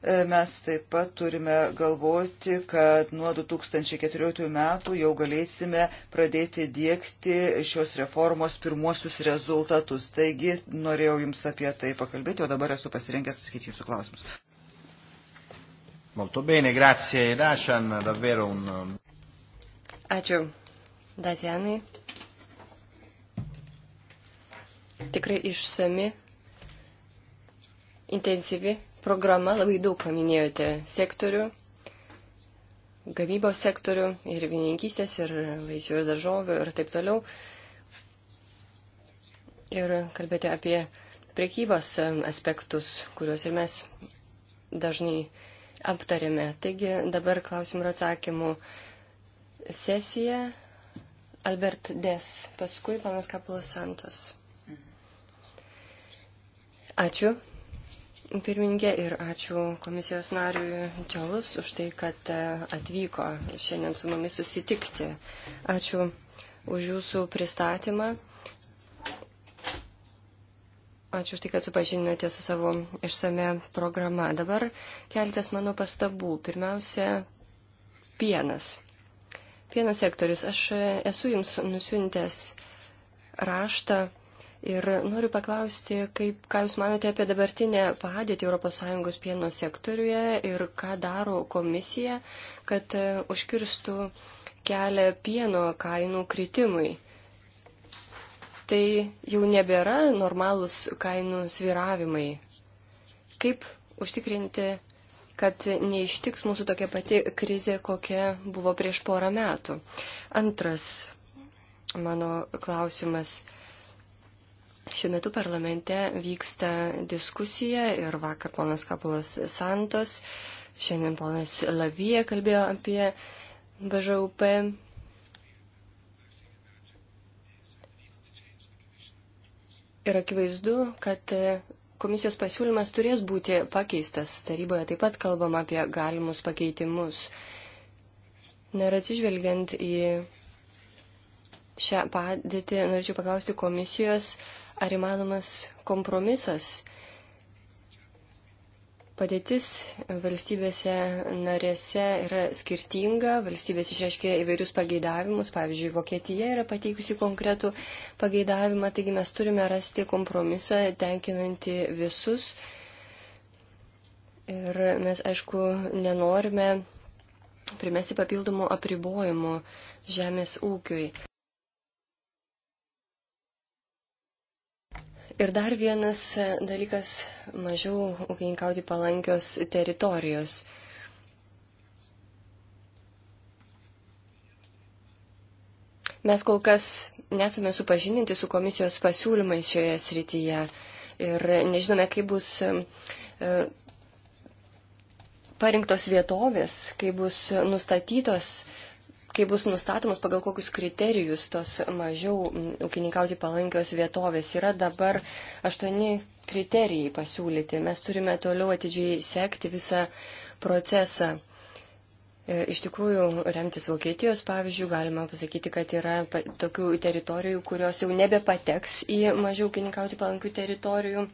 E, mes taip pat turime galvoti, kad nuo 2014 metų jau galėsime pradėti dėkti šios reformos pirmuosius rezultatus. Taigi norėjau Jums apie tai pakalbėti, o dabar esu pasirengęs atsakyti Jūsų klausimus. Molto bene, grazie Dacian, davvero un... Ačiū Dazianui. Tikrai išsami, intensyvi programa labai daug paminėjote sektorių, gamybos sektorių ir vieningystės ir vaisių ir daržovių ir taip toliau. Ir kalbėti apie priekybos aspektus, kuriuos ir mes dažnai aptarėme. Taigi dabar klausimų ir atsakymų sesija. Albert Des, paskui panas Kapulas Santos. Mhm. Ačiū pirmininkė ir ačiū komisijos nariui Čiolus už tai, kad e, atvyko šiandien su mumis susitikti. Ačiū už jūsų pristatymą. Ačiū už tai, kad supažinote su savo išsame programa. Dabar keletas mano pastabų. Pirmiausia, pienas. Pieno sektorius. Aš e, esu jums nusiuntęs raštą Ir noriu paklausti, kaip, ką Jūs manote apie dabartinę padėtį ES pieno sektoriuje ir ką daro komisija, kad e, užkirstų kelią pieno kainų kritimui. Tai jau nebėra normalūs kainų sviravimai. Kaip užtikrinti, kad neištiks mūsų tokia pati krizė, kokia buvo prieš porą metų. Antras mano klausimas Šiuo metu parlamente vyksta diskusija ir vakar ponas Kapulas Santos, šiandien ponas Lavija kalbėjo apie BŽUP. Ir akivaizdu, kad komisijos pasiūlymas turės būti pakeistas. Taryboje taip pat kalbam apie galimus pakeitimus. Nėra atsižvelgiant į šią padėtį, norėčiau paklausti komisijos, ar įmanomas kompromisas. Padėtis valstybėse narėse yra skirtinga, valstybės išreiškia įvairius pageidavimus, pavyzdžiui, Vokietija yra pateikusi konkretų pageidavimą, taigi mes turime rasti kompromisą tenkinantį visus. Ir mes, aišku, nenorime primesti papildomų apribojimų žemės ūkiui. Ir dar vienas e, dalykas - mažiau ūkininkauti palankios teritorijos. Mes kol kas nesame supažininti su komisijos pasiūlymais šioje srityje ir nežinome, kaip bus e, e, parinktos vietovės, kaip bus nustatytos kai bus nustatomas, pagal kokius kriterijus tos mažiau ūkininkauti palankios vietovės yra dabar aštuoni kriterijai pasiūlyti. Mes turime toliau atidžiai sekti visą procesą. E, iš tikrųjų, remtis Vokietijos pavyzdžių, galima pasakyti, kad yra tokių teritorijų, kurios jau nebepateks į mažiau ūkininkauti palankių teritorijų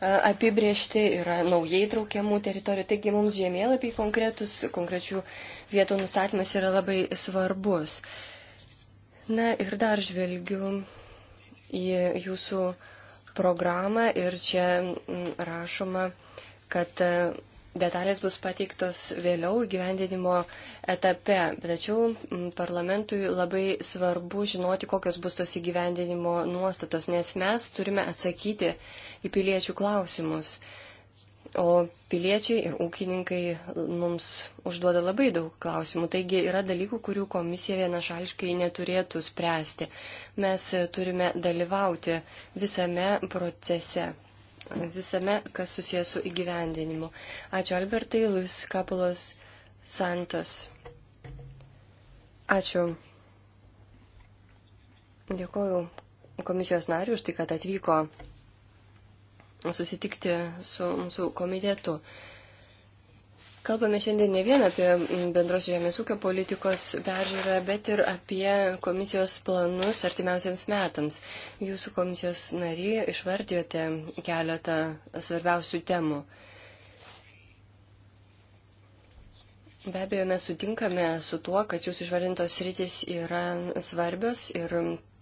apibriežti, yra naujai traukiamų teritorijų, taigi mums žemėlapiai konkretus, konkrečių vietų nustatymas yra labai svarbus. Na ir dar žvelgiu į jūsų programą ir čia rašoma, kad Detalės bus pateiktos vėliau gyvendinimo etape, tačiau mm, parlamentui labai svarbu žinoti, kokios bus tos įgyvendinimo nuostatos, nes mes turime atsakyti į piliečių klausimus. O piliečiai ir ūkininkai mums užduoda labai daug klausimų, taigi yra dalykų, kurių komisija vienašališkai neturėtų spręsti. Mes turime dalyvauti visame procese visame, kas susijęs su įgyvendinimu. Ačiū Albertai, Luis Kapulos Santos. Ačiū. Dėkoju komisijos nariu už tai, kad atvyko susitikti su mūsų komitetu. Kalbame šiandien ne vien apie bendros žemės ūkio politikos peržiūrą, bet ir apie komisijos planus artimiausiams metams. Jūsų komisijos nariai išvardijote keletą svarbiausių temų. Be abejo, mes sutinkame su tuo, kad jūsų išvardintos rytis yra svarbios ir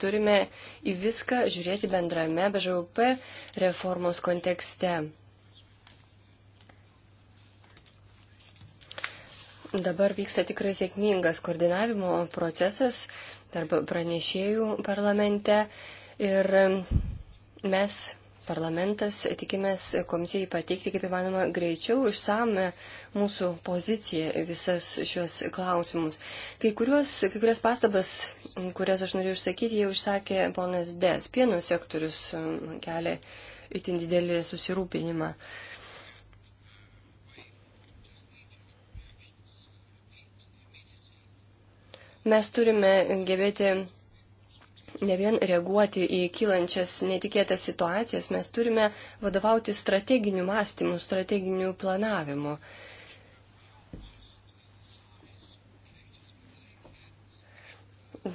turime į viską žiūrėti bendrame BŽUP reformos kontekste. Dabar vyksta tikrai sėkmingas koordinavimo procesas tarp pranešėjų parlamente ir mes, parlamentas, tikimės komisijai pateikti kaip įmanoma greičiau išsame mūsų poziciją visas šios klausimus. Kai, kuriuos, kai kurias pastabas, kurias aš noriu išsakyti, jau išsakė ponas Des. Pieno sektorius um, kelia itin didelį susirūpinimą. Uh, Mes turime gebėti ne vien reaguoti į kylančias netikėtas situacijas, mes turime vadovauti strateginiu mąstymu, strateginiu planavimu.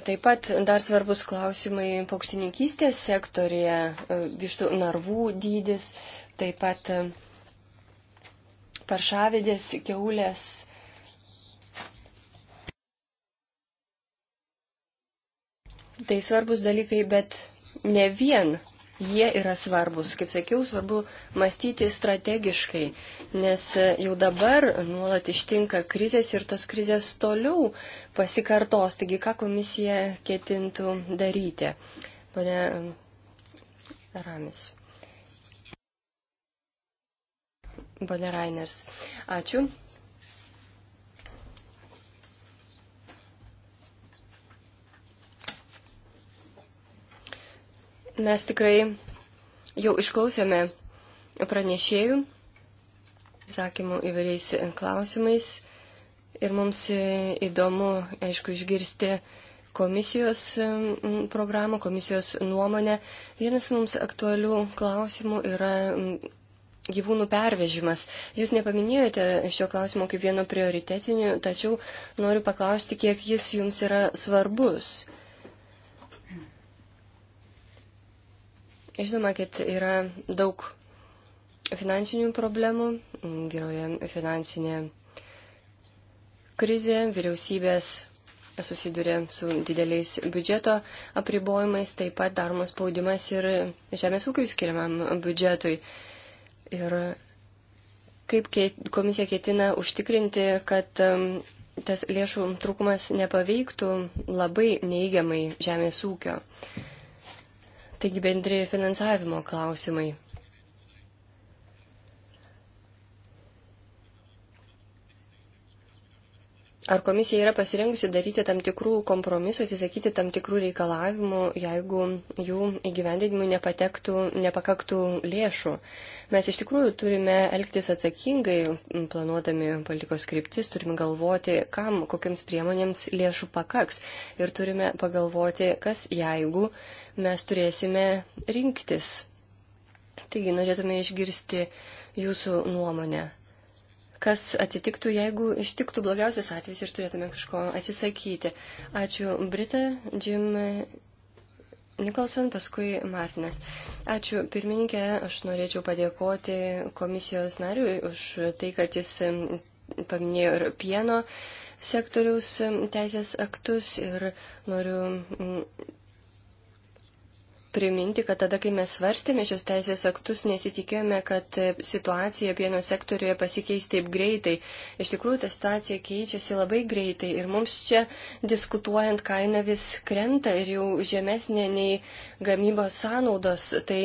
Taip pat dar svarbus klausimai paukštininkystės sektorėje, vištų narvų dydis, taip pat e, paršavidės, keulės Tai svarbus dalykai, bet ne vien jie yra svarbus. Kaip sakiau, svarbu mąstyti strategiškai, nes jau dabar nuolat ištinka krizės ir tos krizės toliau pasikartos. Taigi, ką komisija ketintų daryti? Pane Ramis. Pane Rainers. Ačiū. Mes tikrai jau išklausėme pranešėjų, sakymų įvairiais klausimais ir mums įdomu, aišku, išgirsti komisijos mm, programą, komisijos nuomonę. Vienas mums aktualių klausimų yra mm, gyvūnų pervežimas. Jūs nepaminėjote šio klausimo kaip vieno prioritetinių, tačiau noriu paklausti, kiek jis jums yra svarbus. Žinoma, kad yra daug finansinių problemų, vyroja finansinė krizė, vyriausybės susiduria su dideliais biudžeto apribojimais, taip pat daromas spaudimas ir žemės ūkiai skiriamam biudžetui. Ir kaip komisija ketina užtikrinti, kad um, tas lėšų trūkumas nepaveiktų labai neigiamai žemės ūkio. Taigi bendri finansavimo klausimai. Ar komisija yra pasirengusi daryti tam tikrų kompromisų, atsisakyti tam tikrų reikalavimų, jeigu jų įgyvendinimui nepatektų, nepakaktų lėšų? Mes iš tikrųjų turime elgtis atsakingai, planuodami politikos kryptis, turime galvoti, kam, kokiams priemonėms lėšų pakaks ir turime pagalvoti, kas jeigu mes turėsime rinktis. Taigi norėtume išgirsti jūsų nuomonę kas atsitiktų, jeigu ištiktų blogiausias atvejs ir turėtume kažko atsisakyti. Ačiū Brita, Jim Nikolson, paskui Martinas. Ačiū pirmininkė, aš norėčiau padėkoti komisijos nariui už tai, kad jis paminėjo ir pieno sektoriaus teisės aktus ir noriu priminti, kad tada, kai mes svarstėme šios teisės aktus, nesitikėjome, kad situacija pieno sektoriuje pasikeis taip greitai. Iš tikrųjų, ta situacija keičiasi labai greitai ir mums čia diskutuojant kaina vis krenta ir jau žemesnė nei gamybos sąnaudos. Tai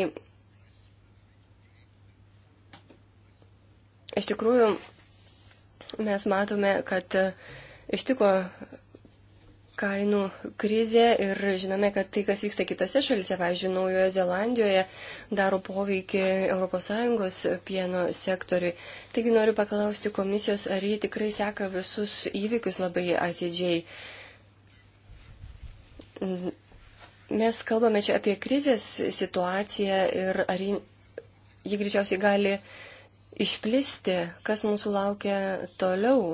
iš tikrųjų mes matome, kad ištiko kainų krizė ir žinome, kad tai, kas vyksta kitose šalise, pavyzdžiui, Naujojo Zelandijoje, daro poveikį ES pieno sektoriui. Taigi noriu paklausti komisijos, ar jie tikrai seka visus įvykius labai atidžiai. Mes kalbame čia apie krizės situaciją ir ar ji, ji greičiausiai gali išplisti, kas mūsų laukia toliau.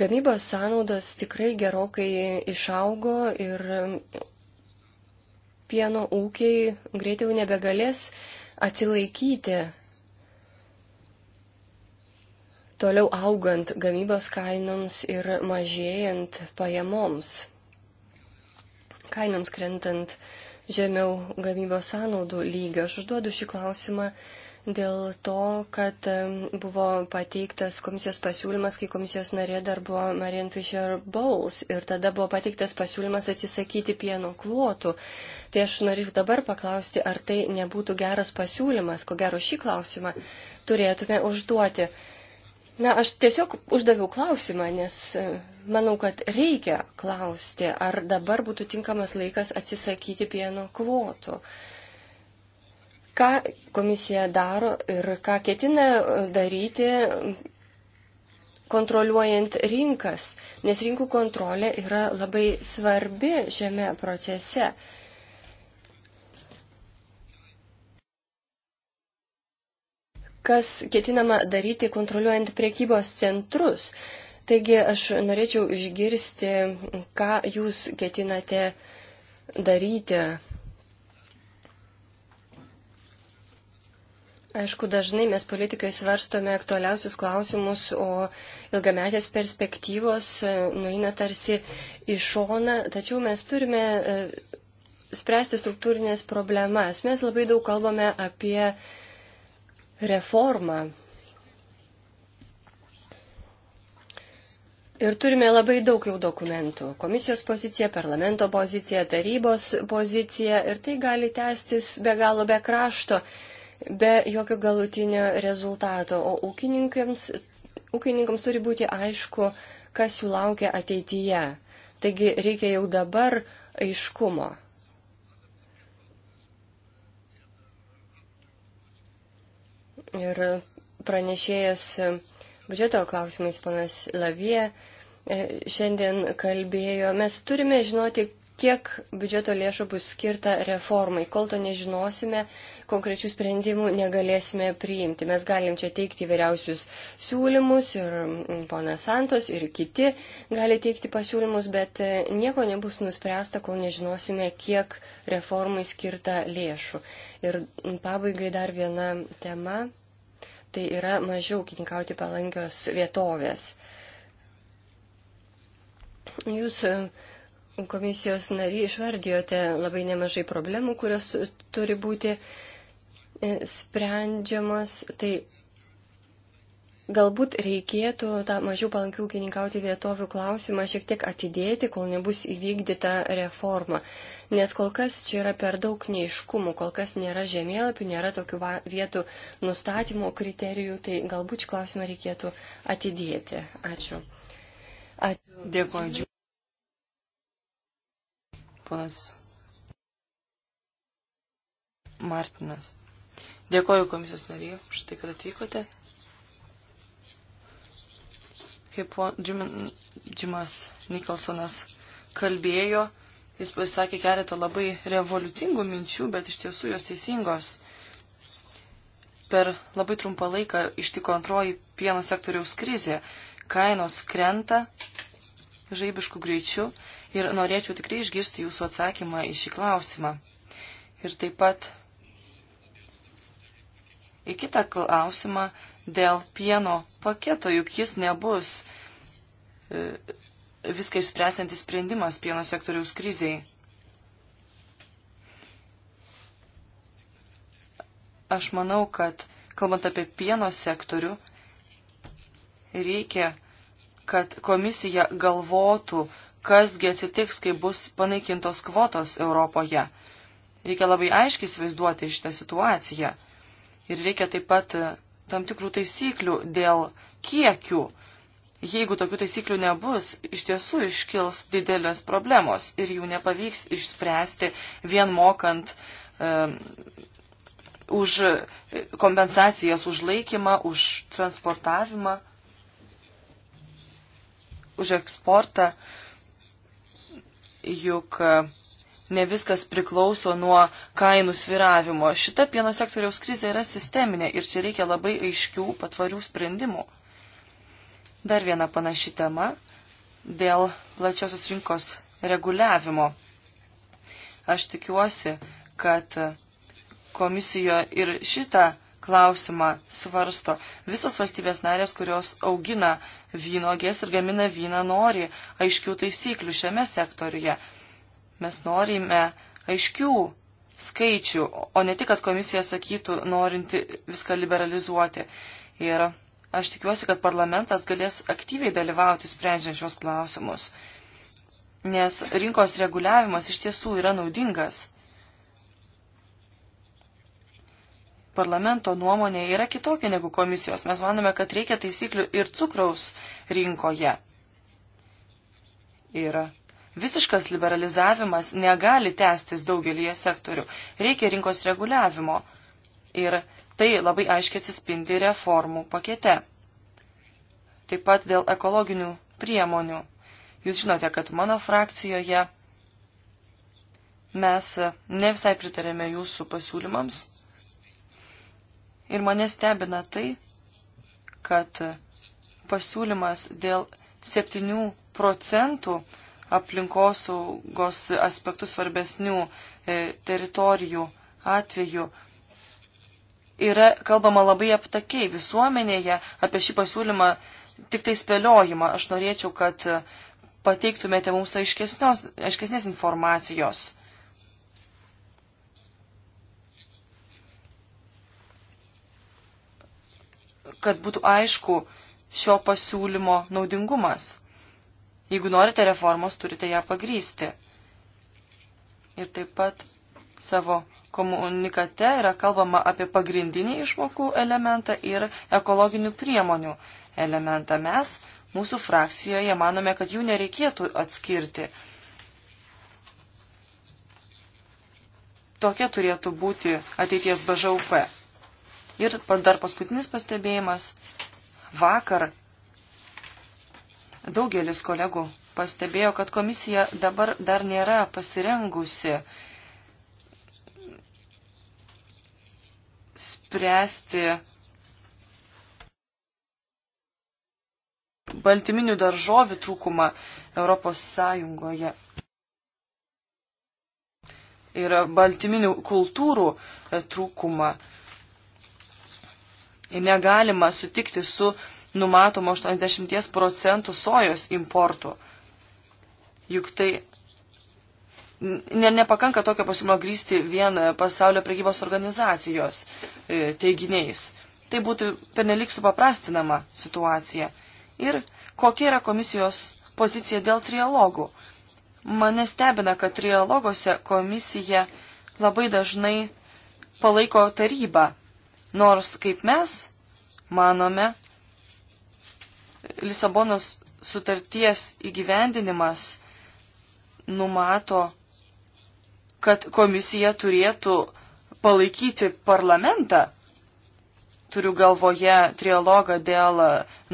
Gamybos sąnaudos tikrai gerokai išaugo ir pieno ūkiai greitai jau nebegalės atsilaikyti toliau augant gamybos kainoms ir mažėjant pajamoms. Kainoms krentant žemiau gamybos sąnaudų lygio. Aš užduodu šį klausimą dėl to, kad buvo pateiktas komisijos pasiūlymas, kai komisijos narė dar buvo Marian Fisher Bowles ir tada buvo pateiktas pasiūlymas atsisakyti pieno kvotų. Tai aš norėčiau dabar paklausti, ar tai nebūtų geras pasiūlymas, ko gero šį klausimą turėtume užduoti. Na, aš tiesiog uždaviau klausimą, nes e, manau, kad reikia klausti, ar dabar būtų tinkamas laikas atsisakyti pieno kvotų. Uh, Ką komisija daro ir ką ketina e, daryti kontroliuojant rinkas, nes rinkų kontrolė yra labai svarbi šiame procese. Kas ketinama daryti kontroliuojant priekybos centrus? Taigi aš norėčiau išgirsti, ką jūs ketinate daryti Aišku, dažnai mes politikai svarstome aktualiausius klausimus, o ilgametės perspektyvos e, nueina tarsi į šoną, tačiau mes turime e, spręsti struktūrinės problemas. Mes labai daug kalbame apie reformą. Ir turime labai daug jau dokumentų. Komisijos pozicija, parlamento pozicija, tarybos pozicija ir tai gali tęstis be galo be krašto be jokio galutinio rezultato, o ūkininkams, ūkininkams turi būti aišku, kas jų laukia ateityje. Taigi reikia jau dabar aiškumo. Ir pranešėjas biudžeto klausimais panas Lavie e, šiandien kalbėjo, mes turime žinoti, kiek biudžeto lėšų bus skirta reformai. Kol to nežinosime, konkrečių sprendimų negalėsime priimti. Mes galim čia teikti įvairiausius siūlymus ir mm, ponas Santos ir kiti gali teikti pasiūlymus, bet e, nieko nebus nuspręsta, kol nežinosime, kiek reformai skirta lėšų. Ir mm, pabaigai dar viena tema. Tai yra mažiau kininkauti palankios vietovės. Jūs uh, komisijos nariai išvardijote labai nemažai problemų, kurios turi būti e, sprendžiamos. Tai galbūt reikėtų tą mažiau palankių ūkininkauti vietovių klausimą šiek tiek atidėti, kol nebus įvykdyta reforma. Nes kol kas čia yra per daug neiškumų, kol kas nėra žemėlapių, nėra tokių vietų nustatymo kriterijų, tai galbūt šį klausimą reikėtų atidėti. Ačiū. Ačiū. Dėkuoju. Ponas Martinas. Dėkoju komisijos nariai už tai, kad atvykote. Kaip Džimas Nikolsonas kalbėjo, jis pasakė keletą labai revoliucingų minčių, bet iš tiesų jos teisingos. Per labai trumpą laiką ištiko antroji pieno sektoriaus krizė. Kainos krenta žaibiškų greičių ir norėčiau tikrai išgirsti jūsų atsakymą į šį klausimą. Ir taip pat į kitą klausimą dėl pieno paketo, juk jis nebus e, viską išspręsiantis sprendimas pieno sektoriaus kriziai. Aš manau, kad kalbant apie pieno sektorių, reikia, kad komisija galvotų, kasgi atsitiks, kai bus panaikintos kvotos Europoje. Reikia labai aiškiai įsivaizduoti šitą situaciją. Ir reikia taip pat e, tam tikrų taisyklių dėl kiekių. Jeigu tokių taisyklių nebus, iš tiesų iškils didelės problemos ir jų nepavyks išspręsti vien mokant um, už kompensacijas už laikymą, už transportavimą, už eksportą. Uh, juk e, ne viskas priklauso nuo kainų sviravimo. Šita pieno sektoriaus krizė yra sisteminė ir čia reikia labai aiškių patvarių sprendimų. Dar viena panaši tema dėl plačiosios rinkos reguliavimo. Aš tikiuosi, kad komisijoje ir šitą klausimą svarsto. Visos valstybės narės, kurios augina vynogės ir gamina vyną, nori aiškių taisyklių šiame sektoriuje. Mes norime aiškių skaičių, o ne tik, kad komisija sakytų, norinti viską liberalizuoti. Ir aš tikiuosi, kad parlamentas galės aktyviai dalyvauti sprendžiant šios klausimus, nes rinkos reguliavimas iš tiesų yra naudingas. parlamento nuomonė yra kitokia negu komisijos. Mes manome, kad reikia taisyklių ir cukraus rinkoje. Ir visiškas liberalizavimas negali tęstis daugelį sektorių. Reikia rinkos reguliavimo. Ir tai labai aiškiai atsispindi reformų pakete. Taip pat dėl ekologinių priemonių. Jūs žinote, kad mano frakcijoje mes ne visai pritarėme jūsų pasiūlymams Ir mane stebina tai, kad pasiūlymas dėl 7 procentų aplinkosaugos aspektų svarbesnių e, teritorijų atveju yra kalbama labai aptakiai visuomenėje apie šį pasiūlymą tik tai spėliojimą. Aš norėčiau, kad pateiktumėte mums aiškesnės informacijos. kad būtų aišku šio pasiūlymo naudingumas. Jeigu norite reformos, turite ją pagrysti. Ir taip pat savo komunikate yra kalbama apie pagrindinį išmokų elementą ir ekologinių priemonių elementą. Mes mūsų frakcijoje manome, kad jų nereikėtų atskirti. Tokia turėtų būti ateities BŽUP. Ir dar paskutinis pastebėjimas. Vakar daugelis kolegų pastebėjo, kad komisija dabar dar nėra pasirengusi spręsti baltyminių daržovių trūkumą Europos Sąjungoje ir baltyminių kultūrų trūkumą negalima sutikti su numatomo 80 procentų sojos importu. Juk tai ne, nepakanka tokio pasiūlymo grįsti vien pasaulio prekybos organizacijos e, teiginiais. Tai būtų pernelik supaprastinama situacija. Ir kokia yra komisijos pozicija dėl trialogų? Mane stebina, kad trialogose komisija labai dažnai palaiko tarybą Nors, kaip mes manome, Lisabonos sutarties įgyvendinimas numato, kad komisija turėtų palaikyti parlamentą. Turiu galvoje trialogą dėl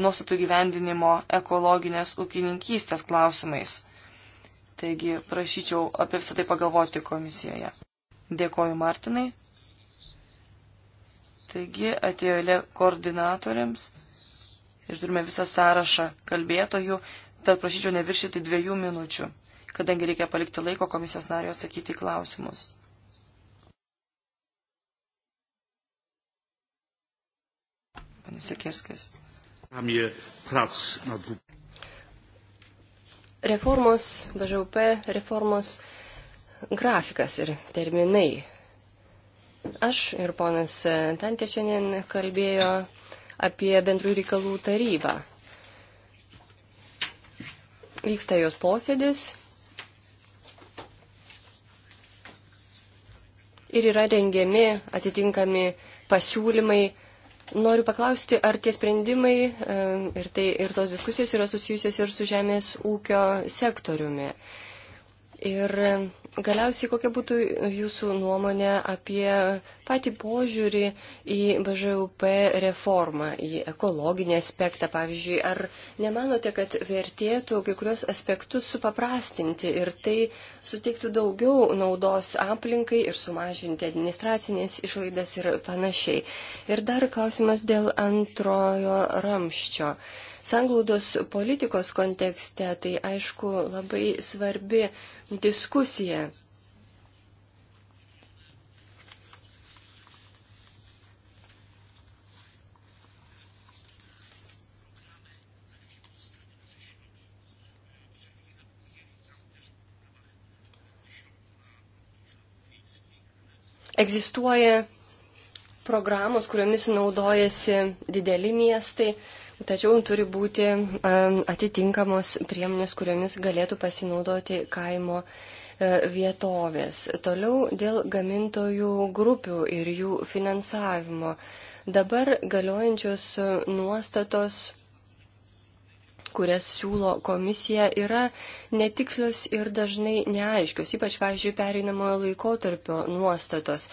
nuostatų gyvendinimo ekologinės ūkininkystės klausimais. Taigi prašyčiau apie visą tai pagalvoti komisijoje. Dėkoju Martinai. Taigi atėjo eilė koordinatoriams ir turime visą sąrašą kalbėtojų, tad prašyčiau neviršyti dviejų minučių, kadangi reikia palikti laiko komisijos nario atsakyti į klausimus. Panas Sekerskis. Reformos, BŽUP reformos grafikas ir terminai Aš ir ponas Tantė šiandien kalbėjo apie bendrų reikalų tarybą. Vyksta jos posėdis ir yra rengiami atitinkami pasiūlymai Noriu paklausti, ar tie sprendimai ir, tai, ir tos diskusijos yra susijusios ir su žemės ūkio sektoriumi. Ir galiausiai kokia būtų jūsų nuomonė apie patį požiūrį į BŽUP reformą, į ekologinį aspektą, pavyzdžiui, ar nemanote, kad vertėtų kai kurios aspektus supaprastinti ir tai suteiktų daugiau naudos aplinkai ir sumažinti administracinės išlaidas ir panašiai. Ir dar klausimas dėl antrojo ramščio. Uh, sanglaudos politikos kontekste tai aišku labai svarbi diskusija. egzistuoja programos, kuriomis naudojasi dideli miestai, Tačiau turi būti e, atitinkamos priemonės, kuriomis galėtų pasinaudoti kaimo e, vietovės. Toliau dėl gamintojų grupių ir jų finansavimo. Dabar galiojančios nuostatos kurias siūlo komisija, yra netikslios ir dažnai neaiškios, ypač, pavyzdžiui, pereinamojo laikotarpio nuostatos.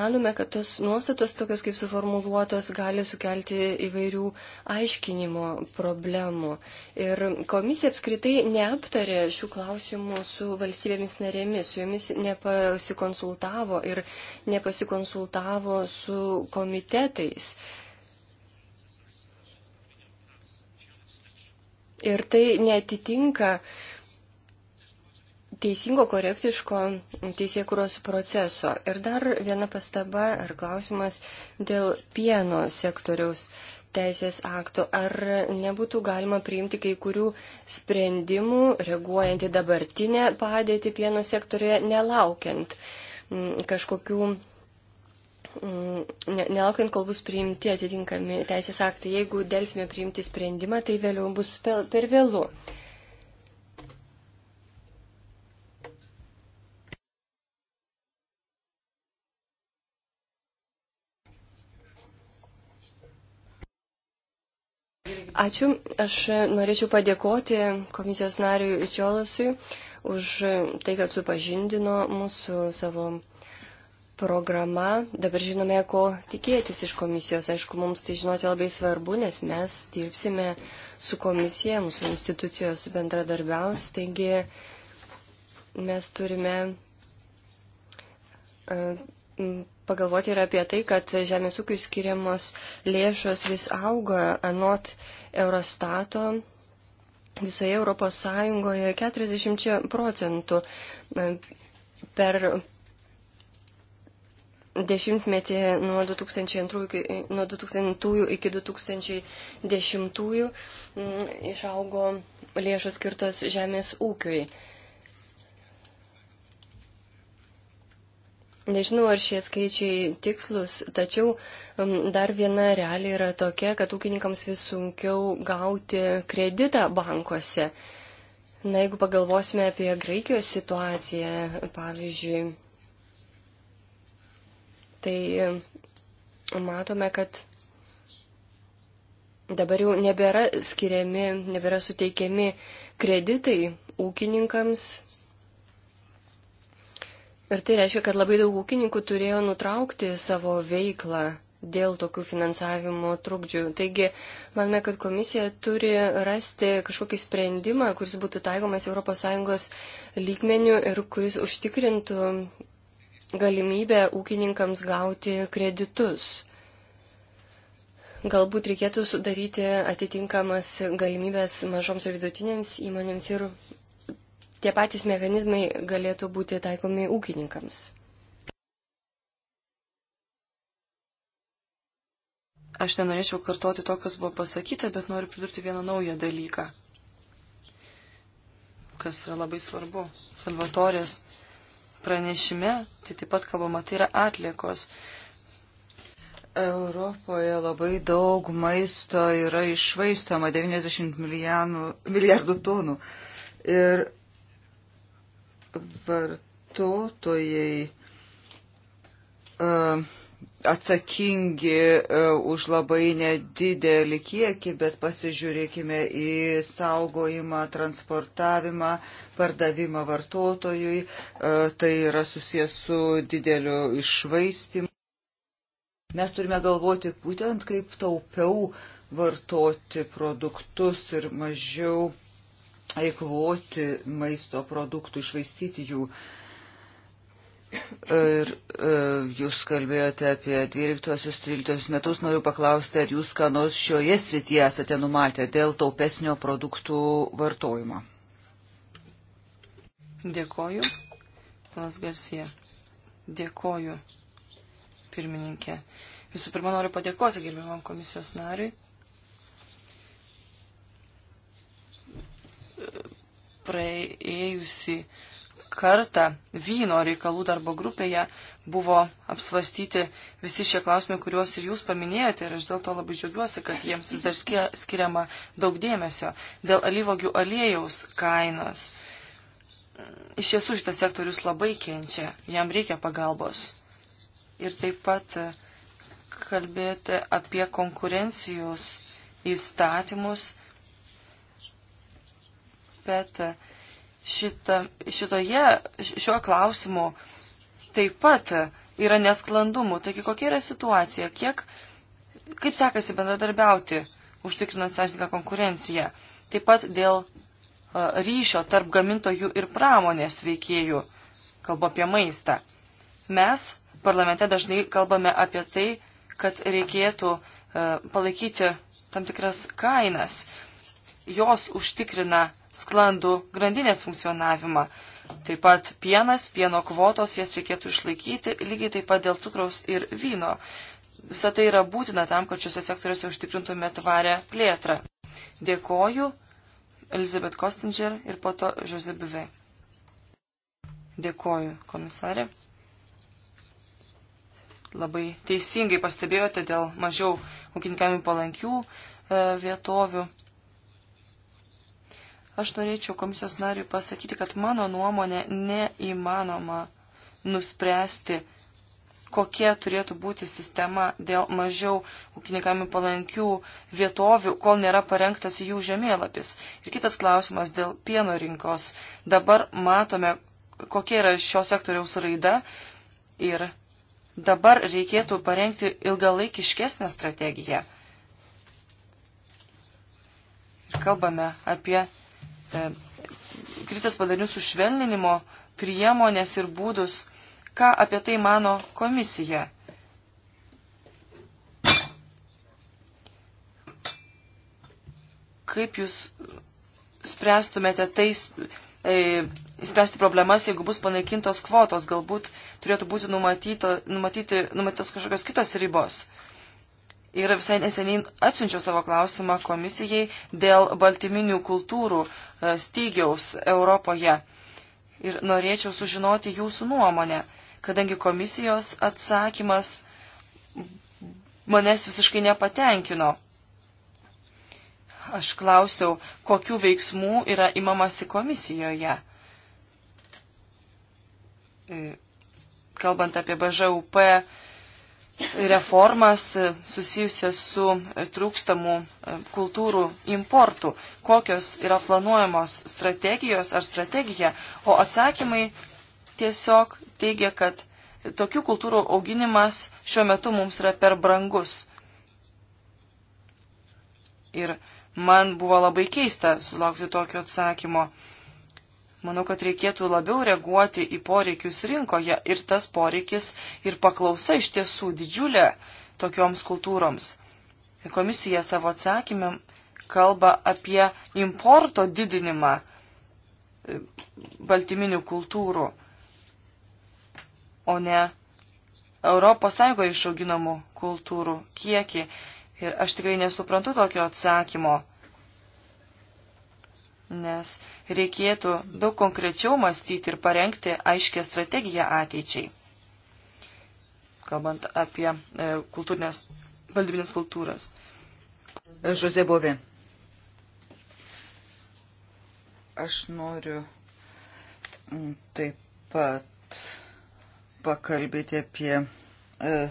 Manome, kad tos nuostatos, tokios kaip suformuluotos, gali sukelti įvairių aiškinimo problemų. Ir komisija apskritai neaptarė šių klausimų su valstybėmis narėmis, su jomis nepasikonsultavo ir nepasikonsultavo su komitetais. Ir tai netitinka teisingo, korektiško teisėkuros proceso. Ir dar viena pastaba ar klausimas dėl pieno sektoriaus teisės akto. Ar nebūtų galima priimti kai kurių sprendimų, reaguojant į dabartinę padėtį pieno sektorioje, nelaukiant kažkokių Mm, nelaukiant, kol bus priimti atitinkami teisės aktai. Jeigu dėlsime priimti sprendimą, tai vėliau bus per vėlų. Ačiū. Aš norėčiau padėkoti komisijos nariui Čiolasui už tai, kad supažindino mūsų savo programa. Dabar žinome, ko tikėtis iš komisijos. Aišku, mums tai žinoti labai svarbu, nes mes dirbsime su komisija, mūsų institucijos bendradarbiaus. Taigi mes turime e, pagalvoti ir apie tai, kad žemės ūkių skiriamos lėšos vis auga anot Eurostato. Visoje Europos Sąjungoje 40 procentų per dešimtmetį nuo 2002 iki, nuo 2000 iki 2010 mm, išaugo lėšos skirtos žemės ūkiui. Nežinau, ar šie skaičiai tikslus, tačiau mm, dar viena realiai yra tokia, kad ūkininkams vis sunkiau gauti kreditą bankuose. Na, jeigu pagalvosime apie Graikijos situaciją, pavyzdžiui, tai e, matome, kad dabar jau nebėra skiriami, nebėra suteikiami kreditai ūkininkams. Ir tai reiškia, kad labai daug ūkininkų turėjo nutraukti savo veiklą dėl tokių finansavimo trukdžių. Taigi, manome, kad komisija turi rasti kažkokį sprendimą, kuris būtų taikomas ES lygmenių ir kuris užtikrintų galimybė ūkininkams gauti kreditus. Galbūt reikėtų sudaryti atitinkamas galimybės mažoms ir vidutinėms įmonėms ir tie patys mechanizmai galėtų būti taikomi ūkininkams. Aš nenorėčiau kartoti to, kas buvo pasakyta, bet noriu pridurti vieną naują dalyką, kas yra labai svarbu. Salvatorės pranešime, tai taip pat kalbama, tai yra atliekos. Europoje labai daug maisto yra išvaistoma 90 milijanų, milijardų tonų. Ir vartotojai uh, atsakingi e, už labai nedidelį kiekį, bet pasižiūrėkime į saugojimą, transportavimą, pardavimą vartotojui. E, tai yra susijęs su dideliu išvaistimu. Mes turime galvoti būtent kaip taupiau vartoti produktus ir mažiau eikvoti maisto produktų, išvaistyti jų. Uh, Ir e, jūs kalbėjote apie 12-13 metus. Noriu paklausti, ar jūs ką nors šioje srityje esate numatę dėl taupesnio produktų vartojimo? Dėkoju. Panas Garsija. Dėkoju, pirmininkė. Visų pirma, noriu padėkoti gerbiamam komisijos nariui. Praėjusi kartą vyno reikalų darbo grupėje buvo apsvastyti visi šie klausimai, kuriuos ir jūs paminėjote ir aš dėl to labai džiaugiuosi, kad jiems vis dar skiriama daug dėmesio dėl alyvogių aliejaus kainos. Iš tiesų šitas sektorius labai kenčia, jam reikia pagalbos. Ir taip pat e, kalbėjote apie konkurencijos įstatymus, bet uh, šita, šitoje, šiuo klausimu taip pat yra nesklandumų. Taigi, kokia yra situacija, kiek, kaip sekasi bendradarbiauti, užtikrinant sąžininką konkurenciją. Taip pat dėl a, ryšio tarp gamintojų ir pramonės veikėjų, kalbu apie maistą. Mes parlamente dažnai kalbame apie tai, kad reikėtų a, palaikyti tam tikras kainas. Jos užtikrina sklandų grandinės funkcionavimą. Taip pat pienas, pieno kvotos, jas reikėtų išlaikyti, lygiai taip pat dėl cukraus ir vyno. Visą tai yra būtina tam, kad šiuose sektoriuose užtikrintume tvarę plėtrą. Dėkoju Elizabeth Kostinger ir po to Jose Bive. Dėkoju, komisarė. Labai teisingai pastebėjote dėl mažiau ūkininkami palankių e, vietovių. Aš norėčiau komisijos nariui pasakyti, kad mano nuomonė neįmanoma nuspręsti, kokia turėtų būti sistema dėl mažiau ūkininkami palankių vietovių, kol nėra parengtas jų žemėlapis. Ir kitas klausimas dėl pieno rinkos. Dabar matome, kokia yra šio sektoriaus raida ir dabar reikėtų parengti ilgalaikiškesnę strategiją. Ir kalbame apie E, krizės padarinių sušvelninimo priemonės ir būdus. Ką apie tai mano komisija? Kaip jūs spręstumėte tais, e, spręsti problemas, jeigu bus panaikintos kvotos, galbūt turėtų būti numatyto, numatyti, numatytos kažkokios kitos ribos. Ir visai neseniai atsiunčiau savo klausimą komisijai dėl baltyminių kultūrų stygiaus Europoje. Ir norėčiau sužinoti jūsų nuomonę, kadangi komisijos atsakymas manęs visiškai nepatenkino. Aš klausiau, kokių veiksmų yra imamasi komisijoje. E, kalbant apie BŽUP reformas e, susijusias su e, trūkstamų e, kultūrų importu, kokios yra planuojamos strategijos ar strategija, o atsakymai tiesiog teigia, kad tokių kultūrų auginimas šiuo metu mums yra per brangus. Ir man buvo labai keista sulaukti tokio atsakymo. Manau, kad reikėtų labiau reaguoti į poreikius rinkoje ir tas poreikis ir paklausa iš tiesų didžiulė tokioms kultūroms. Komisija savo atsakymėm kalba apie importo didinimą e, baltyminių kultūrų, o ne ES išauginamų kultūrų kiekį. Ir aš tikrai nesuprantu tokio atsakymo nes reikėtų daug konkrečiau mąstyti ir parengti aiškę strategiją ateičiai, kalbant apie e, kultūrinės, valdybinės kultūras. Žuze Bovė. Aš noriu mm, taip pat pakalbėti apie e,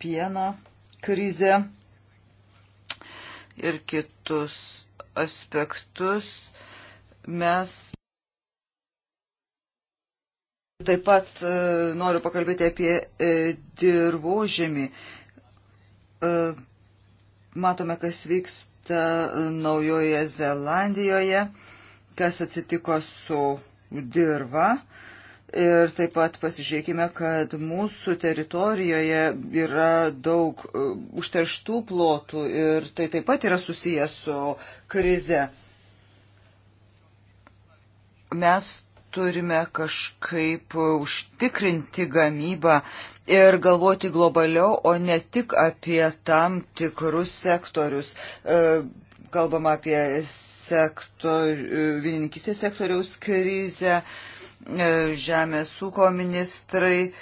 pieno krizę ir kitus aspektus Mes taip pat e, noriu pakalbėti apie e, dirbožėmį. E, matome, kas vyksta Naujoje Zelandijoje, kas atsitiko su dirba. Ir taip pat pasižiūrėkime, kad mūsų teritorijoje yra daug užterštų plotų ir tai taip pat yra susijęs su krize mes turime kažkaip užtikrinti gamybą ir galvoti globaliau, o ne tik apie tam tikrus sektorius. E, kalbama apie sektor, vienininkistės sektoriaus krizę, e, žemės ūko ministrai e,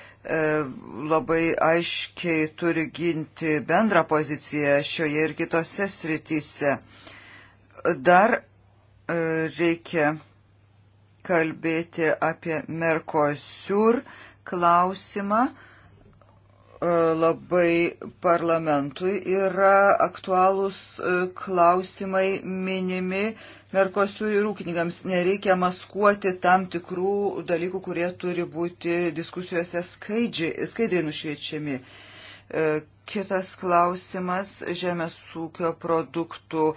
labai aiškiai turi ginti bendrą poziciją šioje ir kitose srityse. Dar reikia kalbėti apie Merkosiur klausimą. E, labai parlamentui yra aktualūs e, klausimai minimi Merkosiur ir ūkininkams. Nereikia maskuoti tam tikrų dalykų, kurie turi būti diskusijose skaidžiai, skaidriai nušviečiami. E, kitas klausimas - žemės ūkio produktų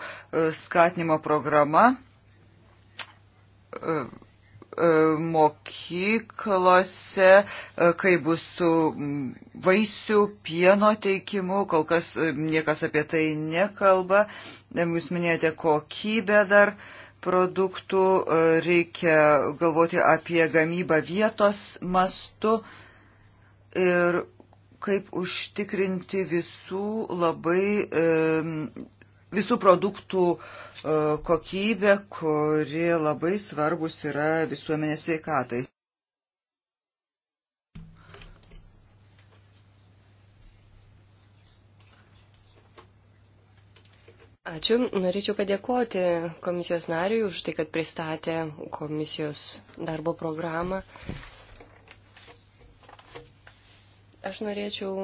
skatinimo programa E, mokyklose, e, kai bus su vaisių pieno teikimu, kol kas e, niekas apie tai nekalba. Jūs minėjote kokybę dar produktų, reikia galvoti apie gamybą vietos mastu ir kaip užtikrinti visų labai e, visų produktų e, kokybę, kuri labai svarbus yra visuomenės sveikatai. Ačiū. Norėčiau padėkoti komisijos nariui už tai, kad pristatė komisijos darbo programą. Aš norėčiau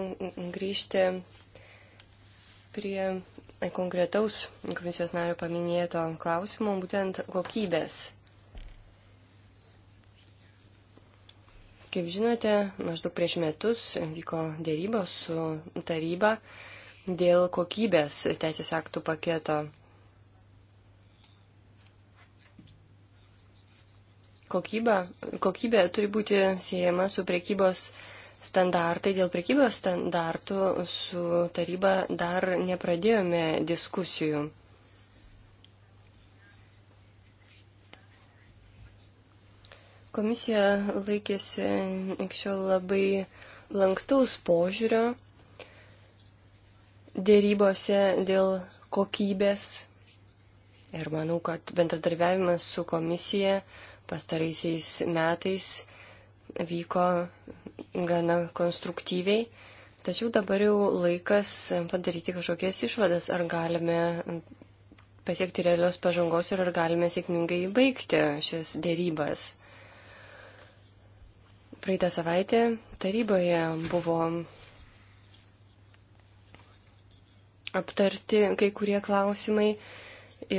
grįžti prie konkretaus komisijos nario paminėto klausimo, būtent kokybės. Kaip žinote, maždaug prieš metus vyko dėrybos su taryba dėl kokybės teisės aktų paketo. Kokyba, kokybė turi būti siejama su priekybos standartai, dėl prekybos standartų su taryba dar nepradėjome diskusijų. Komisija laikėsi anksčiau labai lankstaus požiūrio dėrybose dėl kokybės ir manau, kad bendradarbiavimas su komisija pastaraisiais metais vyko gana konstruktyviai. Tačiau dabar jau laikas padaryti kažkokias išvadas, ar galime pasiekti realios pažangos ir ar galime sėkmingai baigti šias dėrybas. Praeitą savaitę taryboje buvo aptarti kai kurie klausimai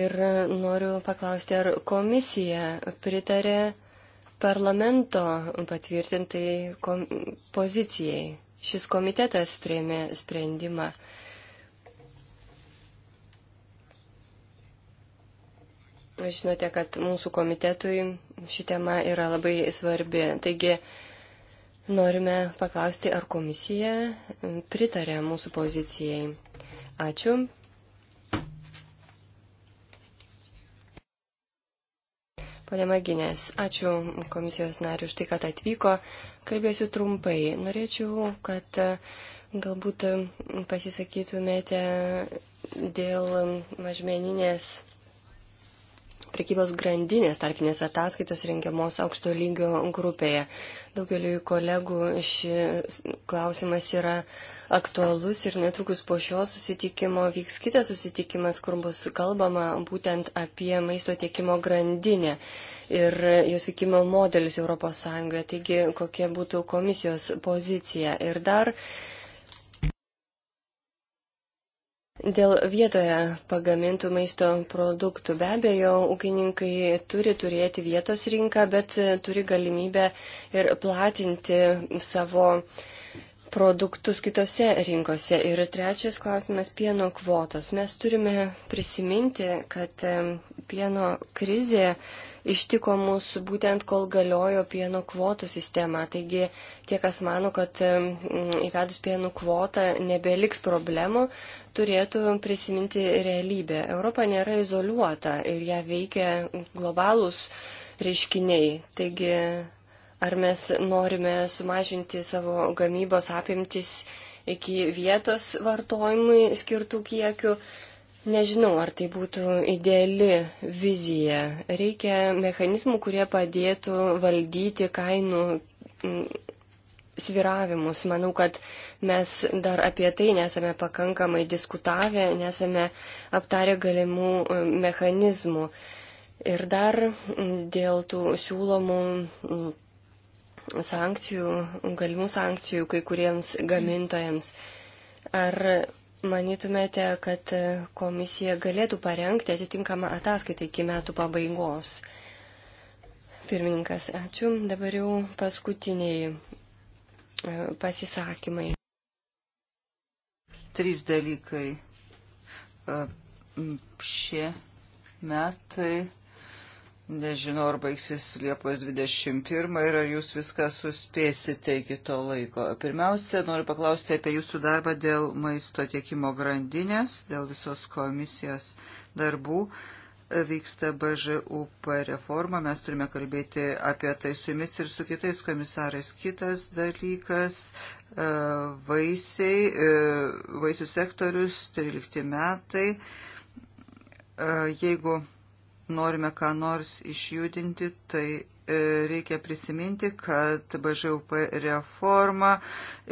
ir noriu paklausti, ar komisija pritarė parlamento patvirtintai kom pozicijai. Šis komitetas prieimė sprendimą. Žinote, kad mūsų komitetui ši tema yra labai svarbi. Taigi, Norime paklausti, ar komisija pritarė mūsų pozicijai. Ačiū. Pane Maginės, ačiū komisijos nariu už tai, kad atvyko. Kalbėsiu trumpai. Norėčiau, kad e, galbūt e, pasisakytumėte dėl mažmeninės prekybos grandinės tarpinės ataskaitos rengiamos aukšto lygio grupėje. Daugeliu kolegų šis klausimas yra aktualus ir netrukus po šio susitikimo vyks kitas susitikimas, kur bus kalbama būtent apie maisto tiekimo grandinę ir jos veikimo modelius ES. Taigi, kokia būtų komisijos pozicija. Ir dar Dėl vietoje pagamintų maisto produktų be abejo, ūkininkai turi turėti vietos rinką, bet turi galimybę ir platinti savo produktus kitose rinkose. Ir trečias klausimas - pieno kvotos. Mes turime prisiminti, kad pieno krizė ištiko mūsų būtent kol galiojo pieno kvotų sistema. Taigi tie, kas mano, kad įvedus pienų kvotą nebeliks problemų, turėtų prisiminti realybę. Europa nėra izoliuota ir ją veikia globalūs reiškiniai. Taigi, ar mes norime sumažinti savo gamybos apimtis iki vietos vartojimui skirtų kiekių, nežinau, ar tai būtų ideali vizija. Reikia mechanizmų, kurie padėtų valdyti kainų sviravimus. Manau, kad mes dar apie tai nesame pakankamai diskutavę, nesame aptarę galimų e, mechanizmų. Ir dar dėl tų siūlomų sankcijų, galimų sankcijų kai kuriems gamintojams. Ar manytumėte, kad e, komisija galėtų parengti atitinkamą ataskaitą iki metų pabaigos? Pirmininkas, ačiū. Dabar jau paskutiniai E, pasisakymai. Trys dalykai. E, šie metai, nežinau, ar baigsis Liepos 21 ir ar jūs viską suspėsite iki to laiko. Pirmiausia, noriu paklausti apie jūsų darbą dėl maisto tiekimo grandinės, dėl visos komisijos darbų. Uh, vyksta BŽUP reforma, mes turime kalbėti apie tai su jumis ir su kitais komisarais. Kitas dalykas e, - vaisiai, e, vaisių sektorius, 13 metai. E, jeigu norime ką nors išjudinti, tai E, reikia prisiminti, kad BŽUP reforma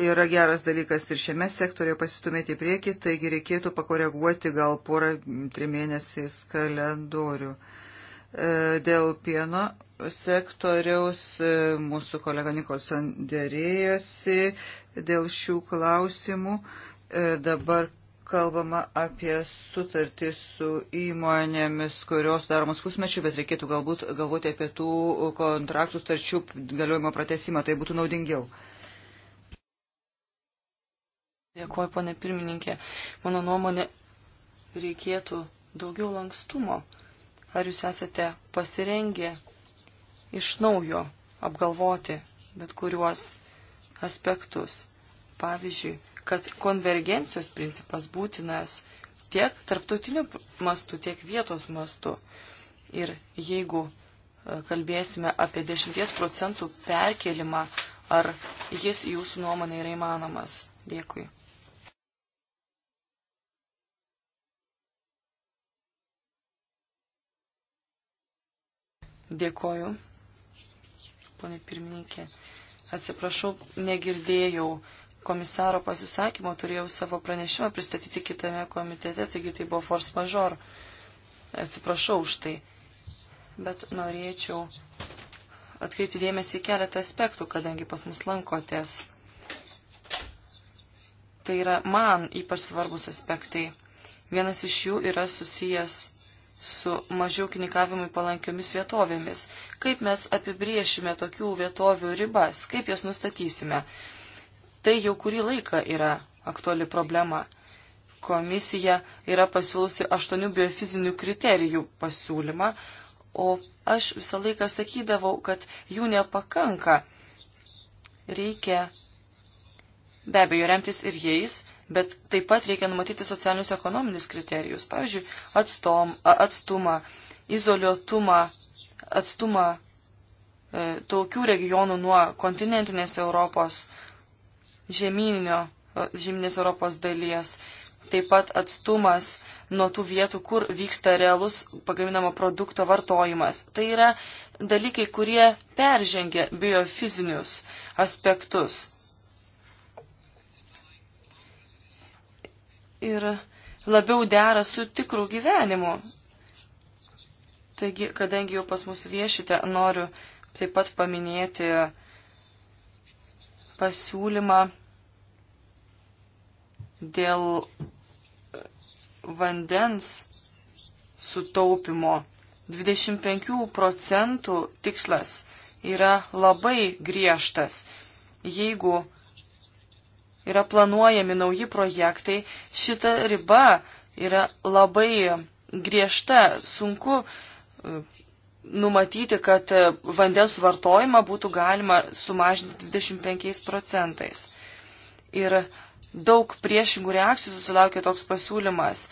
yra geras dalykas ir šiame sektorėje pasistumėti į priekį, taigi reikėtų pakoreguoti gal porą trimėnesiais kalendorių. E, dėl pieno sektoriaus e, mūsų kolega Nikolson dėrėjosi dėl šių klausimų. Dabar kalbama apie sutartį su įmonėmis, kurios daromos pusmečiu, bet reikėtų galbūt galvoti apie tų kontraktų starčių galiojimo pratesimą, tai būtų naudingiau. Dėkuoju, ponė pirmininkė. Mano nuomonė, reikėtų daugiau lankstumo. Ar jūs esate pasirengę iš naujo apgalvoti bet kuriuos aspektus? Pavyzdžiui, kad konvergencijos principas būtinas tiek tarptautiniu mastu, tiek vietos mastu. Ir jeigu e, kalbėsime apie 10 procentų perkelimą, ar jis jūsų nuomonė yra įmanomas? Dėkui. Dėkoju, ponė pirmininkė. Atsiprašau, negirdėjau komisaro pasisakymo turėjau savo pranešimą pristatyti kitame komitete, taigi tai buvo force major. Atsiprašau už tai. Bet norėčiau atkreipti dėmesį į keletą aspektų, kadangi pas mus lankotės. Tai yra man ypač svarbus aspektai. Vienas iš jų yra susijęs su mažiau kinikavimui palankiomis vietovėmis. Kaip mes apibriešime tokių vietovių ribas, kaip jas nustatysime. Tai jau kurį laiką yra aktuali problema. Komisija yra pasiūlusi aštuonių biofizinių kriterijų pasiūlymą, o aš visą laiką sakydavau, kad jų nepakanka. Reikia be abejo remtis ir jais, bet taip pat reikia numatyti socialinius ekonominius kriterijus, pavyzdžiui, atstom, atstumą, izoliuotumą, atstumą e, tokių regionų nuo kontinentinės Europos žemyninio, žemynės Europos dalies. Taip pat atstumas nuo tų vietų, kur vyksta realus pagaminamo produkto vartojimas. Tai yra dalykai, kurie peržengia biofizinius aspektus. Ir labiau dera su tikrų gyvenimu. Taigi, kadangi jau pas mus viešite, noriu taip pat paminėti uh, pasiūlymą dėl vandens sutaupimo. 25 procentų tikslas yra labai griežtas. Jeigu yra planuojami nauji projektai, šita riba yra labai griežta, sunku numatyti, kad e, vandens vartojimą būtų galima sumažinti 25 procentais. Ir daug priešingų reakcijų susilaukė toks pasiūlymas.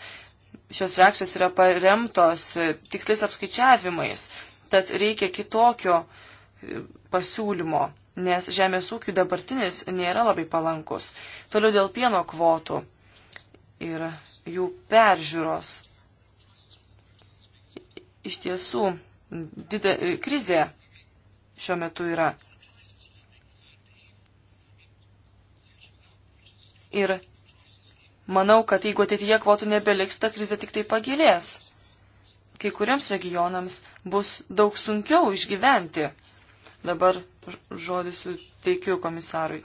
Šios reakcijos yra paremtos e, tiksliais apskaičiavimais, tad reikia kitokio e, pasiūlymo, nes žemės ūkių dabartinis nėra labai palankus. Toliau dėl pieno kvotų ir jų peržiūros. Iš tiesų, dida, krizė šiuo metu yra. Ir manau, kad jeigu ateityje kvotų nebeliks, ta krizė tik tai pagilės. Kai kuriems regionams bus daug sunkiau išgyventi. Dabar žodį suteikiu komisarui.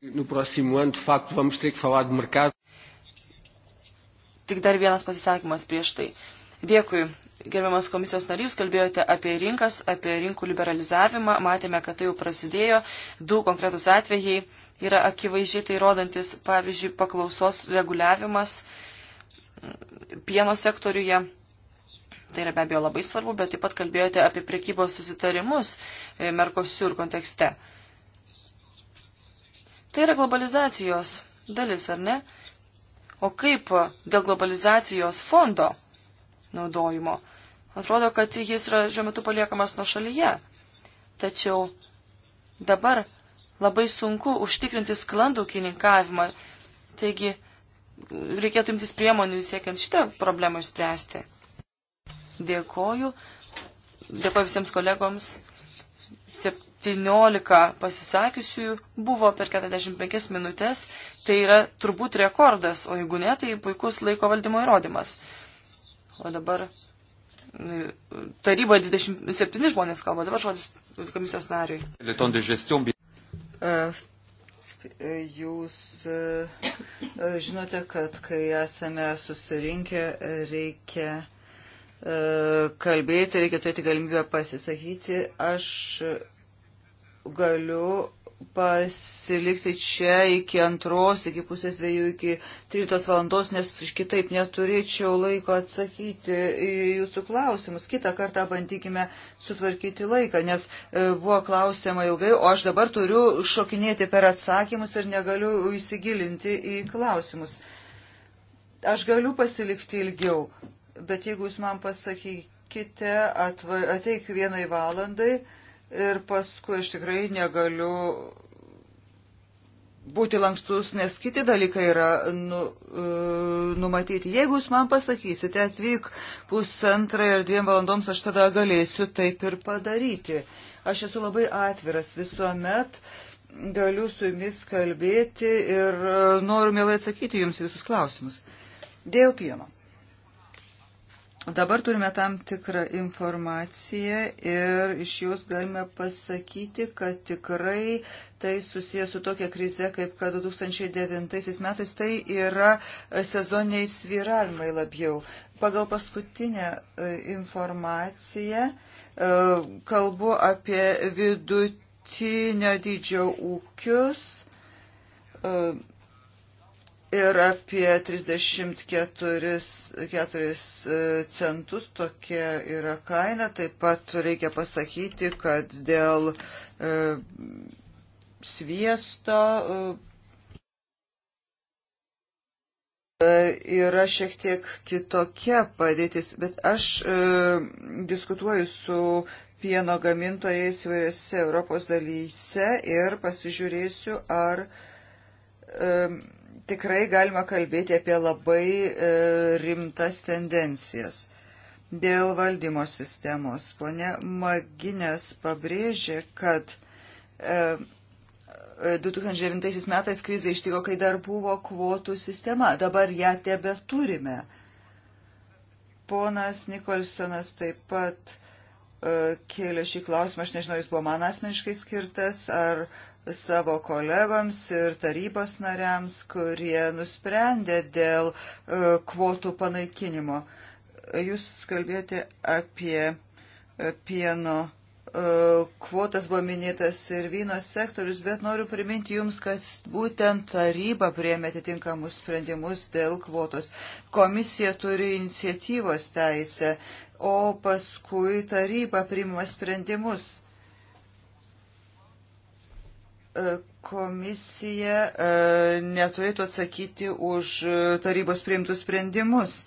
No nu, próximo ano, de facto, vamos ter que falar de mercado. Tik dar vienas pasisakymas prieš tai. Dėkui. Gerbiamas komisijos narys, kalbėjote apie rinkas, apie rinkų liberalizavimą, matėme, kad tai jau prasidėjo, du konkretus atvejai yra akivaizdžiai tai rodantis, pavyzdžiui, paklausos reguliavimas pieno sektoriuje. Tai yra be abejo labai svarbu, bet taip pat kalbėjote apie priekybos susitarimus e, Merkosiur kontekste. Tai yra globalizacijos dalis, ar ne? O kaip dėl globalizacijos fondo? naudojimo. Atrodo, kad jis yra šiuo metu paliekamas nuo šalyje. Tačiau dabar labai sunku užtikrinti sklandų kininkavimą. Taigi reikėtų imtis priemonių siekiant šitą problemą išspręsti. Dėkoju. Dėkoju visiems kolegoms. 17 pasisakiusiųjų buvo per 45 minutės. Tai yra turbūt rekordas, o jeigu ne, tai puikus laiko valdymo įrodymas o dabar taryba 27 žmonės kalba, dabar žodis komisijos nariui. E, e, jūs e, žinote, kad kai esame susirinkę, reikia kalbėti, reikia turėti galimybę pasisakyti. Aš galiu pasilikti čia iki antros, iki pusės dviejų, iki 13 valandos, nes kitaip neturėčiau laiko atsakyti į jūsų klausimus. Kitą kartą bandykime sutvarkyti laiką, nes e, buvo klausima ilgai, o aš dabar turiu šokinėti per atsakymus ir negaliu įsigilinti į klausimus. Aš galiu pasilikti ilgiau, bet jeigu jūs man pasakykite, atva, ateik vienai valandai, ir paskui aš tikrai negaliu būti lankstus, nes kiti dalykai yra nu, e, numatyti. Jeigu jūs man pasakysite, atvyk pusantrą ir dviem valandoms, aš tada galėsiu taip ir padaryti. Aš esu labai atviras visuomet, galiu su jumis kalbėti ir e, noriu mielai atsakyti jums visus klausimus. Dėl pieno. Dabar turime tam tikrą informaciją ir iš jos galime pasakyti, kad tikrai tai susijęs su tokia krize, kaip kad 2009 metais, tai yra sezoniniai sviravimai labiau. Pagal paskutinę e, informaciją e, kalbu apie vidutinio dydžio ūkius e, ir apie 34 e, centus tokia yra kaina. Taip pat reikia pasakyti, kad dėl e, sviesto e, e, yra šiek tiek kitokia padėtis, bet aš e, diskutuoju su pieno gamintojais įvairiose Europos dalyse ir pasižiūrėsiu, ar e, tikrai galima kalbėti apie labai e, rimtas tendencijas. Dėl valdymo sistemos ponė Maginės pabrėžė, kad 2009 e, e, metais krizė ištiko, kai dar buvo kvotų sistema. Dabar ją tebe turime. Ponas Nikolsonas taip pat kėlė šį klausimą, aš nežinau, jis buvo man asmeniškai skirtas, ar uh, savo kolegoms ir tarybos nariams, kurie nusprendė dėl e, kvotų panaikinimo. Jūs kalbėjote apie e, pieno e, kvotas buvo minėtas ir vyno sektorius, bet noriu priminti Jums, kad būtent taryba priemė atitinkamus sprendimus dėl kvotos. Komisija turi iniciatyvos teisę, o paskui taryba priima sprendimus komisija e, neturėtų atsakyti už tarybos priimtus sprendimus.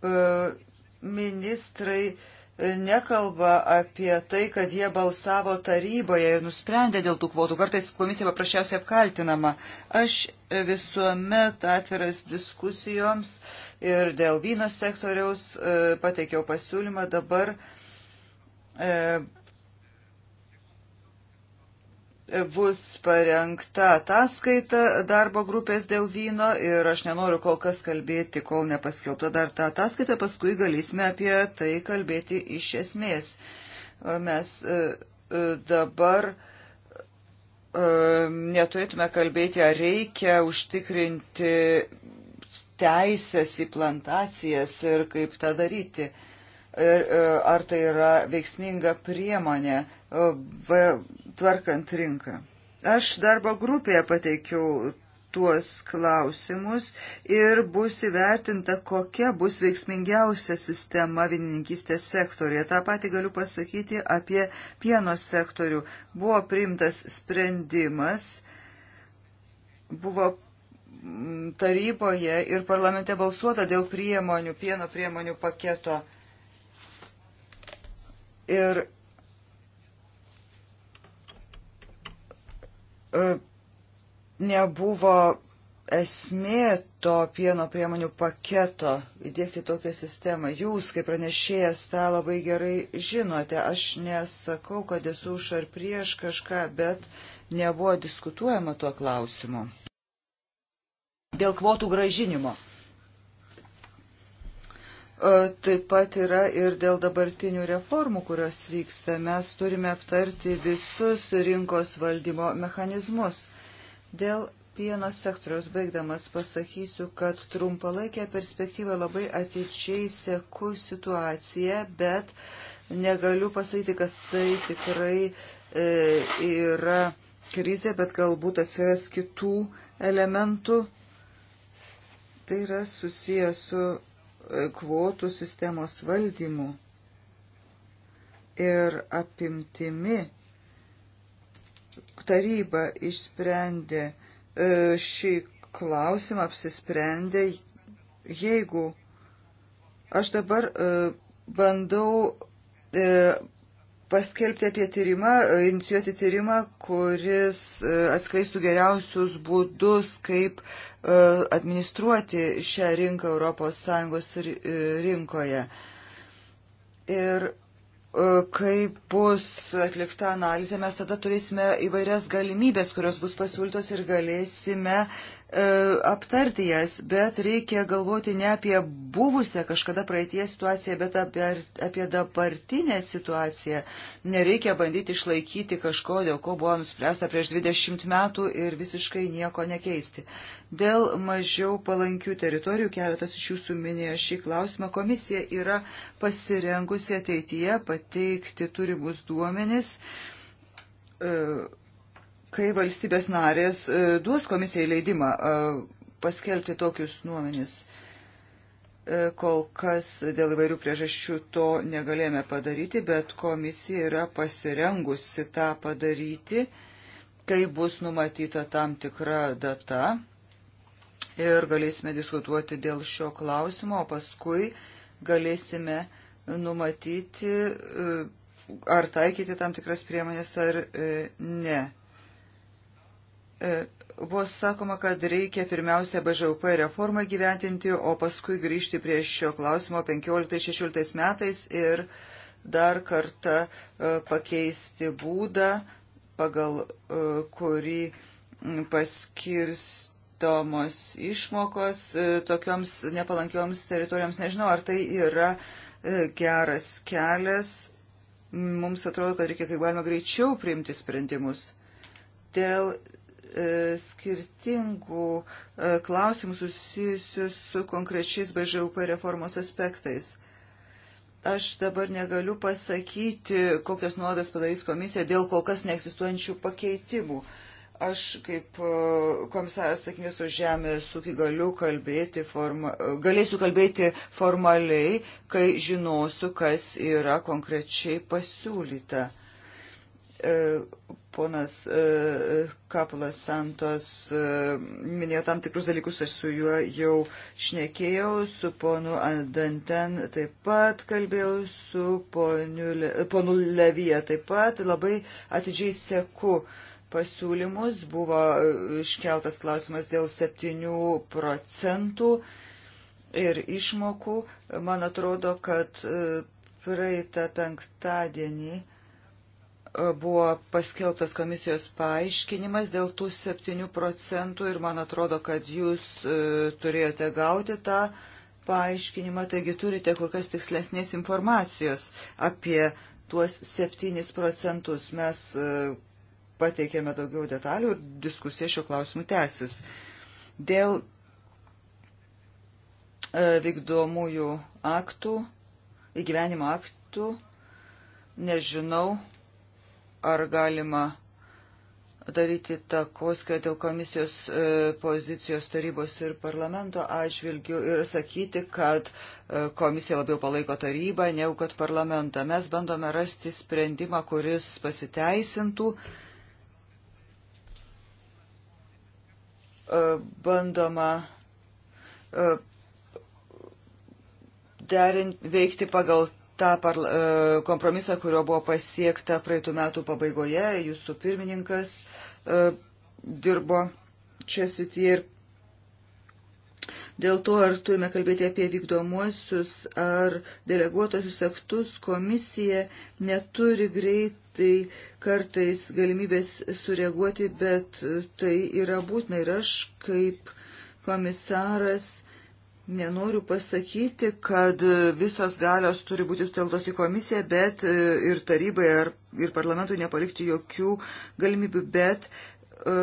E, ministrai nekalba apie tai, kad jie balsavo taryboje ir nusprendė dėl tų kvotų. Kartais komisija paprasčiausiai apkaltinama. Aš visuomet atviras diskusijoms ir dėl vyno sektoriaus e, pateikiau pasiūlymą dabar bus parengta ataskaita darbo grupės dėl vyno ir aš nenoriu kol kas kalbėti, kol nepaskelbta dar ta ataskaita, paskui galėsime apie tai kalbėti iš esmės. Mes e, e, dabar e, neturėtume kalbėti, ar reikia užtikrinti teisės į plantacijas ir kaip tą daryti. Ir ar tai yra veiksminga priemonė tvarkant rinką. Aš darbo grupėje pateikiau tuos klausimus ir bus įvertinta, kokia bus veiksmingiausia sistema vienininkystės sektorija. Ta pati galiu pasakyti apie pieno sektorių. Buvo priimtas sprendimas, buvo mm, taryboje ir parlamente balsuota dėl priemonių, pieno priemonių paketo. Ir E, nebuvo esmė to pieno priemonių paketo įdėkti tokią sistemą. Jūs, kaip pranešėjas, tą labai gerai žinote. Aš nesakau, kad esu už ar prieš kažką, bet nebuvo diskutuojama tuo klausimu. Dėl kvotų gražinimo. E, taip pat yra ir dėl dabartinių reformų, kurios vyksta. Mes turime aptarti visus rinkos valdymo mechanizmus. Dėl pieno sektoriaus baigdamas pasakysiu, kad trumpalaikė perspektyva labai atidžiai seku situaciją, bet negaliu pasakyti, kad tai tikrai e, yra krizė, bet galbūt atsiras kitų elementų. Tai yra susijęs su kvotų sistemos valdymu ir apimtimi taryba išsprendė e, šį klausimą, apsisprendė, jeigu aš dabar e, bandau e, paskelbti apie tyrimą, e, inicijuoti tyrimą, kuris e, atskleistų geriausius būdus, kaip e, administruoti šią rinką ES rinkoje. Ir kai bus atlikta analizė, mes tada turėsime įvairias galimybės, kurios bus pasiūlytos ir galėsime uh, E, aptarti jas, bet reikia galvoti ne apie buvusią kažkada praeitie situaciją, bet apie, apie dabartinę situaciją. Nereikia bandyti išlaikyti kažko, dėl ko buvo nuspręsta prieš 20 metų ir visiškai nieko nekeisti. Dėl mažiau palankių teritorijų, keletas iš jūsų minėjo šį klausimą, komisija yra pasirengusi ateityje pateikti turimus duomenis. E, kai valstybės narės e, duos komisijai leidimą e, paskelbti tokius nuomenis. E, kol kas dėl įvairių priežasčių to negalėjome padaryti, bet komisija yra pasirengusi tą padaryti, kai bus numatyta tam tikra data ir galėsime diskutuoti dėl šio klausimo, o paskui galėsime numatyti ar taikyti tam tikras priemonės ar ne. E, buvo sakoma, kad reikia pirmiausia BŽUP reformą gyventinti, o paskui grįžti prie šio klausimo 15-16 metais ir dar kartą e, pakeisti būdą, pagal e, kurį paskirstomos išmokos tokioms nepalankioms teritorijoms. Nežinau, ar tai yra geras kelias. Mums atrodo, kad reikia kaip galima greičiau priimti sprendimus. Dėl E, skirtingų e, klausimų susijusių su konkrečiais BŽUP reformos aspektais. Aš dabar negaliu pasakyti, kokias nuodas padarys komisija dėl kol kas neegzistuojančių pakeitimų. Aš kaip e, komisaras sakinės už žemės ūkį galiu kalbėti forma, galėsiu kalbėti formaliai, kai žinosiu, kas yra konkrečiai pasiūlyta Ponas e, e, Kapulas Santos e, minėjo tam tikrus dalykus, aš su juo jau šnekėjau, su ponu Danten taip pat kalbėjau, su poniu, ponu Levija taip pat, labai atidžiai seku pasiūlymus, buvo iškeltas klausimas dėl 7 procentų ir išmokų. Man atrodo, kad praeitą penktadienį buvo paskeltas komisijos paaiškinimas dėl tų 7 procentų ir man atrodo, kad jūs e, turėjote gauti tą paaiškinimą, taigi turite kur kas tikslesnės informacijos apie tuos 7 procentus. Mes e, pateikėme daugiau detalių ir diskusija šiuo klausimu tęsis. Dėl e, vykdomųjų aktų, įgyvenimo aktų, nežinau, ar galima daryti takoskirą dėl komisijos e, pozicijos tarybos ir parlamento atžvilgių ir sakyti, kad e, komisija labiau palaiko tarybą, negu kad parlamentą. Mes bandome rasti sprendimą, kuris pasiteisintų. E, bandoma derint, veikti pagal tą parla, e, kompromisą, kurio buvo pasiekta praeitų metų pabaigoje. Jūsų pirmininkas e, dirbo čia sityje ir dėl to, ar turime kalbėti apie vykdomuosius ar deleguotosius aktus, komisija neturi greitai kartais galimybės sureaguoti, bet tai yra būtina ir aš kaip komisaras Nenoriu pasakyti, kad visos galios turi būti suteltos į komisiją, bet e, ir tarybai ar, ir parlamentui nepalikti jokių galimybių, bet e,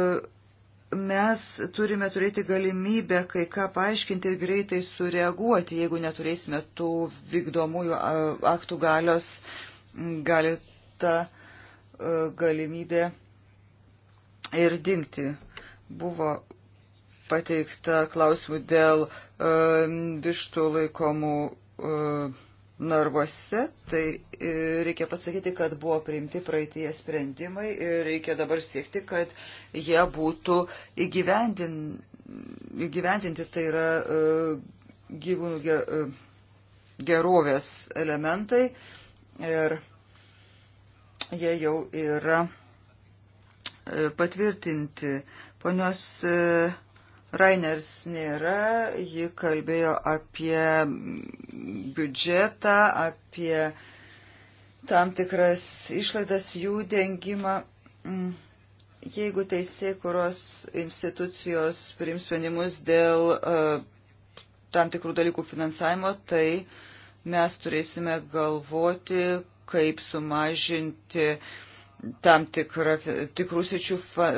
mes turime turėti galimybę kai ką paaiškinti ir greitai sureaguoti, jeigu neturėsime tų vykdomųjų aktų galios, gali ta e, galimybė ir dinkti. Buvo pateikta klausimų dėl e, vištų laikomų e, narvuose, tai e, reikia pasakyti, kad buvo priimti praeitie sprendimai ir reikia dabar siekti, kad jie būtų įgyvendin, įgyvendinti, tai yra gyvūnų gerovės elementai ir jie jau yra patvirtinti. Ponios Rainers nėra, ji kalbėjo apie biudžetą, apie tam tikras išlaidas jų dengimą. Mm. Jeigu teisėkuros institucijos priims sprendimus dėl uh, tam tikrų dalykų finansavimo, tai mes turėsime galvoti, kaip sumažinti uh, tam tikrą, tikrų sričių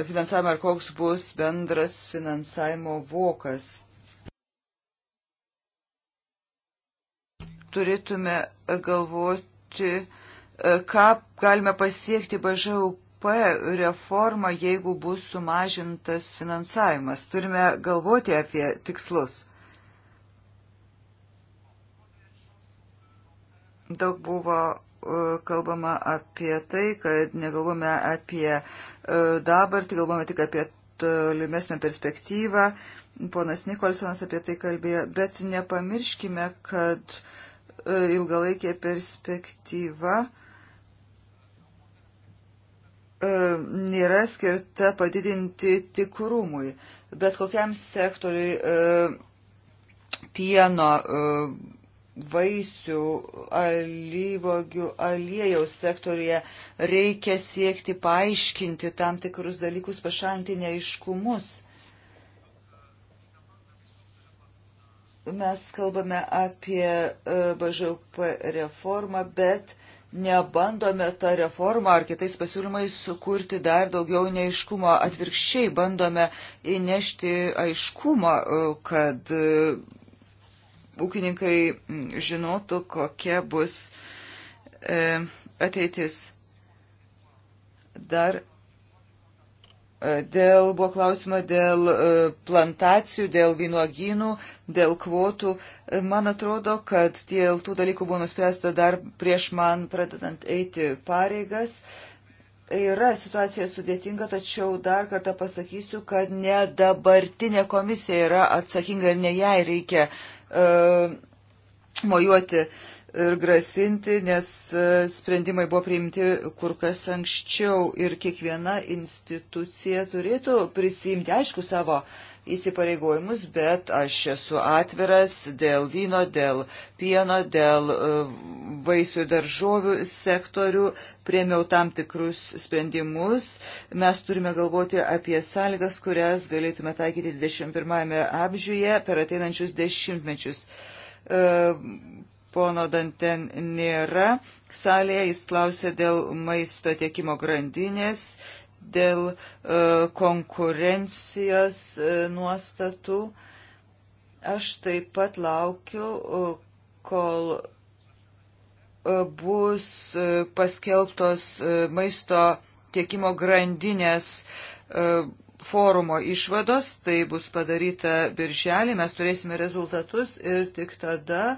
finansavimą ar koks bus bendras finansavimo vokas. Turėtume galvoti, e, ką galime pasiekti BŽUP reformą, jeigu bus sumažintas finansavimas. Turime galvoti apie tikslus. Daug buvo kalbama apie tai, kad negalvome apie e, dabartį, galvome tik apie tolimesnę perspektyvą. Ponas Nikolsonas apie tai kalbėjo, bet nepamirškime, kad e, ilgalaikė perspektyva e, nėra skirta padidinti tikrumui, bet kokiam sektoriui pieno vaisių, alyvogių, aliejaus sektorija reikia siekti paaiškinti tam tikrus dalykus, pašalinti neiškumus. Mes kalbame apie e, BŽP reformą, bet nebandome tą reformą ar kitais pasiūlymais sukurti dar daugiau neiškumo. Atvirkščiai bandome įnešti aiškumą, e, kad e, ūkininkai žinotų, kokia bus e, ateitis. Dar e, dėl, buvo klausima dėl e, plantacijų, dėl vynuogynų, dėl kvotų. E, man atrodo, kad dėl tų dalykų buvo nuspręsta dar prieš man pradedant eiti pareigas. Yra situacija sudėtinga, tačiau dar kartą pasakysiu, kad ne dabartinė komisija yra atsakinga ir ne jai reikia E, mojuoti ir grasinti, nes e, sprendimai buvo priimti kur kas anksčiau ir kiekviena institucija turėtų prisimti, aišku, savo įsipareigojimus, bet aš esu atviras dėl vyno, dėl pieno, dėl e, vaisių ir daržovių sektorių, priemiau tam tikrus sprendimus. Mes turime galvoti apie sąlygas, kurias galėtume taikyti 21-ame amžiuje per ateinančius dešimtmečius. E, pono Danten nėra salėje, jis klausė dėl maisto tiekimo grandinės dėl e, konkurencijos e, nuostatų. Aš taip pat laukiu, e, kol bus paskelbtos maisto tiekimo grandinės forumo išvados, tai bus padaryta birželį, mes turėsime rezultatus ir tik tada e,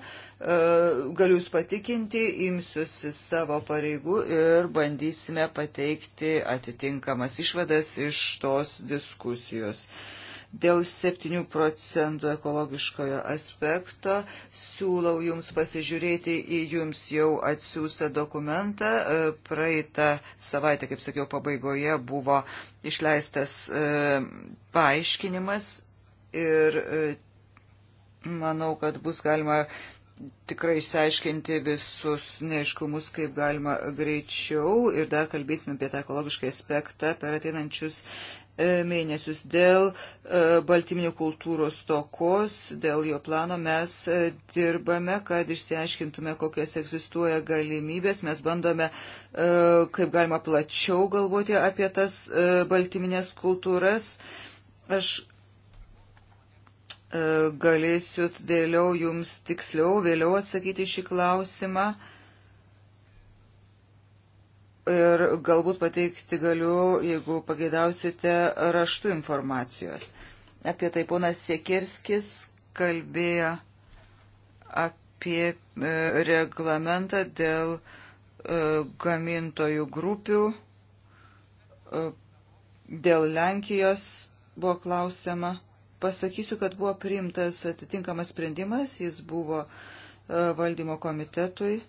galiu jūs patikinti, imsiuosi savo pareigų ir bandysime pateikti atitinkamas išvadas iš tos diskusijos. E, Dėl 7 procentų ekologiškojo aspekto siūlau Jums pasižiūrėti į Jums jau atsiųstą dokumentą. E, praeitą savaitę, kaip sakiau, pabaigoje buvo išleistas e, paaiškinimas ir e, manau, kad bus galima tikrai išsiaiškinti visus neiškumus, kaip galima greičiau ir dar kalbėsime apie tą ekologišką aspektą per ateinančius mėnesius. Dėl e, baltyminių kultūros tokos, dėl jo plano mes e, dirbame, kad išsiaiškintume, kokias egzistuoja galimybės. Mes bandome, e, kaip galima plačiau galvoti apie tas baltyminės kultūras. Aš galėsiu vėliau jums tiksliau, vėliau atsakyti šį klausimą ir galbūt pateikti galiu, jeigu pageidausite, raštų informacijos. Apie tai ponas Sekirskis kalbėjo apie e, reglamentą dėl e, gamintojų grupių. E, dėl Lenkijos buvo klausima. Pasakysiu, kad buvo priimtas atitinkamas sprendimas, jis buvo valdymo komitetui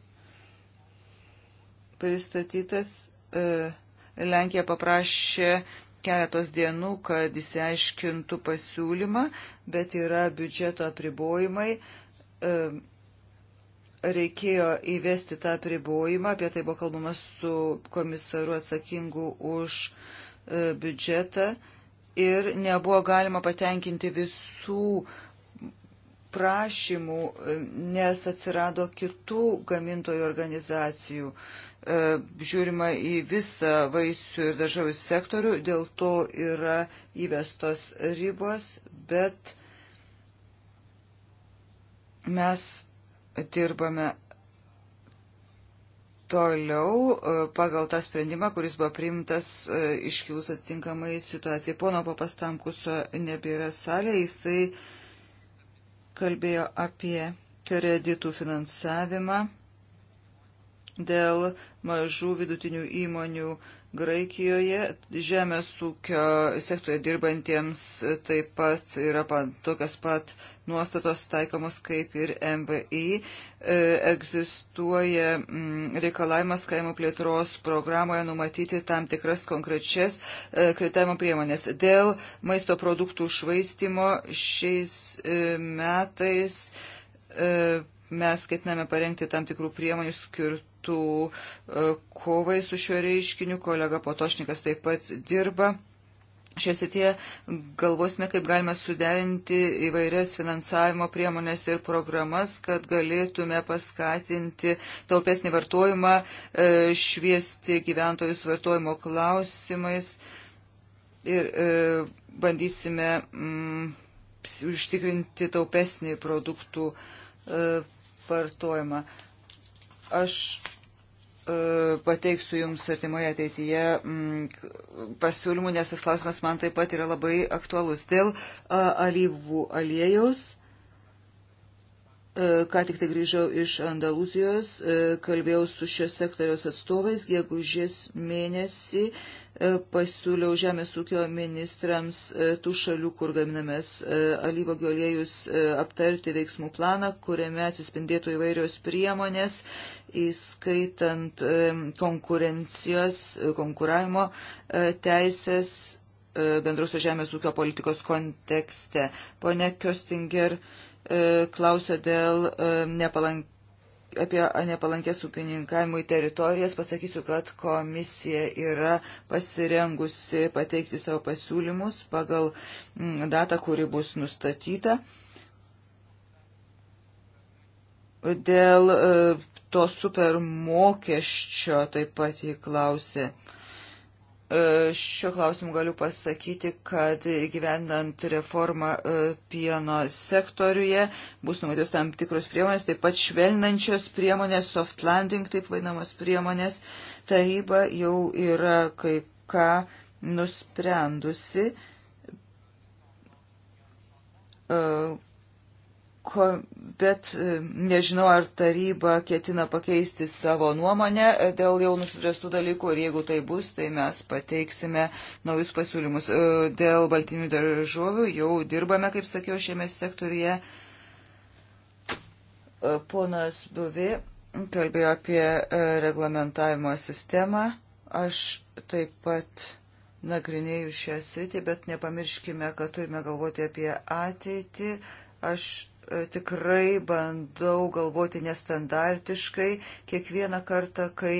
pristatytas. E, Lenkija paprašė keletos dienų, kad įsiaiškintų pasiūlymą, bet yra biudžeto apribojimai. E, reikėjo įvesti tą apribojimą, apie tai buvo kalbama su komisaru atsakingu už e, biudžetą ir nebuvo galima patenkinti visų prašymų, nes atsirado kitų gamintojų organizacijų. Uh, E, žiūrima į visą vaisių ir daržovių sektorių, dėl to yra įvestos ribos, bet mes dirbame toliau e, pagal tą sprendimą, kuris buvo priimtas e, iškilus atitinkamai situacijai. Pono papastamkuso nebėra salė, jisai kalbėjo apie kreditų finansavimą dėl mažų vidutinių įmonių Graikijoje. Žemės ūkio sektoje dirbantiems taip pat yra pat, tokios pat nuostatos taikomos kaip ir MVI. E, egzistuoja m, mm, reikalavimas kaimo plėtros programoje numatyti tam tikras konkrečias e, kreditavimo priemonės. Dėl maisto produktų švaistimo šiais e, metais e, mes ketiname parengti tam tikrų priemonių skirtų metų e, kovai su šiuo reiškiniu. Kolega Potošnikas taip pat dirba. Šiose tie galvosime, kaip galime suderinti įvairias finansavimo priemonės ir programas, kad galėtume paskatinti taupesnį vartojimą, e, šviesti gyventojus vartojimo klausimais ir e, bandysime mm, užtikrinti taupesnį produktų vartojimą. Aš E, pateiksiu Jums artimoje ateityje mm, pasiūlymų, nes tas klausimas man taip pat yra labai aktualus. Dėl e, alyvų aliejaus, e, ką tik tai grįžau iš Andaluzijos, kalbėjau su šios sektoriaus atstovais, gegužės mėnesį E, pasiūliau žemės ūkio ministrams e, tų šalių, kur gaminamės e, alyvogių aliejus, aptarti veiksmų planą, kuriame atsispindėtų įvairios priemonės, įskaitant konkurencijos, konkuravimo teisės bendrus žemės ūkio politikos kontekste. Pone Kjostinger klausė dėl nepalankių apie nepalankės ūkininkavimui teritorijas pasakysiu, kad komisija yra pasirengusi pateikti savo pasiūlymus pagal mm, datą, kuri bus nustatyta. Dėl e, to super mokesčio taip pat jį klausė. Uh, E, šiuo klausimu galiu pasakyti, kad gyvendant reformą e, pieno sektoriuje bus numatytos tam tikros priemonės, taip pat švelnančios priemonės, soft landing taip vadinamos priemonės. Taryba jau yra kai ką nusprendusi, e, ko, bet e, nežinau, ar taryba ketina pakeisti savo nuomonę e, dėl jau nuspręstų dalykų ir jeigu tai bus, tai mes pateiksime naujus pasiūlymus. E, dėl baltinių daržovių jau dirbame, kaip sakiau, šiame sektoriuje. Ponas Buvi kalbėjo apie reglamentavimo sistemą. Aš taip pat nagrinėjau šią sritį, bet nepamirškime, kad turime galvoti apie ateitį. Aš E, tikrai bandau galvoti nestandartiškai kiekvieną kartą, kai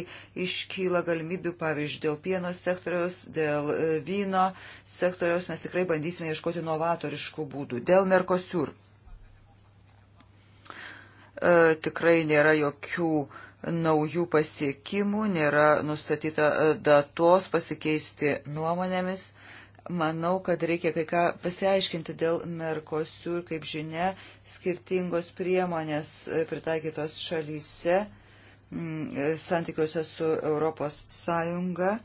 iškyla galimybių, pavyzdžiui, dėl pieno sektoriaus, dėl e, vyno sektoriaus, mes tikrai bandysime ieškoti novatoriškų būdų. Dėl Merkosiur e, tikrai nėra jokių naujų pasiekimų, nėra nustatyta e, datos pasikeisti nuomonėmis manau, kad reikia kai ką pasiaiškinti dėl Merkosiur, kaip žinia, skirtingos priemonės e, pritaikytos šalyse e, santykiuose su Europos Sąjunga.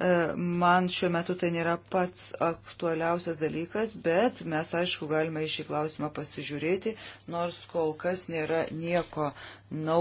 E, man šiuo metu tai nėra pats aktualiausias dalykas, bet mes aišku galime į šį klausimą pasižiūrėti, nors kol kas nėra nieko naujo.